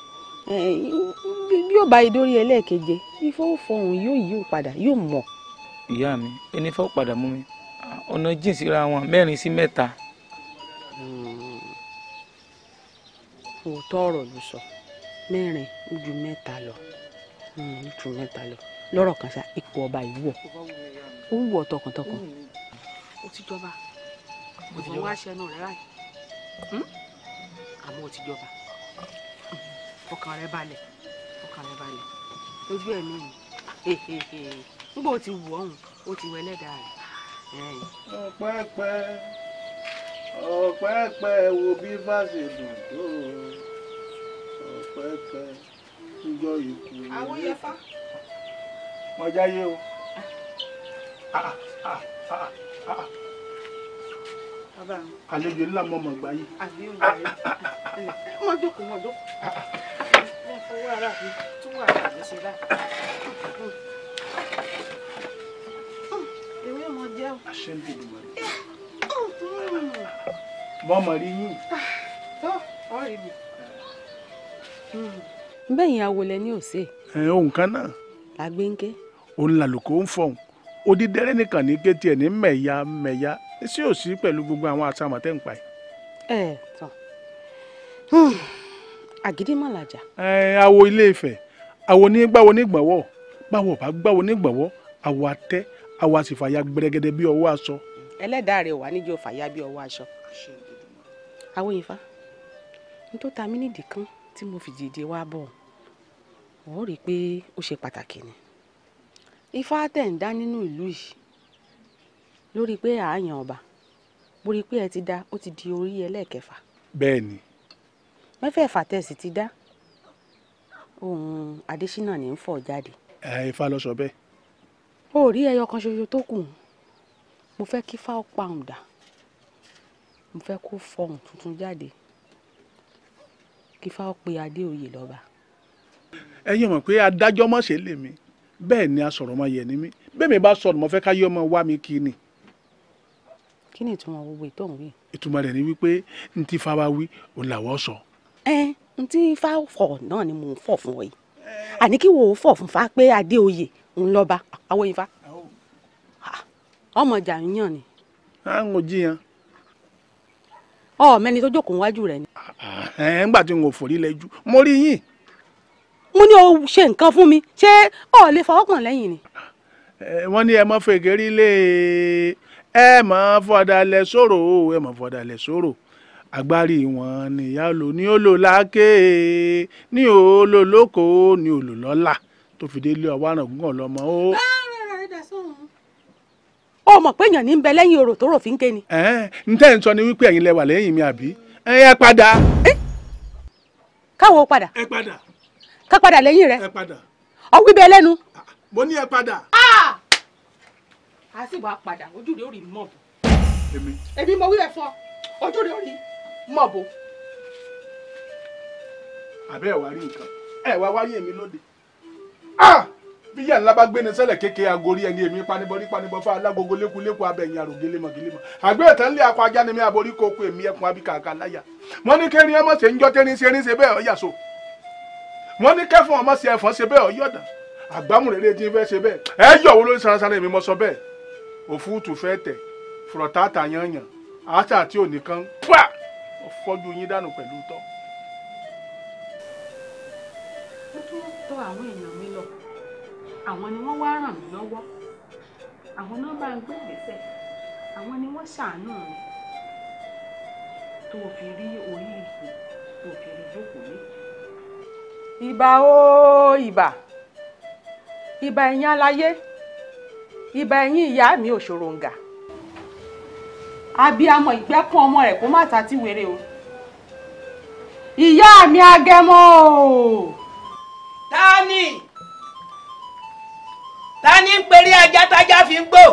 yóò bá idórí ẹlẹ́ẹ̀keje ìfowófọ̀hún yóò yíò padà yóò mọ̀. ìyá mi ẹni fọ́ padà mú mi ọ̀nà jìn síra wọn mẹ́rin sí mẹ́ta. Hmm, òótọ́ ọ̀rọ̀ ló sọ mẹ́rin ju mẹ́ta lọ hmm, ju mẹ́ta lọ lọ́rọ̀ kan sá ipò ọba ìwọ̀ ó wọ̀ tọkàntọkàn. ó ti jọba òtún wá ṣẹnu rẹ ráì hmm? àmọ́ o ti jọba ọkàn rẹ balẹ̀ ọkàn rẹ balẹ̀ lójú ẹ̀mí yìí nígbà ó ti wù ọ́hún ó ti wọ ẹlẹ́dàá rẹ̀. ọ̀pẹ́pẹ́ ọ̀pẹ́pẹ́ wo bí bá ṣe dùn tó ọ̀pẹ́pẹ́ níjọ́ ikú rẹ̀. àwọn yẹfa. wọ́n jáyé o. àlejò ńlá mọ̀mọ́ gbáyé. àbí ń gbáyé. wọ́n jókòó wọ́n 中二烂，中二感的鞋带。嗯。Èmi ò mọ̀ jẹun. Àṣẹ ń bìlú wọn. Ẹ kan náà. Òun làlùkò ń nìkan ní kété ẹ̀ ní mẹ̀yà mẹ̀yà sí òsì pẹ̀lú gbogbo àwọn àṣà àmọ̀tẹ́ǹpa Ẹ tán. àgídímàlàjà. ẹ awo ilé Ifẹ̀ awo ní gbàwo ní gbàwọ báwo bá gbàwo ní gbàwọ awo àtẹ awo àsìfàyà gbẹrẹgẹdẹ bí ọwọ́ aṣọ. ẹlẹ́dàá rẹ̀ wà níjọ́ fàyà bí ọwọ́ aṣọ. awo Ifá n tó ta mí nídìí kan tí mo fi dìde wá bọ̀ ọ́ rí i pé ó ṣe pàtàkì ni Ifá tẹ̀ ń dá nínú ìlú yìí lórí pé àáyàn ọba borí pé ẹ ti da ó ti di orí ẹlẹ́ẹ̀kẹfà. bẹ́ẹ̀ mẹ́fẹ̀ẹ̀fà tẹ̀sí ti dá ohun adésínà ní ń jáde. ẹ ifá lọ sọ bẹ́ẹ̀. o rí ẹyọ kan ṣoṣo tó kù mo fẹ́ kí fáwọn pa òun dà mo fẹ́ kó fọhùn tuntun jáde kí fáwọn pe adéoyè lọ́ba. ẹ yẹ mọ̀ pé adájọ́ mọ̀ ṣe lè mi bẹ́ẹ̀ ni asọ̀rọ̀ mọ̀ yẹ ni mí bẹ́ẹ̀ mi bá sọ̀rọ̀ mo fẹ́ ká yọ ọmọ wá mi kí ni. kí ni ìtumọ̀ gbogbo ìtọ̀hún yìí. ìtumọ̀ rẹ̀ ni wípé ntí fa wa wí òun làwọ̀ sọ. So ẹ n tí ifá fọ̀ náà ni mò ń fọ̀ fún ọ yìí àní kí wò ó fọ̀ fún fa pé adéoyè ń lọ́ba àwọn ifá ọmọ ìjà yíyan ni. a ń wo jiyàn. ọ mẹni tó jókòó wájú rẹ ni. ẹ ń gbà tí n ò forí lẹ́jú mo rí yín. mo ní o ṣe nǹkan fún mi ṣé ọ lè fọwọ́ kàn lẹ́yìn ni. wọ́n ní ẹ mọ́ fègérí lé e ẹ mọ́ fọ́dà lẹ sọ̀rọ̀ ẹ mọ́ fọ́dà lẹ sọ̀rọ̀. agbárí wọn ni lò ní ó láàké ní ó lóko ní ó lọ́la tó fi délé ọwọ́ àrùngún ọlọ́mọ ó. ó mọ̀ pé èèyàn ní ń bẹ lẹ́yìn orò tó rò fi ń ké ni. n ni wípé ẹ̀yin lẹ wà lẹ́yìn mi àbí ẹ padà. káwo padà. ẹ padà. ká padà lẹ́yìn rẹ. ẹ padà. ọwọ́ ibẹ̀ lẹ́nu. Ah, mo ní ẹ padà. a sì wá padà ojú rí èmi. mo wí ojú mọ̀ bo. àbẹ́ ẹ̀ wá rí nǹkan ẹ̀ wá wáyé mi lóde. Ah! bí yà ńlá bá gbéni sẹ́lẹ̀ kékeré agorí ẹni èmi panibọ́ rí panibọ́ fún alágogo lékuléku abẹ́yìn àrò gélémọ̀ gélémọ̀. àgbẹ̀ ìtàn lé akọ ajá ni mi àborí kókó èmi ẹkùn abíkàkà láyà. wọ́n ní kẹ́rin ọmọ ṣe ń jọ́ tẹ́rin ṣe rí ṣe bẹ́ẹ̀ ọ̀yà so. wọ́n ní kẹ́fọ́n ọmọ ṣe ẹ̀fọ́n ṣe bẹ́ẹ̀ ọ̀yọ̀dà. àgbámúrèrè ti fọ́jú yín dànù pẹ̀lú tọ́. ó tún tọ àwọn èèyàn mi lọ àwọn ni wọ́n wá ràn mí lọ́wọ́ àwọn náà bá ń gbé ìgbésẹ̀ àwọn ni wọ́n ṣàánú mi tó fi rí orí ipò tó fi rí jókòó lé. ìbà o ìbà ìbà ẹ̀yin aláyé ìbà ẹ̀yin ìyá mi òṣòro ǹgà abiyamọ ìgbẹ́kùn ọmọ rẹ̀ kó má ta tí wéré o ìyá mi agẹmọ o. tani tani ń perí ajá tájá fi ń gbò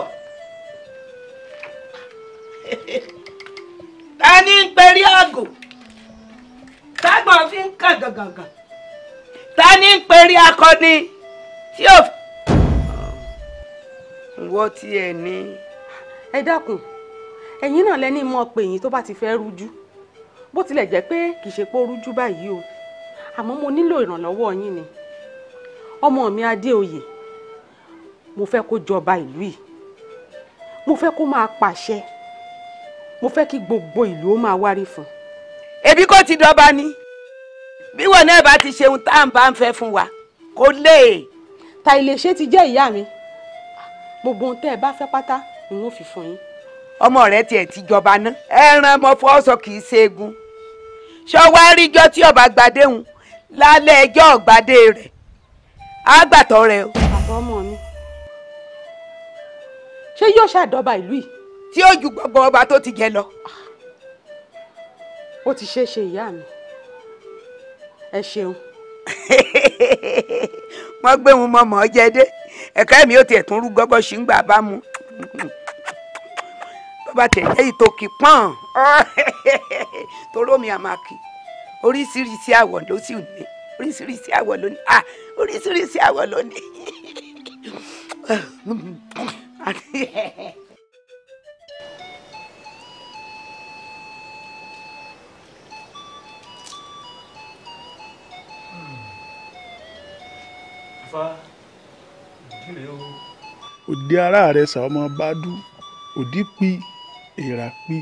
tani ń perí àgò tágbọ̀n fi ń kàn gàngàngàn tani ń perí akọni tí ò. wọ́n tiẹ̀ ní. ẹ dákun ẹ̀yin náà lẹ́ni mọ̀ pé yín tó bá ti fẹ́ rújú bó tilẹ̀ jẹ́ pé kì í ṣe pé ó rújú báyìí o àmọ́ mo nílò ìrànlọ́wọ́ yín ni ọmọ mi adéoyè mo fẹ́ kó jọba ìlú yìí mo fẹ́ kó máa pàṣẹ mo fẹ́ kí gbogbo ìlú ó máa wárí fún un. ebi kò ti dọba ni bí wọn náà bá ti ṣeun tá à ń bá ń fẹ́ fún wa kò lè. ta ti jẹ́ ìyá mi gbogbo ohun tẹ́ ẹ bá fẹ́ pátá ni wọ́n fi fún yín. ọmọ rẹ tiẹ̀ ti jọba ná ẹran ọmọ fọ́ kì í ṣe eegun ṣọwárí ijọ́ tí ọba gbadéhùn lálẹ́ ẹjọ́ ọ̀gbadé rẹ̀ àgbàtọ́ rẹ̀ o. bàbá ọmọ mi ṣé yóò ṣàdọ́ba ìlú yìí. tí ó ju gbogbo ọba tó ti jẹ lọ. ó ti ṣeé ṣe ìyá mi ẹ ṣeun. wọ́n gbé wọn mọ́ mọ́ jẹ dé ẹ̀ka mi ó tiẹ̀ tún rú gọ́gọ́ ṣì ń gbà bá mu bá tẹ̀ jẹ́ ìtòkì pọ́n toró mi àmàkì oríṣiríṣi àwọ̀ ló sì ní oríṣiríṣi àwọ̀ ló ní oríṣiríṣi àwọ̀ ló ní. òde ara rẹ sàmọ bá dú òdì pi èèrà pé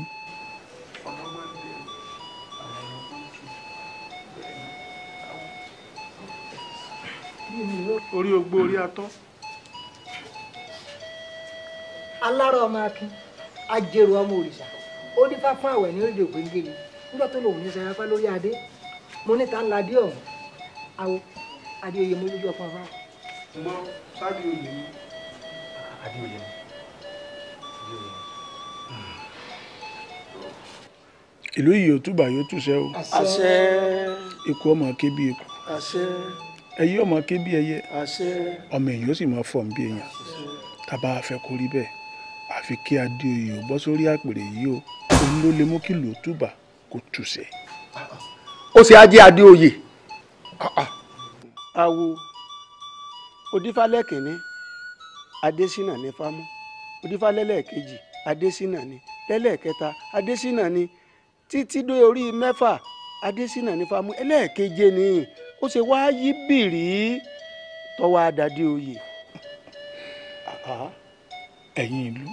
orí ogbó orí atọ́. alára ọmọ akin ajẹrò ọmọ òrìṣà ó dífá fún àwẹ̀ ní orílẹ̀ ògbéngèrè nígbà tó lòun ní sàyàfá lórí adé mo níta ńlá dé ọ̀hún àwo adéoyè mo lójú ọpọ fún wa. mo ṣáàdì oyè mi. adéoyè mi. ìlú yìí yóò túbà yóò túṣẹ́ o àṣẹ ikú ọmọ ké bí ikú àṣẹ ẹyẹ ọmọ ké bí ẹyẹ àṣẹ ọmọ èèyàn ó sì máa fọ̀ bí èèyàn tàbá afẹ́ kó rí bẹ́ẹ̀ àfi kí adéoyè ò bọ́ sórí àpèrè yìí o òun ló lè mú kí ìlú túbà kó túṣẹ́. ó ṣe ajé adéoyè. awo odífálẹ̀ kìnínní adésínà ní fámú odífálẹ̀ lẹ́ẹ̀kejì adésínà ní lẹ́lẹ́ẹ̀kẹta adésínà ní títí dé orí mẹ́fà adésínà ní famu ẹlẹ́ẹ̀keje ni ó ṣe wá yí bìrì tọwọ́ adadé oyè. ẹ̀yin ìlú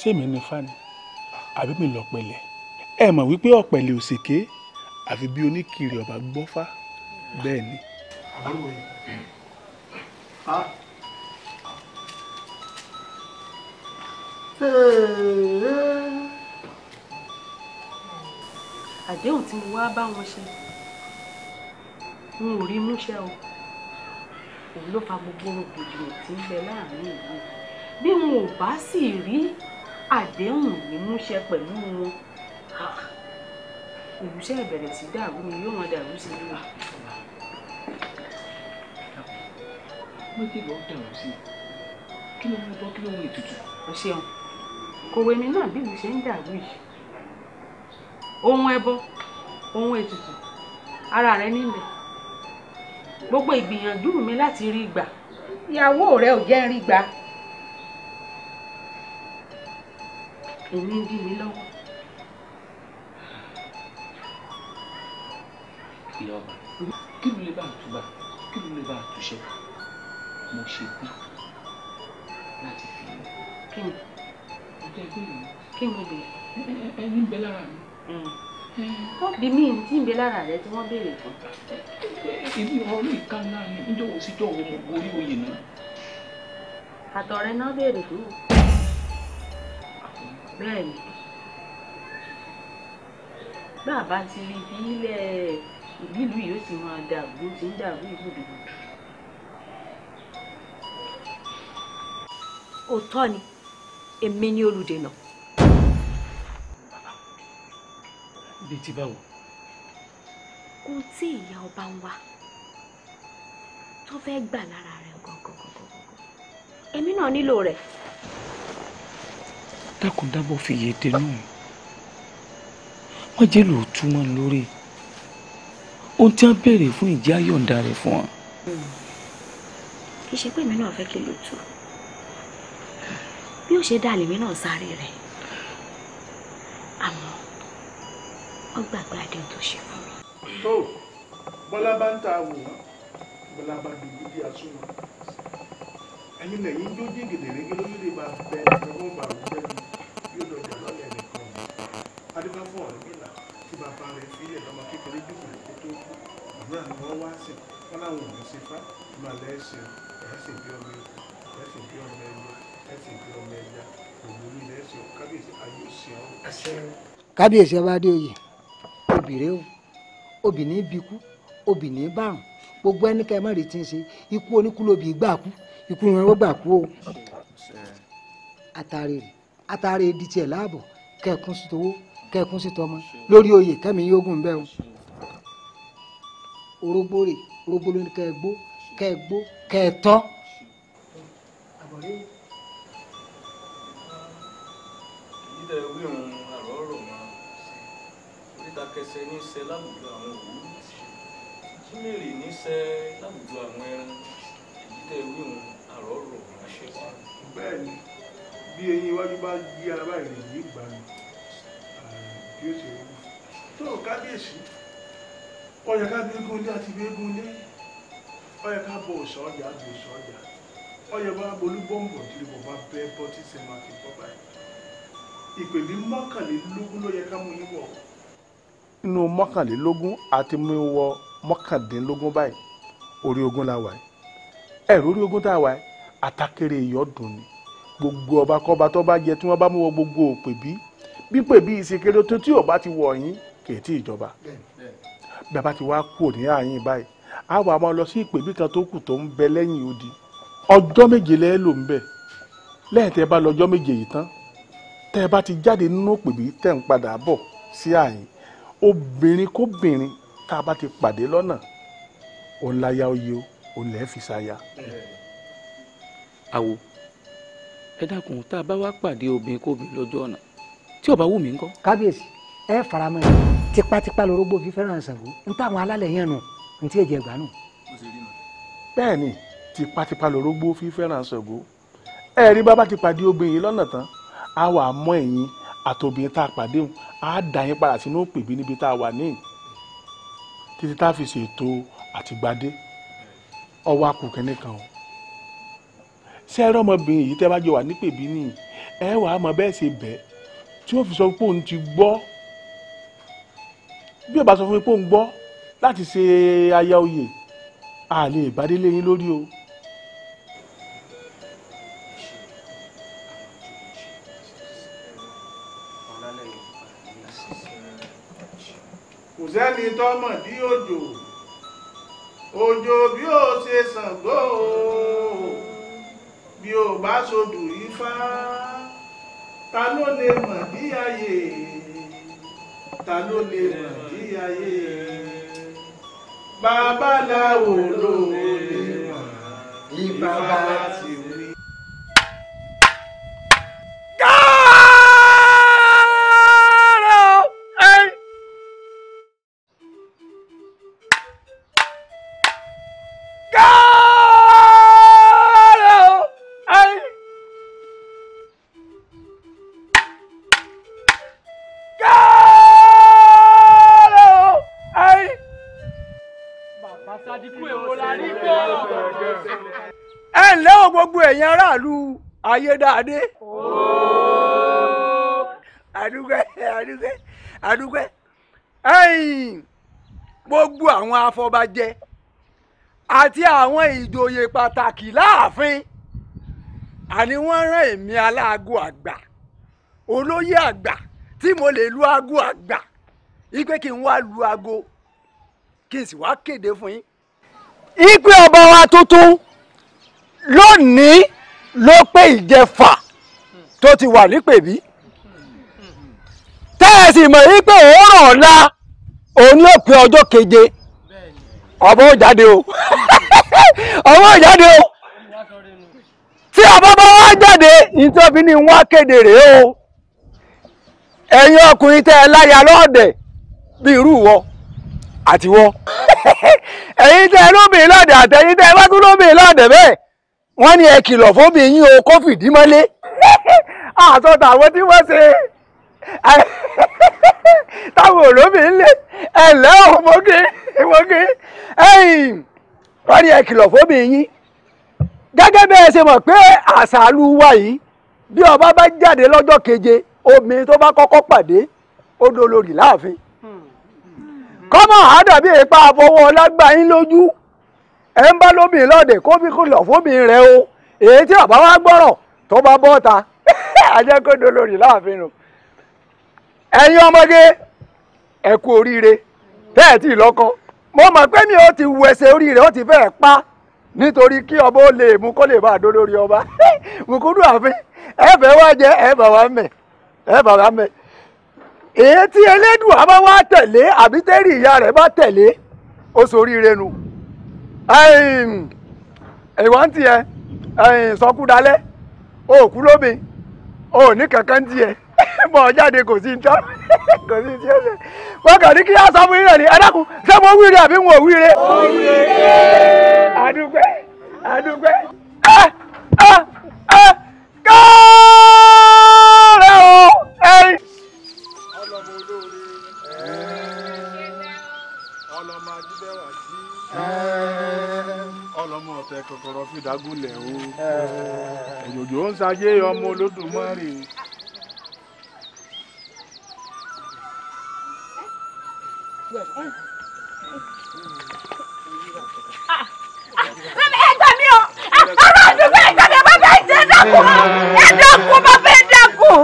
ṣé mi ni fani àbí mi lọ pẹ̀lẹ́ ẹ mọ̀ wípé ọ̀pẹ̀lẹ̀ òṣèké àfi bí oníkiri ọba gbọ́fá bẹ́ẹ̀ ni. Hey, hey àdéhùn tí mo wá bá wọn ṣe n ò rí múṣẹ o òun ló fa gbogbo rògbòdìyàn tí ń bẹ láàrin ìlú bí wọn ò bá sì rí àdéhùn ní múṣẹ pẹ̀lú wọn ìlúṣẹ́ ah, ìbẹ̀rẹ̀ sí dàrú ni yóò máa dàrú sí ìlú. méjìlá ó dàrú sí kí ló ń bọ́ kí ló ń wọ ètùtù. o ṣeun kò wẹ̀mí náà bí ìlú ṣe ń dàrú yìí ohun ẹbọ ohun ètùtù ara rẹ nílẹ̀ gbogbo ìgbìyànjú mi láti rí gbà ìyàwó rẹ ò jẹ́ rí gbà èmi ń dí mi lọ́wọ́. ìyá ọba kí ló lè bá àtúbà kí ló lè bá àtúnṣe mo ṣe bí láti fi kí ni ọjọ́ ẹgbẹ́ yìí kí ni mo bẹ̀rẹ̀ ẹni ń bẹ lára mi. Mm. wọ́n bí mí tí ń bẹ lára rẹ tí wọ́n béèrè fún. èmi ọ̀rọ̀ mi kan náà ni níjọ́ wo síjọ́ wo mo gorí oyè náà. àtọ̀rẹ́ náà béèrè fún o. bẹ́ẹ̀ ni bàbá ti rí bí ilẹ̀ ìbílù yìí ó ti máa dàgbò ti ń dàgbò ìgbòdògbò. òótọ́ ni èmi ni olùdènà. bíi ti báwo. ohun tí ìyá ọba ń wá tó fẹ́ gbà lára rẹ̀ gọ̀gọ̀gọ̀gọ̀ èmi náà nílò rẹ̀. dákúndábọ̀ fìyè dénú wọ́n jẹ́ lóòótú mọ́ lórí ohun tí wọ́n béèrè fún ìjẹ́ àyọ̀ǹda rẹ̀ fún wọn. kì í ṣe pé èmi náà fẹ́ kí lóòótú bí ó ṣe dà lèmi náà sáré rẹ̀ àmọ́ wọ́n gbàgbé adé tó ṣe fún mi. tó bọ́lá bá ń ta àwòrán bọ́lá bá dùn bí asúnmọ́ ẹ̀yin lẹ́yìn jó jí gèdèrègé lórílẹ̀ bá bẹ ẹ̀wọ̀n bá wù jẹ́bi yóò dọ̀jà lọ́lẹ̀ nìkan mi adébá fún ọ̀rẹ́ mi là tí bàbá rẹ̀ fílẹ̀ lọ́mọ kékeré jù fún ẹ̀kọ́ tó kú àbúrò ni wọ́n wá sí wọn láwọn ò ní ṣe fá ìmọ̀ lẹ́sìn ẹ̀sìn bí ọmọ ẹ̀sìn bí ọmọ ẹ̀yọ ẹ̀sìn bí ọmọ ẹ̀yà òwúrú lẹ́sìn kábíyèsí ayé òsì ọ̀hún. kábíyèsí ọba adéoyè obì rèé o obì ní bikú obì ní bàrùn gbogbo ẹnikẹ́ni má retí ń ṣe ikú oníkúlóbì gbà kú ikú rẹ̀ ó gbà kú o àtàrí rẹ̀ di tiẹ̀ láàbọ̀ kẹ̀kún sí towó kẹ̀kún sí tọmọ lórí oyè kẹ́mi yógùn bẹ́ẹ̀ o orógbó rè orógbó ló ní kẹ́ gbó kẹ́ gbó kẹ́ tọ́. àbọ̀rẹ́ ìdílé wíwọ̀n. dídakẹsẹ níṣẹ́ láwùjọ àwọn òwú jímèrè n'ise láwùjọ àwọn ẹran èyí tẹ́ wí òun àrọ́rọ̀ ránṣẹ́ wá. bí eyín iwájú bá yí ara báyìí nìyí gbà mí bí ó ṣe wú tó kábíyèsí àti bí ọyà ká bọ ọjà àti ọjà ọyà tí bá bọ́ tí inú mọ́kànlélógún àti mú mọ́kàndínlógún báyìí orí ogun la wà yìí ẹ̀rù ogun tá a wà yìí àtàkèrè ìyọ́ dùn ni gbogbo ọba kọba tó bá jẹ tí wọ́n bá mú wọ gbogbo òpè bí bí pè bí ìsìnkéré tó tí ò bá ti wọ̀ yín kì í tí ìjọba bàbá ti wá kú òní àyìn báyìí a wà máa lọ sí ìpè bí kan tó kù tó ń bẹ lẹ́yìn odi ọjọ́ méje lẹ́ẹ̀ ló ń bẹ̀ lẹ́yìn tẹ́ bá lọ́jọ́ méje yìí tán tẹ́ bá ti jáde nínú òpè bí tẹ́ ń padà bọ̀ sí àyìn obìnrin kóbìnrin tá a bá ti pàdé lọ́nà ọ̀làyà oyè olè fi ṣaya. àwo ẹ dákun tá a bá wá pàdé obìnrin kóbìnrin lọ́jọ́ ọ̀nà tí ó bá wù mí ńkọ́. kábíyèsí ẹ faramọ́ ẹ tipátipá lórógbó fi fẹ́ràn ṣàngó ń táwọn alálẹ̀ yẹn nù ń tí èjì ẹgbàá nù. bẹ́ẹ̀ ni tipátipá lórógbó fi fẹ́ràn ṣàngó ẹ̀rí bá ti pàdé obìnrin lọ́nà tán a wà ẹ̀yìn àtòbìnrin tá a pàdé òun á dà yín padà sínú òpèbí níbi tá a wà ní títí tá a fi ṣètò àtìgbàdé ọwọ́ akùnkìnní kan o ṣé ẹ rọmọbìnrin yìí tẹ́ bá jọ wà nípèbí nìyí ẹ wàá mọ bẹ́ẹ̀ ṣe bẹ́ẹ̀ tí ó fi sọ pé òun ti gbọ́ bí ó sọ fún mi pé òun gbọ́ láti ṣe aya oyè a lè yín lórí o. sẹ́ni tọ́mọ̀ bí òjò òjò bí ó ṣe Ṣàngó bí ó bá ṣodù Ifá ta ló lè mọ̀ bí ayé ta ló lè mọ̀ bí ayé babaláwo ló lè mọ̀ bí bàbá ti ayédáadé. àdúgbẹ́ oh. àdúgbẹ́ àdúgbẹ́ ẹ̀yìn gbogbo àwọn afọbajẹ àti àwọn ìjòyè pàtàkì láàfin àní wọ́n rán èmi aláàgó àgbà olóyè àgbà tí mo lè lu aago àgbà ipe kí n wá lu aago kí n sì wá kéde fún yín. ipe ọba wa tuntun lónìí ló pé ìjẹfà tó ti wà ní tẹ́ ẹ mọ̀ yí pé òórọ̀ ọ̀la òun ọjọ́ keje ọmọ òjáde o ọmọ òjáde o tí ọba bá wá jáde nítorí ní wá o ẹ̀yin ọkùnrin tẹ́ ẹ lọ́ọ̀dẹ̀ bí irú wọ àtiwọ́ ẹ̀yin tẹ́ ẹ lóbìnrin lọ́ọ̀dẹ̀ àtẹ̀yin tẹ́ ẹ bá tún lóbìnrin lọ́ọ̀dẹ̀ wọ́n ní ẹ kìlọ̀ fóbìnrin o kó fìdí mọ́lé. àtọ́ tàwọn tí wọ́n ṣe táwọn olóbìnrin lé ẹ̀lẹ́ ọmọge ọmọge ẹ̀yìn wọ́n ní ẹ kìlọ̀ fóbìnrin gẹ́gẹ́ bẹ́ẹ̀ ṣe mọ̀ pé àṣàlù wa yìí bí ọba bá jáde lọ́jọ́ keje obìnrin tó bá kọ́kọ́ pàdé ó dolórí láàfin hmm. kọ́mọ̀ àádọ́ bí ipa àfọwọ́ ọlágbá yín lójú ẹ ń bá lómi lọ́dẹ kó bí kò lọ fómi rẹ o èyí tí bàbá wa gbọ́rọ̀ tó bá bọ́ ta ajẹ́kọ̀dọ̀ lórí láàfin nù. ẹ̀yin ọmọge ẹ kú oríire tẹ́ ẹ̀ tí ì lọ́kọ mo mọ̀ pé mi ò ti wù ẹsẹ̀ orí rẹ̀ ó ti fẹ́ẹ̀ pa nítorí kí ọba ó lè mú kó lè bá a dó lórí ọba mùkúndùn àfin ẹ fẹ́ wá jẹ ẹ bà wá mẹ ẹ bà wá mẹ èyí tí Elédùà bá wá tẹ̀lé àbí tẹ́rì ìyá rẹ̀ bá tẹ̀lé ó soríire nu. ìwọ ń o sọkúdalẹ́ òkú lómi òní kankan tiẹ̀ mọ̀ jáde kò sí ntọ́ kò sí tí ó ṣe wọ́n kàn ní kí á sọ fún yín náà ní ẹ dákun ṣé mo wíire àbí wọn wíire. wíire. kọ́kọ́rọ́ fi dágúnlẹ̀ o eh. òjòjò ń ṣayé ọmọ olódùmarè. ẹ gbà mí o ah, ọ̀rọ̀ àdúgbò ẹ gbà mí bàbá eh. ẹ dẹ́kun ẹ dẹ́kun bàbá ẹ dẹ́kun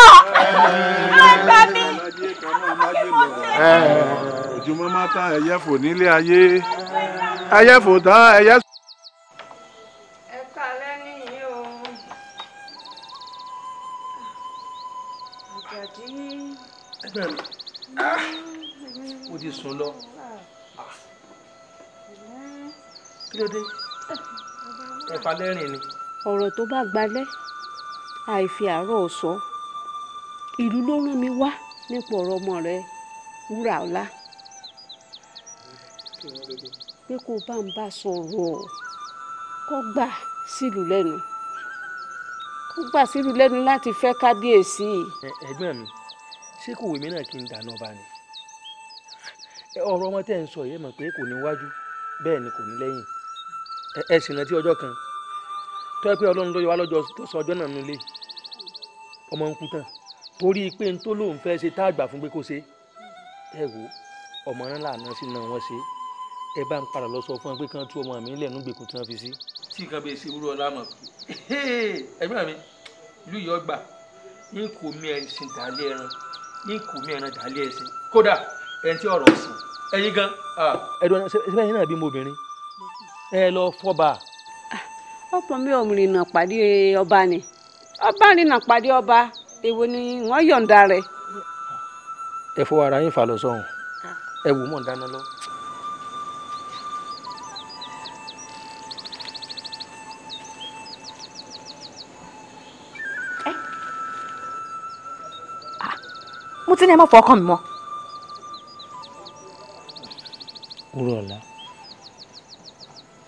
ọ ẹ gbà mí eh. ojúmọ́ máa ta ẹ̀yẹ́fò nílé ayé ẹ̀yẹ́fò tán ẹ̀yẹ́. ó ah! ti sùn lọ ah! kí ló dé ẹ̀fà lẹ́rìn ni. ọ̀rọ̀ tó bá gbalẹ̀ àìfi àárọ̀ sọ ìlú ló rán mi wá nípa ọ̀rọ̀ ọmọ rẹ wúrà ọlá pé kó bá ń bá sọ̀rọ̀ kó gbà sílùú lẹ́nu kó gbà sílùú lẹ́nu láti fẹ́ kábíyèsí. ẹ̀gbọ́n mi ṣé kò wèmí náà kí n dáná bá ni ọ̀rọ̀ ọmọ tẹ́ ń sọ yìí mọ̀ pé kò ní wájú bẹ́ẹ̀ ni kò ní lẹ́yìn ẹ sì rántí ọjọ́ kan tọ́ ẹ pé ọlọ́run ló yọ wá lọ́jọ́ tó sọ ọjọ́ náà nulẹ̀ ọmọ ń kú tán torí pé n tó lóun fẹ́ ṣe tá àgbà fún pé kó ṣe ẹ wò ọmọ náà lànà sí náà wọ́n ṣe ẹ bá ń padà lọ sọ fún ẹ pé kán tú ọmọ mi lẹ́nu gbèkú tí wọ́n fi sí. tí nǹkan bẹ ṣe wúrọ̀ lámọ̀ ẹ̀gbọ́n mi lùyọ̀ gbà ní kò mí ẹ̀ ń dálé ẹran ní nkù mi ẹ̀ràn obìnrin lọ fọba. ọkùnrin ọba ni ọba rìn pàdé ọba èwo ni wọ́n yọ̀ǹda rẹ̀. ẹ fọwọ́ ara yín fà lọ sọ́hun ẹ wù mọ̀ dáná lọ. ti ní ẹ má fọkàn mi mọ́. wúrọ̀ ọ̀la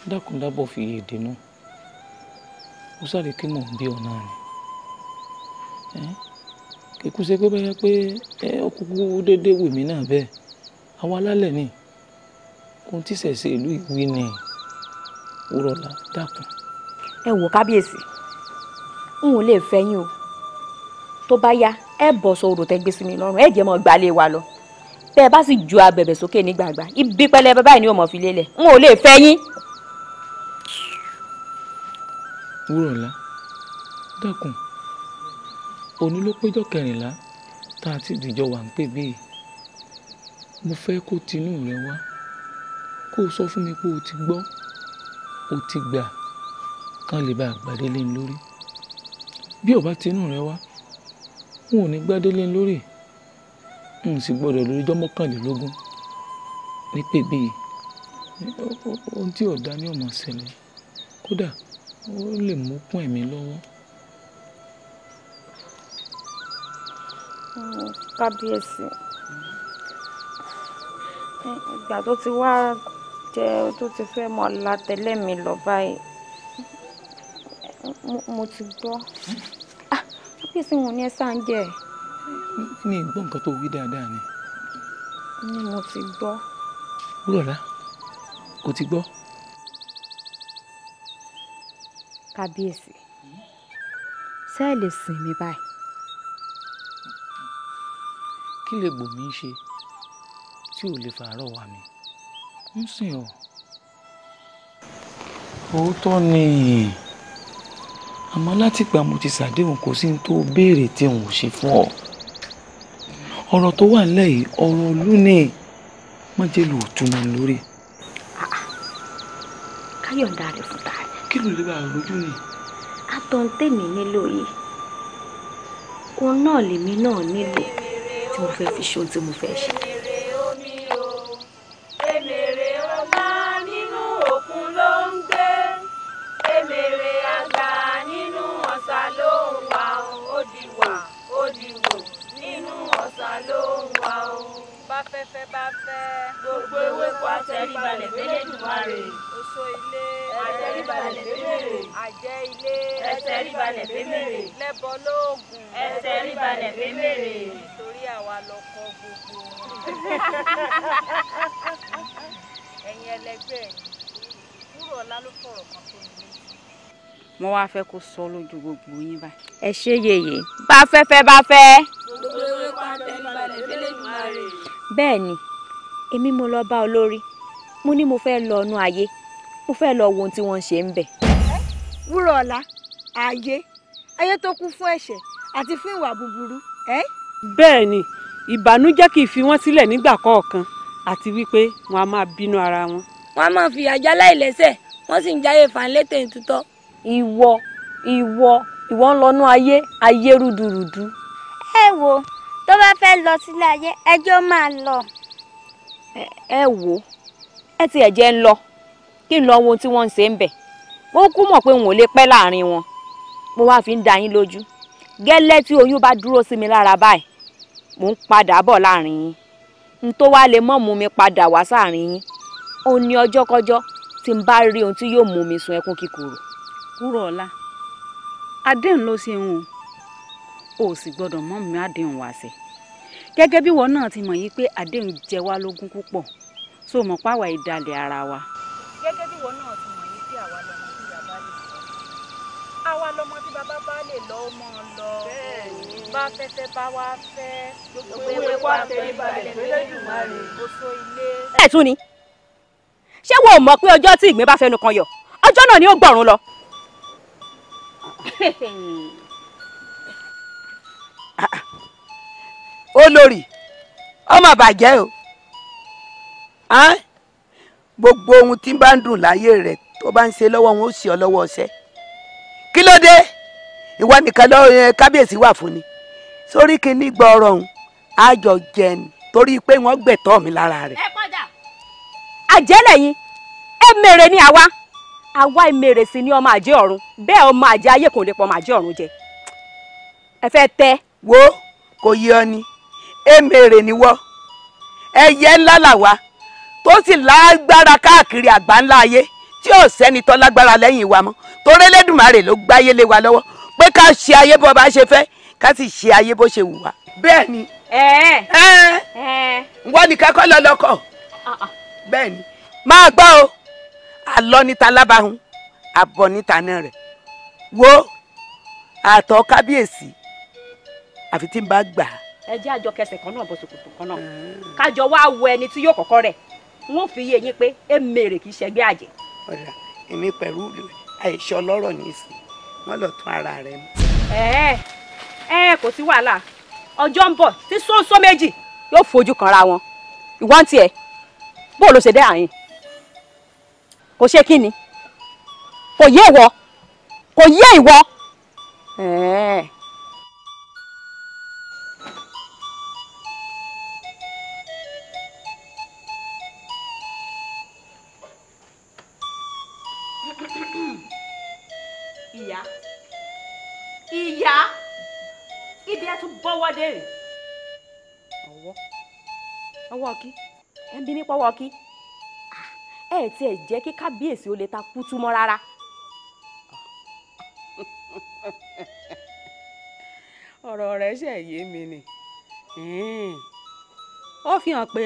dákúndábọ̀ fi èdè náà ó sáré kí mò ń bí ọ̀nà rẹ̀ kíkú ṣe pé bẹ́ẹ̀ pé ẹ ó kúkú déédéé wù mí náà bẹ́ẹ̀ àwọn alálẹ̀ ni ohun tí ṣẹ̀ṣẹ̀ ìlú ìwé ni wúrọ̀ ọ̀la dákun. ẹ wò kábíyèsí n ò lè fẹ́ yín o tó bá yá ẹ bọ̀ sọ̀rọ̀ tẹ́ gbé sí mi lọ́rùn ẹ jẹ́ mọ́ gbalẹ̀ wa lọ tẹ́ ẹ bá sì ju abẹ̀bẹ̀ sókè ní gbàgbà ibi pẹlẹbẹ báyìí ni ò mọ̀ fi lélẹ̀ n ò lè fẹ́ yín. wúrọ̀lá dákun òní ló péjọ kẹrìnlá tá a ti dìjọ wà ń pè bíi mo fẹ́ kó tinú rẹ wá kó o sọ fún mi pé o ti gbọ́ o ti gbà kán lè bá a gbàdélé lórí bí o bá tinú rẹ wá n ò ní gbádélé lórí n sì gbọdọ̀ lórí ọjọ́ mọ́kànlélógún ní pèbí ohun tí ọ̀dá ní ọ̀mọ̀ ṣẹlẹ̀ kódà ó lè mú kún ẹ̀mí lọ́wọ́. Mm, kábíyèsí ìgbà tó ti wá jẹ tó ti fẹ́ mọ̀ la lọ báyìí mo ti gbọ́. Hmm? bí sì wọn ní ẹ sáà jẹ. mi ì gbọ́ nǹkan tó wí dáadáa ni. ni mo ti gbọ́. wúrọ̀lá kò ti gbọ́. kábíyèsí ṣé ẹ lè sìn mí báyìí. kí lè gbò mí ṣe tí ò lè fàárọ̀ wá mi ń sìn ọ́ òótọ́ ni àmọ́ látìgbà mo ti ṣàdéhùn kò sí ní tó béèrè tí n ò ṣe fún ọ ọ̀rọ̀ tó wà nílẹ̀ yìí ọ̀rọ̀ ìlú ni májèlú ò túmọ̀ lórí. káyọ̀ǹda rẹ̀ fún ta ni. kí ló lè bá rojú ni. àtọ̀ǹtẹ̀mí nílò yìí òun náà lèmi náà nílò tí mo fẹ́ fi ṣe ohun tí mo fẹ́ ṣe. sọ̀rọ̀ kan tó ní lójú. mo wá fẹ́ kó sọ lójú gbogbo yín báyìí. ẹ ṣe yèyè bá fẹ́fẹ́ bá fẹ́. gbogbo ewé pàtẹ́ ìbàlẹ̀ bẹ́ẹ̀ ni èmi mo lọ bá olórí mo ní mo fẹ́ lọ ọnu ayé mo fẹ́ lọ wo ohun tí wọ́n ṣe ń bẹ̀. wúrọ̀ ọ̀la ayé ayé tó kún fún ẹ̀ṣẹ̀ àti fún ìwà búburú. bẹ́ẹ̀ ni ìbànújẹ́ kì í fi wọ́n sílẹ̀ nígbà kọ̀ọ̀kan àti wípé wọn a máa bínú ara wọn. wọn a máa fìyà jálá ìlẹ́sẹ̀ wọ́n sì ń jáyé fanlétè tutọ́. ìwọ ìwọ ìwọ ń lọnú ayé ayé rúdurùdu. ẹ wo tó bá fẹ́ lọ sílé ayé ẹjọ́ máa lọ. ẹ wo ẹ tiẹ̀ jẹ́ ń lọ kí n lọ wo tí wọ́n ń ṣe ń bẹ̀ wọ́n kú mọ̀ pé n ò lè pẹ́ láàrin wọn mo wá fi ń da yín lójú gẹ́lẹ́ tí oyún bá dúró sí mi lára báyìí mò ń padà bọ̀ láàrin yín n tó wá lè mọ̀ mú mi padà wá sáàrin yín ó ní tí n bá rí ohun tí yóò mú mi sun ẹkún kíkorò. kúrò ọ̀la àdéhùn ló ṣe ń o ò sì gbọ́dọ̀ mọ́ mi àdéhùn wá ṣẹ gẹ́gẹ́ bí wọn náà ti mọ̀ yìí pé àdéhùn jẹ wá lógún púpọ̀ so mọ̀ páwa ìdalẹ̀ ara wa. gẹ́gẹ́ bí wọn náà ti mọ̀ yìí pé àwa lọmọ tí bàbá lè lọ àwa lọmọ tí bàbá bá lè lọ ó mọ̀ ọ́ lọ bá fẹ́fẹ́ bá wá fẹ́ gbogbo ewé wá tẹ̀lé balẹ̀ fẹ́lẹ́ jù máa rè é bó so ilé. ẹ tún ni ṣé wo mọ̀ pé ọjọ́ tí ìgbín bá fẹnu kan yọ ọjọ́ náà ni ó gbọ̀run lọ. olórí ọmọ bàjẹ́ o gbogbo ohun tí bá ń dùn láyé rẹ̀ tó bá ń ṣe lọ́wọ́ wọn ó sì ọ lọ́wọ́ ọṣẹ́ kí ló dé ìwọ nìkan lọ kábíyèsí wà fún ni sórí kí gbọ́ ọ̀rọ̀ òun á jọ ni torí pé wọ́n gbẹ̀tọ́ mi lára rẹ̀ àjẹ́ lẹ́yìn ẹ̀mẹ̀rẹ̀ ni àwa àwa ẹ̀mẹ̀rẹ̀ sì ni ọmọ àjẹ́ ọ̀run bẹ́ẹ̀ ọmọ àjẹ́ ayé kò lè pọ̀ ọmọ àjẹ́ ọ̀run jẹ ẹ fẹ́ tẹ́. wo kò yé ọ ni ẹ̀mẹ̀rẹ̀ ni wọ́ ẹyẹ ńlá làwa tó sì lágbára káàkiri àgbà ńlá ayé tí ò sẹ́ni tó lágbára lẹ́yìn wa mọ́ torí Elédùmarè ló gbáyé lé wa lọ́wọ́ pé ká ṣe ayé bó bá ṣe fẹ́ ká sì ṣe ayé bó ṣe wù wá. bẹ́ẹ̀ ni wọ́n ní kakọ́ lọ́lọ́kọ̀. Ah, ah bẹ́ẹ̀ ni máa gbọ́ o àlọ́ níta lábàáhùn àbọ̀ níta náà rẹ̀ wo àtọ̀ kábíyèsí àfi tí n bá gbà á. ẹ jẹ́ àjọ kẹsẹ̀ kan náà bọ̀ ṣòkòtò kan náà kájọ wá wo ẹni tí yóò kọ́kọ́ rẹ̀ wọ́n fi yé yín pé èmèrè kì í ṣẹgbẹ́ àjẹ́. ọ̀la èmi pẹ̀lú àìṣe ọlọ́rọ̀ ní ìsìn wọ́n lọ tún ara rẹ̀ mú. ẹ ẹ kò sí wàhálà ọjọ́ ń bọ̀ tí sọ́nsọ́ méjì yóò fojú kanra wọn ìwọ́n tiẹ̀ bóò ló ṣe dé àyìn kò ṣe kí ni kò yé ìwọ kò yé ìwọ pọ́wọ́ kí ah, ẹ ẹ̀ tiẹ̀ jẹ́ kí kábíyèsí ó lè ta kútú mọ́ rárá. ọ̀rọ̀ rẹ̀ ṣe yé mi ni ó fi hàn pé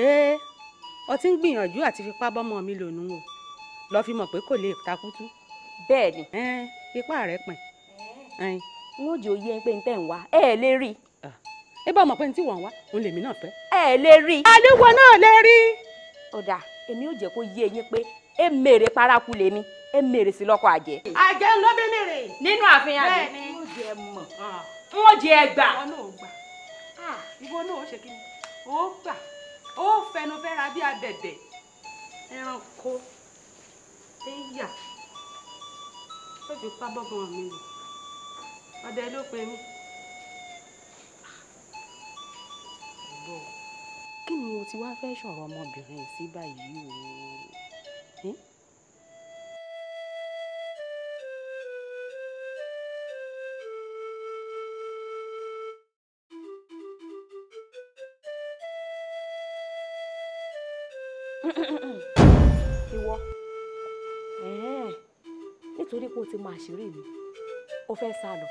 ó ti ń gbìyànjú àti fipá bọ́mọ mi lò nù o lọ fi mọ̀ pé kò lè ta kútú. bẹ́ẹ̀ ni. ipá rẹ̀ pẹ̀. n ó jẹ́ òye pé n tẹ̀ ń wá ẹ lè rí ah. ẹ bá mọ̀ pé ní tí wọ́n wá òun lèmi náà fẹ́. ẹ lè rí. àníwọ̀ náà lè rí ọ̀dà èmi ò jẹ́ kó yé yín pé ẹ mèrè paraku lèmi ẹ mèrè sí lọ́kọ̀ àjẹ́. àjẹ́ ló bí mèrè. nínú àfihàn mi bẹ́ẹ̀ni n ò jẹ mọ̀ ah. n ò jẹ gbà. ìwọ náà gbà ah, ìwọ náà ṣe kí ni ó gbà ó fẹnu fẹ́ bí abẹ̀bẹ̀ ẹranko ẹ̀yà ó fi pa bọ́bọ̀ mi lò ọ̀dẹ ló pe mí. kí ni mo ti wá fẹ́ sọ̀rọ̀ ọmọbìnrin sí báyìí o. Hm? ìwọ nítorí pé o ti mọ àṣírí mi o fẹ́ sá lọ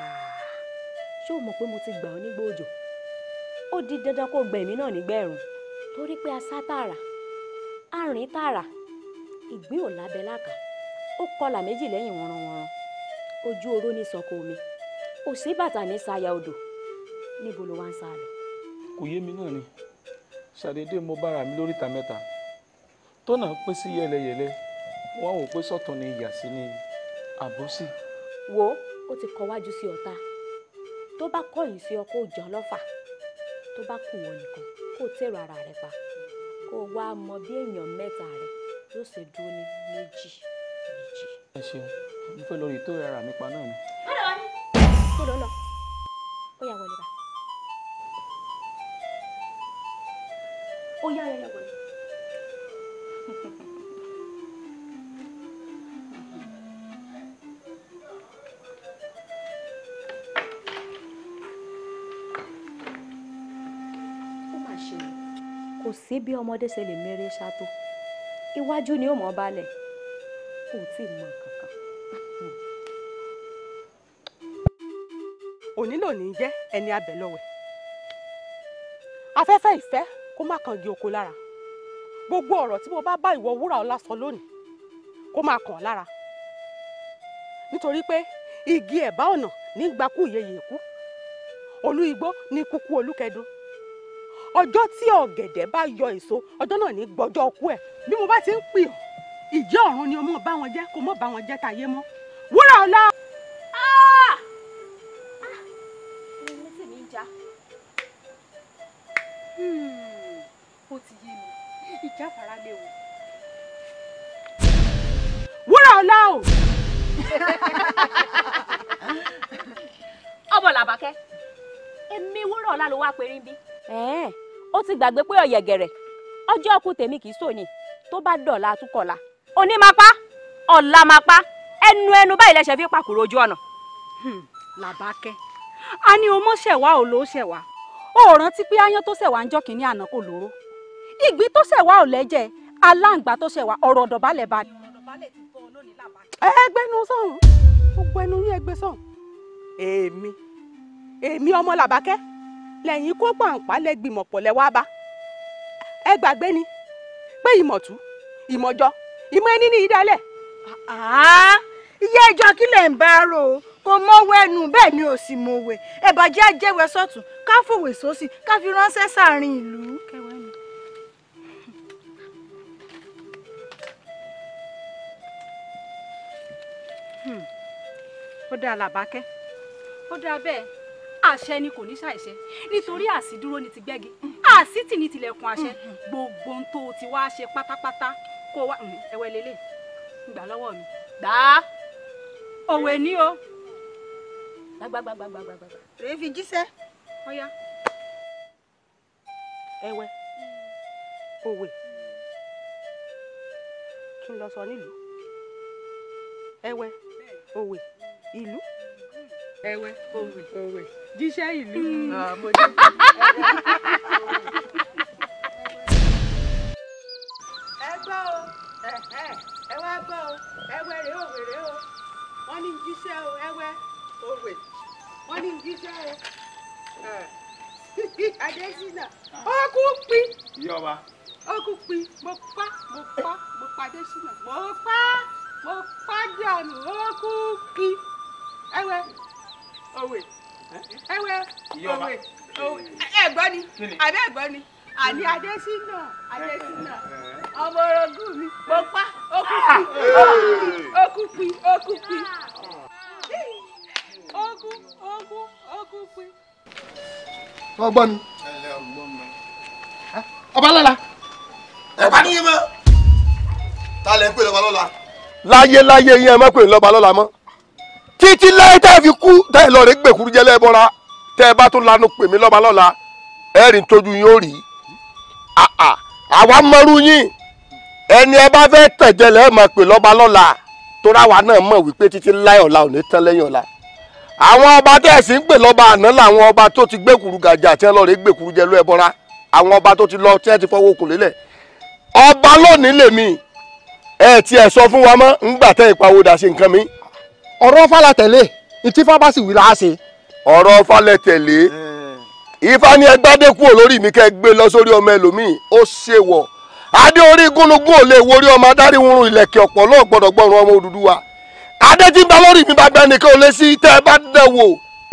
ah. ṣé o mọ̀ pé mo ti gbà ọ́ nígbà òjò ó di dandan kó gbẹ̀mí náà nígbẹ̀rún torí pé a sá tààrà a rìn tààrà ìgbín ò lábẹ́ làkà ó kọlà méjì lẹ́yìn wọ̀nranwọ̀nran ojú oró ní sọkò omi òsì bàtà ní ṣaya odò níbo ló wá ń sá lọ. kò yé mi náà ni ṣàdédé mo bára mi lórí ìta mẹ́ta tọ́nà pín sí yẹlẹyẹlẹ wọ́n wò pé sọ́tọ̀ ni ìyà sí ni àbọ̀sí. wo ó ti kọ wájú sí ọ̀tá tó bá kọ̀yìn sí ọkọ̀ òjò ọlọ́fà tó bá kù wọ́n nìkan kó o tèrò ara rẹ pa kó wá mọ bí èèyàn mẹ́ta rẹ yóò ṣe dúró ní méjì méjì. ẹ ṣeun mo fẹ́ lọ rí ìtòrí ara mi náà ni. kó lọ lọ ó yá wọlé bá ó yá yá yá wọlé. sí bí ọmọdé ṣe lè mèrè ṣàtò iwájú ni ó mọ̀ balẹ̀ kò tí ì mọ kankan. Hmm. òní ló ní jẹ́ ẹni abẹ lọ́wẹ̀ afẹ́fẹ́ ìfẹ́ kó má kàn gé oko lára gbogbo ọ̀rọ̀ tí mo bá bá ìwọ wúrà ọlá sọ lónìí kó má kàn lára nítorí pé igi ẹ̀bá ọ̀nà nígbàkú yeye kú olú igbó ní kúkú olúkẹdùn ọjọ́ tí ọ̀gẹ̀dẹ̀ bá yọ èso ọjọ́ náà ní gbọ́jọ́ ọkú ẹ̀ bí mo bá ti ń pè ọ́ ìjẹ́ ọ̀run ni o bá wọn jẹ́ kó mọ̀ bá wọn jẹ́ tayé mọ́ wúrà ọ̀la. Ah! Hmm, wúrà ọ̀la o. ọmọ làbákẹ́ èmi wúrà ọ̀la ló wá péré bí. sì gbàgbé pé ọ̀yẹ̀gẹ̀rẹ̀ ọjọ́ ọkù tèmi kì í sòyìn tó bá dọ̀la àtúkọ̀la òní ẹnu ẹnu báyìí lẹ́sẹ̀ fi pàkúrò ojú ọ̀nà. Hmm, làbákẹ́ a ní ọmọ ṣẹ̀wá ò ló ṣẹ̀wá ó rántí pé áyán tó ṣẹ̀wá ń jọ́ kínní àná kò lóró ìgbín tó ò lẹ́jẹ̀ aláǹgbá tó ọ̀rọ̀ ọ̀dọ̀bálẹ̀ bá ẹgbẹ́ èmi èmi ọmọ lẹ́yìn kó pàǹpá lẹ gbìmọ̀ pọ̀ lẹ wá bá ẹ gbàgbé ni pé ìmọ̀tú ìmọ̀jọ ìmọ̀ ẹni ní ìdálẹ̀. iye ìjọ kí lè ń bá rò ó kò mọ̀wé ẹnu bẹ́ẹ̀ ni ò sì mọ̀wé ẹ̀bàjẹ́ àjẹwẹ́ sọ̀tún ká fòwé sósì ká fi ránṣẹ́ sáàrin ìlú. Hmm, ó dáa làbákẹ́ ó dáa bẹ́ẹ̀ àṣẹ ni kò ní ṣàìṣẹ nítorí àṣìdúró ni ti gbẹ́gi àṣìtì ni tilẹ̀kùn àṣẹ gbogbo ohun tó o ti wá ṣe pátápátá kó wá hmm, ẹwẹ́ lélẹ̀ gbà lọ́wọ́ mi gbà á òwe ní o gbàgbàgbàgbàgbàgbà. rèé fi jíṣẹ́. ọ̀ya. ẹ̀wẹ̀ òwe kí n lọ sọ nílùú ẹ̀wẹ̀ òwe ìlú ẹwẹ òwe òwe jíṣẹ́ ìlú. Mm. Ah, ẹ gbọ́ o ẹ wá gbọ́ o ẹwẹ rèé òwe rèé o wọ́n ní jíṣẹ́ o ẹwẹ òwe wọ́n ní jíṣẹ́ o adésínà ó kú pín. ìyá mo pa mo pa mo pa adésínà mo pa mo pa jọ̀nù ó kú ẹwẹ òwe ẹwẹ òwe ẹgbọ́n ni àbí ẹgbọ́n ni àní adésínà adésínà ọmọ orogún mi mo pa okùnfin okùnfin okùnfin ogun ogun ogun pin. ọgbọ́n mi ọba lọ́la. ẹ̀pá níyẹn mọ́ ta lẹ́ ń pè lọ́ba lọ́la. láyé láyé yín ẹ má pè lọ́ba lọ́la mọ́. títí láyé tẹ́ fi kú tẹ́ ẹ lọ rẹ gbẹ̀kúrú jẹ́ lẹ́bọ̀ra ẹ bá lanu pè mí lọ́ba lọ́la ẹ̀rìn tójú yín ó rí àwa yín ẹni ẹ bá fẹ́ tẹ̀jẹ̀ lẹ́ẹ̀ mọ̀ pé lọ́ba lọ́la tóra wa náà mọ wípé títí láyé ọba ẹ sì ń àná ọba tó lọ rẹ ọba tó ti lọ ti sọ fún wa ńgbà ìpawódà ṣe ọ̀rọ̀ fàlà tẹ̀lé ìtí fà bá sì wí láàṣẹ. ọ̀rọ̀ falẹ̀ tẹ̀lé ifá ni ẹ gbádé kúrò lórí mi kẹ́ ẹ gbé lọ sórí ọmọ ẹlòmíì ó ṣèwọ̀ adé orí gúnlùgún ò lè worí ọmọ adarí wúrun ìlẹ̀kẹ̀ ọ̀pọ̀ náà gbọ́dọ̀ gbọ́run ọmọ Odùduwà adé tí ń bá lórí mi bá gbẹ́ nìkan ò lè sí tẹ́ ẹ bá dẹ̀ wò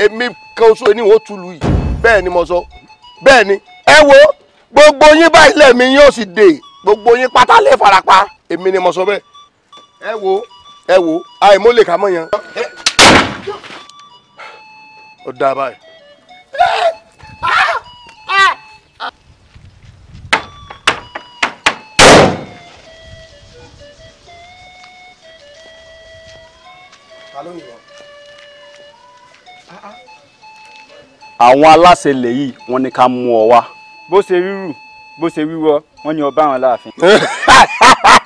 èmi kan oṣù ẹni ò túlù yìí bẹ́ẹ̀ ni mo sọ bẹ́ẹ̀ ni ẹ wo gbogbo yín báyìí lẹ́mìí yóò sì dè gbogbo yín pátá lè farapa èmi ni mo sọ bẹ́ẹ̀ ẹ wo ẹ wo àìmọ́ lè ká mọ́ yan. ó dáa báyìí. àwọn aláṣẹ lèyí wọ́n ní ká mú ọ wá. bó ṣe rírù bó ṣe wíwọ wọ́n ní ọba àwọn láàfin.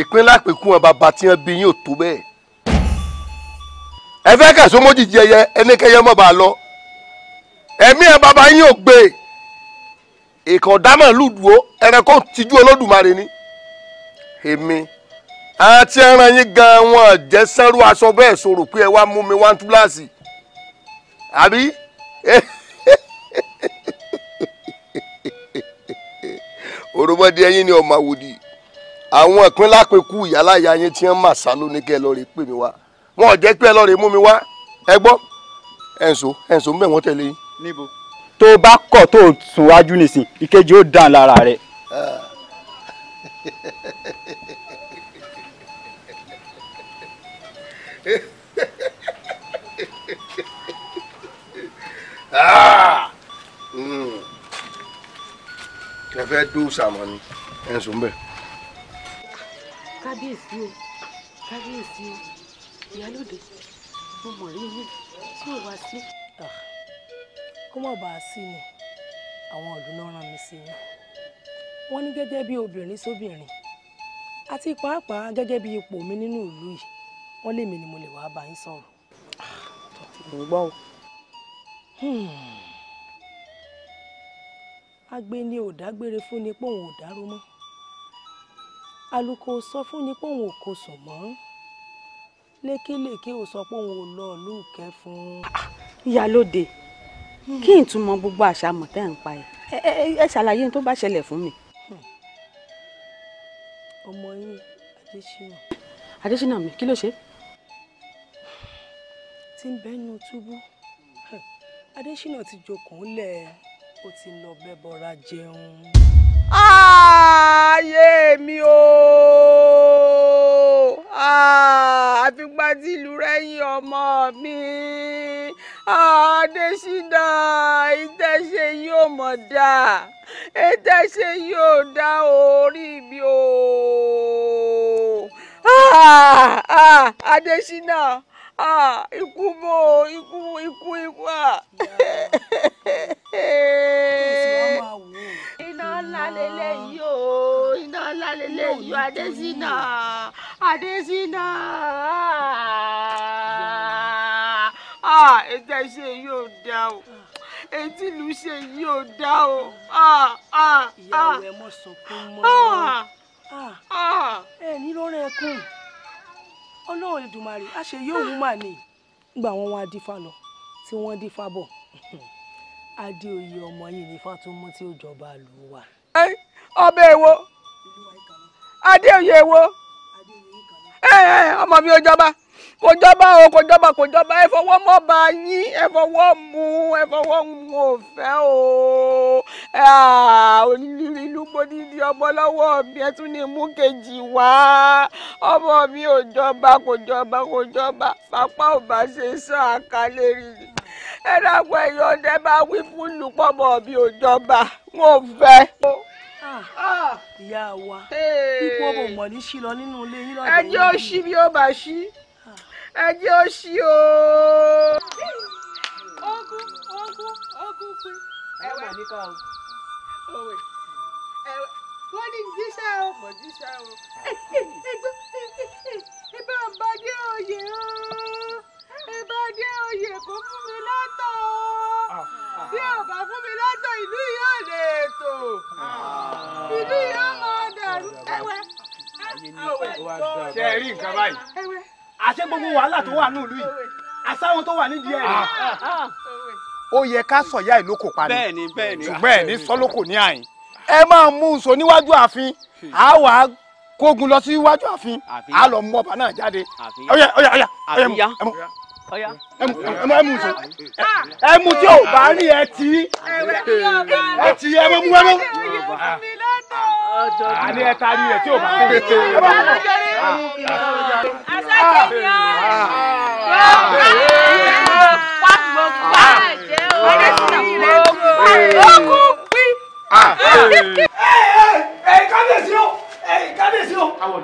ìpínlẹ̀ àpèkún wọn bàbá tí wọn bí yín ò tó bẹ́ẹ̀. ẹ fẹ́ kẹ̀sọ́ mójìjì ẹyẹ ẹnikẹ́yẹ mọ̀ bá lọ ẹ̀mí ẹ bàbá yín ò gbé ìkọ̀dámọ̀ lùdùó ẹranko tìjú olódùmarè ni èmi àti ẹran yín gan wọn jẹ́ sẹ́rú aṣọ bẹ́ẹ̀ sọ̀rọ̀ pé ẹ wá mú mi wá ń túláàsì àbí òròmọdé ẹyin ni ọmọ àwòdì àwọn ìpín lápẹkù ìyáláyà yẹn tí wọn mà sá lónìí kẹ lọrẹ pè mí wá wọn ò jẹ́ pé lọrẹ mú mi wá ẹ gbọ́ ẹnso ẹnso ń bẹ wọn tẹ̀lé yín. níbo. tó o bá kọ̀ tó o sùn wájú nìsín ìkejì ó dàn lára rẹ. Ah! Hmm. ẹ fẹ́ dó sàmọ́ ẹnso ń bẹ kábíyèsí o kábíyèsí o ìyálòdè mo mọ̀ rí yín tí ò wá sí. Ah, kó má bàa sí ni àwọn ìlú náà rán mi sí yín wọ́n ní gẹ́gẹ́ bí obìnrin sóbìnrin àti pàápàá gẹ́gẹ́ bí ipò mi nínú ìlú yìí wọ́n lèmi ni mo lè wàá bá yín sọ̀rọ̀. mo gbọ́ o. Hmm. agbe ni ò dágbére fún ni pé òun ò dárò mọ́ aluko sọ fún ni pé òun ò kó sùn mọ́ lékeléké ò sọ pé òun ò lọ lóòkẹ́ fún. ìyálóde hmm. kí n tún mọ gbogbo àṣà mọ̀tẹ́ ń pa ẹ̀ ẹ ṣàlàyé tó bá ṣẹlẹ̀ fún mi. Hmm. ọmọ yín adésínà. adésínà mi kí ló ṣe. tí ń bẹ́nu túbú hmm. adésínà ti jokùn lẹ̀ ó ti lọ bẹ́bọra jẹun. ààyè mi o. àfipá tí ìlú rẹ́yìn ọmọ mi Adésínà ìtẹ̀ṣe yóò mọ̀ dá ìtẹ̀ṣe yóò dá orí mi o ah, ah, Adésínà ah, ikú bò ikú ikú ikú à. iná ńlá lélẹ́yìí o iná ńlá lélẹ́yìí o Adésínà. Adésínà ẹgbẹ́ ṣe yóò dá o etí ìlú ṣe yóò dá o. ìyàwó ẹ mọ̀ sọ̀kún mọ́ ẹ ní lọ́rọ̀ ẹkún ọlọ́run ìdùmarè á ṣe yóò wú mà ní. nígbà wọn wá dífá lọ tí wọ́n dífá bọ̀ adéoyè ọmọ yìí ní fátúmú tí ó jọba lù wá. ọbẹ̀ èwo adéoyè èwo ọmọ mi ò jọba kò jọba o kò jọba kò jọba ẹ fọwọ́ mọ́ bá yín ẹ fọwọ́ mu ẹ fọwọ́ mu ò fẹ́ o onílùú gbòdì di ọmọ lọ́wọ́ mi ẹ tún ní mú kejì wá ọmọ mi ò jọba kò jọba kò jọba pápá ò bá ṣe sọ àkálẹ̀ rí i ẹ dàgbọ́ ẹ̀yọ́ ọ̀dẹ́ bá wí fún lùpọ̀ mọ́ mi ò jọba wọn fẹ́ ìyá wa ipò ọmọ mọ̀ ní sí lọ nínú ilé yín lọ́dún. ẹjẹ́ ó ṣí bí ó bá ṣí ẹjẹ́ ó ṣí o. ogun ogun ogun pin. ẹ wà nípa o. òwe ẹwẹ wọ́n ní jíṣẹ́ o. mo jíṣẹ́ o. ẹ gbọ́ ẹ bá ń bá dé òye o ìbàdí oyè kò fún mi lọ́tọ̀ ah, ah. bí ò bá fún mi lọ́tọ̀ ìlú yóò lè tò ah. ìlú yóò máa dàrú ẹwẹ ṣe é rí nǹkan báyìí àṣẹ gbogbo wàhálà tó wà nílùú yìí àṣàwọn tó wà nídìí ẹ̀ ó yẹ ká sọ̀yà ìlú kò pa ni ṣùgbọ́n ẹ̀ ní sọ́lókò ní àyín ẹ máa mú un so níwájú ààfin àwa hmm. kógun lọ síwájú ààfin àá lọ mú ọba náà jáde ọyà ọyà ọyà ọyà ẹmu ẹmu ẹ mú sọ ẹ mú tí ò bá rí ẹ tí ẹ tí ẹ mú ẹ mú. a ní ẹ ta ni ẹ tí ò bá rí ẹ bá mú. àṣà kìíní ọ̀rọ̀ wá gbogbo àjẹ́ ọ̀rẹ́ gbogbo pín. ẹ ẹ o ẹ kábíyèsí o ẹ kábíyèsí o àwọn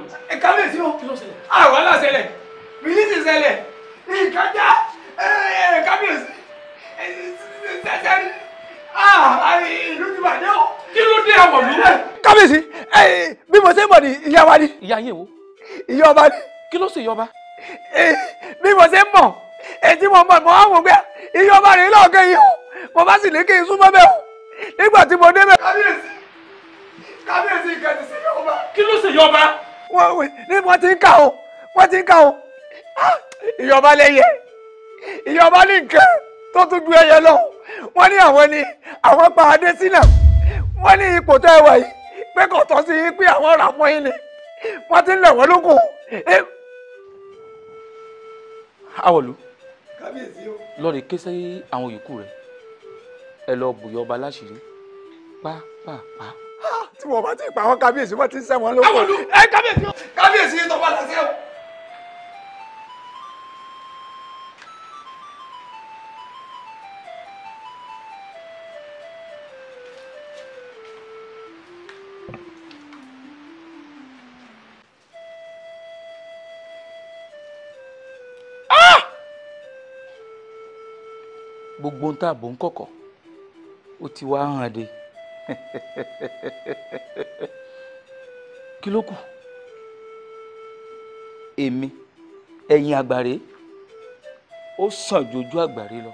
ìkájá kábíyèsí sẹsẹri ah, ìlú ti bàjẹ́ o kí ló dé ẹwọ̀n mi. kábíyèsí bí mo ṣe mọ̀ ní ìyá wa ni. ìyá yẹn wo. ìyá ọba ni. kí ló sì yọba. bí mo ṣe mọ̀ ètí mo mọ̀ mọ́ àwọn ògbẹ́ ìyá ọba rẹ̀ lọ́ọ̀kẹ́ yìí o mo bá sì lé kí n súnmọ́ bẹ́ẹ̀ o nígbà tí mo débẹ̀. kábíyèsí kábíyèsí nǹkan ti ṣe yọba. kí ló ṣe yọba. wọ́n ti ń kà o wọ́n ti ń kà o. Ah! ìyọba lẹyẹ ìyọba ní nǹkan tó tún ju ẹyẹ lọ wọ́n ní àwọn ni àwọn pa adé sílẹ̀ wọ́n ní ipò tẹ́ ẹ wà yìí pé kò tọ́ sí yín pé àwọn rà mọ́ yín ni wọ́n ti ń lẹ̀ wọ́n lókun. Awolu lọ́ọ̀rì ké sí àwọn òyìnkù rẹ̀ ẹ lọ bùyọ ọba láṣìírí pápápá. Ah, tí wọ́n bá ti pa àwọn kábíyèsí wọ́n ti ń sẹ́wọ̀n lókun. Awolu ẹ kábíyèsí kábíyèsí yìí tó bá lọ sí ẹ̀wọ̀n. gbogbo ń tààbò ń kọ̀kọ̀ ó ti wá hàn de kí ló kù èmi ẹ̀yìn àgbàre ó sàn jojú àgbàre lọ.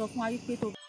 做公益活都。